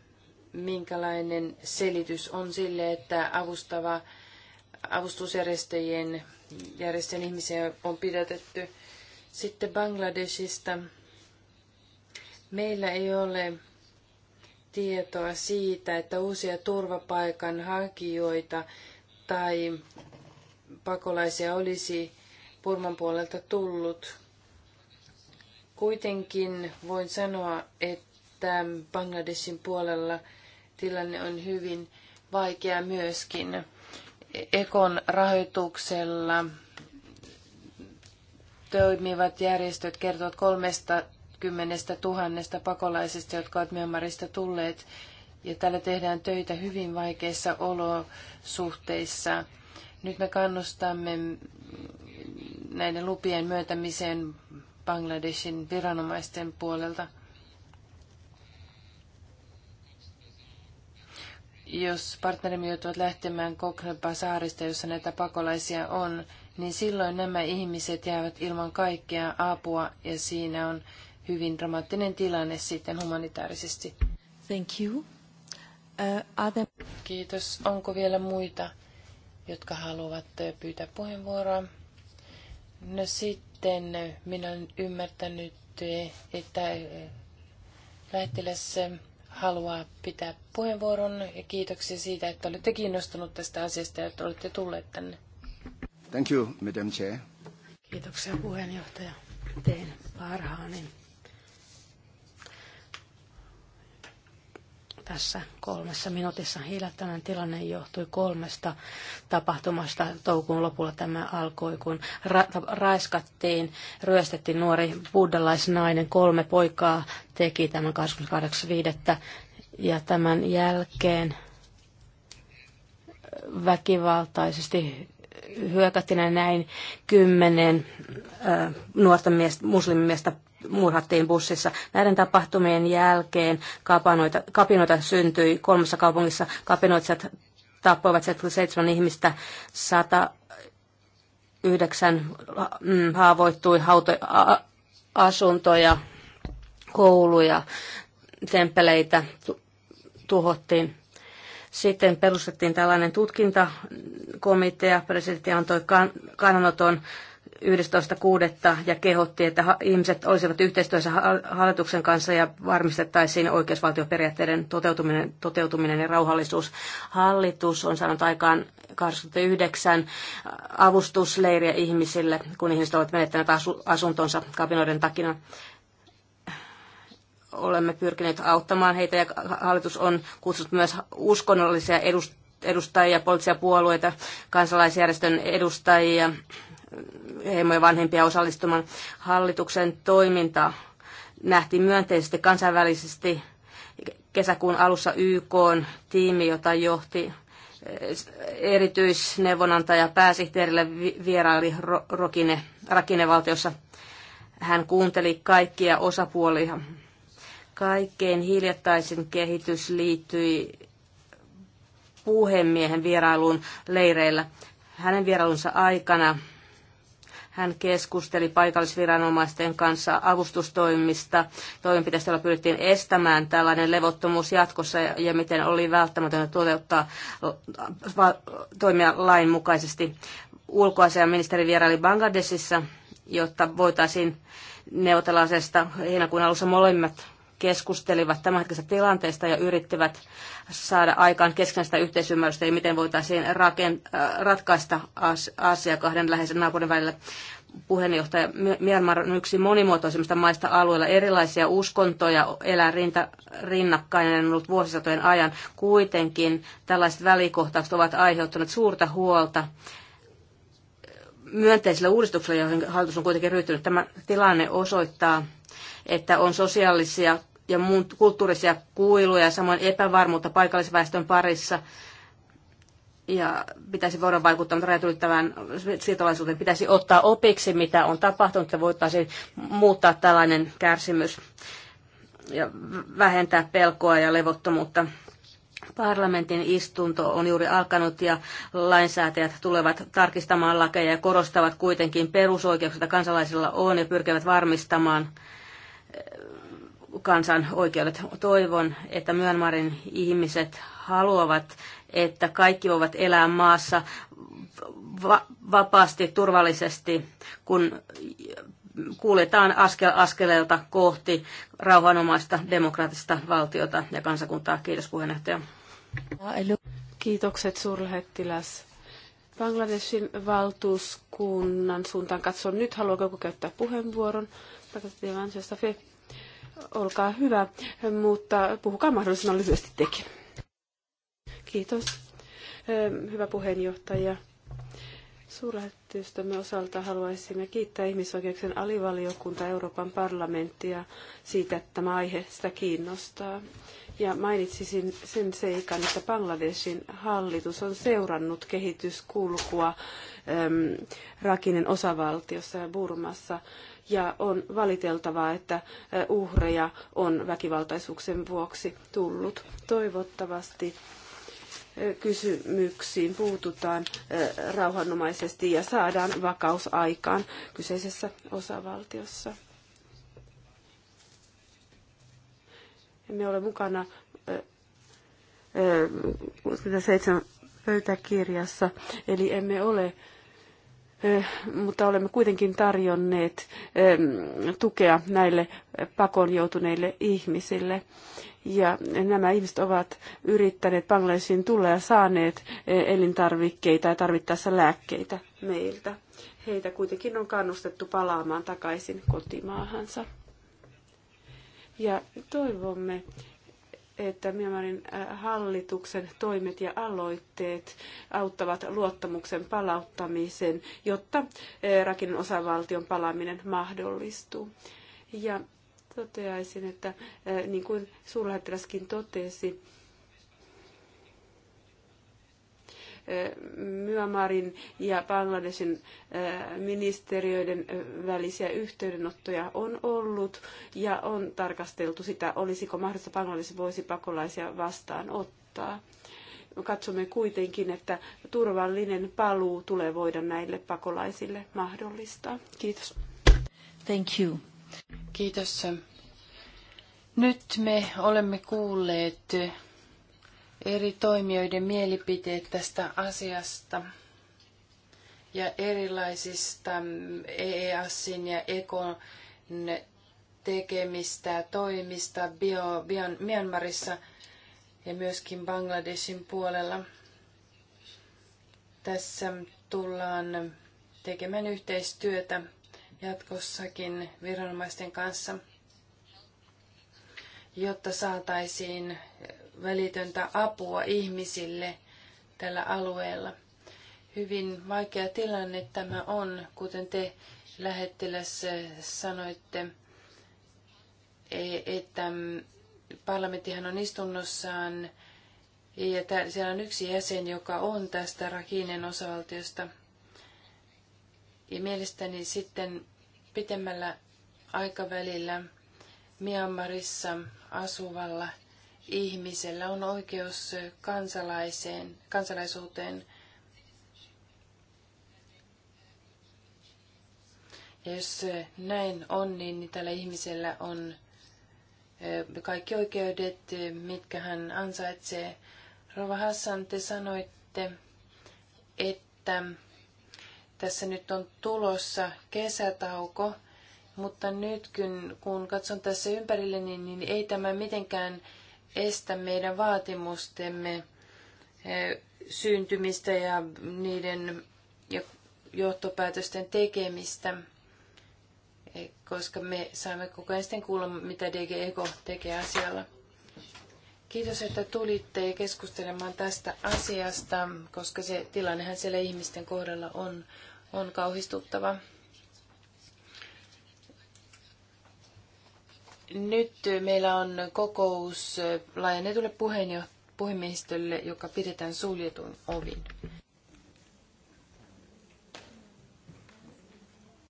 minkälainen selitys on sille, että avustava avustusjärjestöjen järjestön ihmisiä on pidätetty. Sitten Bangladesista. Meillä ei ole tietoa siitä, että uusia turvapaikanhakijoita tai pakolaisia olisi Burman puolelta tullut. Kuitenkin voin sanoa, että Bangladesin puolella tilanne on hyvin vaikea myöskin. Ekon rahoituksella toimivat järjestöt kertovat 30 000 pakolaisista, jotka ovat Myanmarista tulleet. Ja täällä tehdään töitä hyvin vaikeissa olosuhteissa. Nyt me kannustamme näiden lupien myötämiseen Bangladeshin viranomaisten puolelta. Jos partnerimme joutuvat lähtemään Kokrepa saarista, jossa näitä pakolaisia on, niin silloin nämä ihmiset jäävät ilman kaikkea apua ja siinä on hyvin dramaattinen tilanne sitten humanitaarisesti. Thank you. Uh, are there... Kiitos. Onko vielä muita jotka haluavat pyytää puheenvuoroa. No sitten minä olen ymmärtänyt, että lähettiläs haluaa pitää puheenvuoron ja kiitoksia siitä, että olette kiinnostunut tästä asiasta ja että olette tulleet tänne. Thank you, Madam Chair. Kiitoksia puheenjohtaja. Teen parhaani. tässä kolmessa minuutissa. Hiljattainen tilanne johtui kolmesta tapahtumasta. toukun lopulla tämä alkoi, kun ra- raiskattiin, ryöstettiin nuori buddalaisnainen. Kolme poikaa teki tämän 28.5. Ja tämän jälkeen väkivaltaisesti hyökättiin näin kymmenen äh, nuorta mies, muslimimiestä murhattiin bussissa. Näiden tapahtumien jälkeen kapanoita, kapinoita syntyi kolmessa kaupungissa. Kapinoitsijat tappoivat 77 ihmistä, 109 mm, haavoittui hauto, a, asuntoja, kouluja, temppeleitä tuhottiin. Sitten perustettiin tällainen tutkintakomitea. Presidentti antoi kannanoton 11.6. ja kehotti, että ihmiset olisivat yhteistyössä hallituksen kanssa ja varmistettaisiin oikeusvaltioperiaatteiden toteutuminen, toteutuminen ja rauhallisuus. Hallitus on saanut aikaan 29 avustusleiriä ihmisille, kun ihmiset ovat menettäneet asuntonsa kapinoiden takina olemme pyrkineet auttamaan heitä ja hallitus on kutsunut myös uskonnollisia edustajia, poliittisia puolueita, kansalaisjärjestön edustajia, heimojen vanhempia osallistumaan hallituksen toimintaan. Nähtiin myönteisesti kansainvälisesti kesäkuun alussa YK tiimi, jota johti eh, erityisneuvonantaja pääsihteerille vieraili Rokine, Rakinevaltiossa. Hän kuunteli kaikkia osapuolia. Kaikkein hiljattaisin kehitys liittyi puhemiehen vierailuun leireillä. Hänen vierailunsa aikana hän keskusteli paikallisviranomaisten kanssa avustustoimista, toimenpiteistä, joilla pyrittiin estämään tällainen levottomuus jatkossa ja miten oli välttämätöntä toteuttaa toimia lainmukaisesti. mukaisesti. Ulkoasiaministeri vieraili Bangladesissa, jotta voitaisiin neuvotella asiasta heinäkuun alussa molemmat keskustelivat tämänhetkisestä tilanteesta ja yrittivät saada aikaan keskenäistä yhteisymmärrystä ja miten voitaisiin rakent- äh, ratkaista asia kahden läheisen naapurin välillä. Puheenjohtaja Myanmar on yksi monimuotoisimmista maista alueella. Erilaisia uskontoja elää rinta, rinnakkain on ollut vuosisatojen ajan. Kuitenkin tällaiset välikohtaukset ovat aiheuttaneet suurta huolta myönteisillä uudistuksilla, joihin hallitus on kuitenkin ryhtynyt. Tämä tilanne osoittaa, että on sosiaalisia ja muun kulttuurisia kuiluja ja samoin epävarmuutta paikallisväestön parissa. Ja pitäisi voida vaikuttaa, mutta rajat ylittävään siirtolaisuuteen pitäisi ottaa opiksi, mitä on tapahtunut, että voitaisiin muuttaa tällainen kärsimys ja vähentää pelkoa ja levottomuutta. Parlamentin istunto on juuri alkanut ja lainsäätäjät tulevat tarkistamaan lakeja ja korostavat kuitenkin perusoikeuksia, kansalaisilla on ja pyrkivät varmistamaan kansan oikeudet. Toivon, että Myanmarin ihmiset haluavat, että kaikki voivat elää maassa va- vapaasti, turvallisesti, kun kuljetaan askel askeleelta kohti rauhanomaista demokraattista valtiota ja kansakuntaa. Kiitos puheenjohtaja. Kiitokset suurlähettiläs. Bangladeshin valtuuskunnan suuntaan katson. Nyt haluaako joku käyttää puheenvuoron. Takaisin olkaa hyvä, mutta puhukaa mahdollisimman lyhyesti tekin. Kiitos. Hyvä puheenjohtaja. Suurlähetystömme osalta haluaisimme kiittää ihmisoikeuksien alivaliokunta Euroopan parlamenttia siitä, että tämä aihe sitä kiinnostaa. Ja mainitsisin sen seikan, että Bangladeshin hallitus on seurannut kehityskulkua äm, Rakinen osavaltiossa ja Burmassa ja on valiteltavaa, että uhreja on väkivaltaisuuksien vuoksi tullut. Toivottavasti kysymyksiin puututaan rauhanomaisesti ja saadaan vakaus aikaan kyseisessä osavaltiossa. Emme ole mukana seitsemän pöytäkirjassa, eli emme ole Eh, mutta olemme kuitenkin tarjonneet tukea näille pakon joutuneille ihmisille. Ja nämä ihmiset ovat yrittäneet Bangladesin tulla ja saaneet eh, elintarvikkeita ja tarvittaessa lääkkeitä meiltä. Heitä kuitenkin on kannustettu palaamaan takaisin kotimaahansa. Ja toivomme, että Myanmarin äh, hallituksen toimet ja aloitteet auttavat luottamuksen palauttamisen, jotta äh, Rakinin osavaltion palaaminen mahdollistuu. Ja toteaisin, että äh, niin kuin suurlähettiläskin totesi, Myanmarin ja Bangladesin ministeriöiden välisiä yhteydenottoja on ollut ja on tarkasteltu sitä, olisiko mahdollista Bangladesin voisi pakolaisia vastaanottaa. Katsomme kuitenkin, että turvallinen paluu tulee voida näille pakolaisille mahdollistaa. Kiitos. Thank you. Kiitos. Nyt me olemme kuulleet eri toimijoiden mielipiteet tästä asiasta ja erilaisista mm, EEASin ja Ekon tekemistä toimista bio, bio, Myanmarissa ja myöskin Bangladeshin puolella. Tässä tullaan tekemään yhteistyötä jatkossakin viranomaisten kanssa jotta saataisiin välitöntä apua ihmisille tällä alueella. Hyvin vaikea tilanne tämä on, kuten te lähettiläs sanoitte, e, että parlamenttihan on istunnossaan ja siellä on yksi jäsen, joka on tästä Rakinen osavaltiosta. Ja mielestäni sitten pitemmällä aikavälillä Myanmarissa asuvalla ihmisellä on oikeus kansalaiseen, kansalaisuuteen. Ja jos näin on, niin tällä ihmisellä on kaikki oikeudet, mitkä hän ansaitsee. Rova Hassan, te sanoitte, että tässä nyt on tulossa kesätauko mutta nyt kun, kun katson tässä ympärille, niin, niin ei tämä mitenkään estä meidän vaatimustemme eh, syntymistä ja niiden johtopäätösten tekemistä, eh, koska me saamme koko ajan sitten kuulla, mitä DG Eko tekee asialla. Kiitos, että tulitte keskustelemaan tästä asiasta, koska se tilannehan siellä ihmisten kohdalla on, on kauhistuttava. Nyt meillä on kokous laajennetulle puhemiehistölle, joka pidetään suljetun ovin.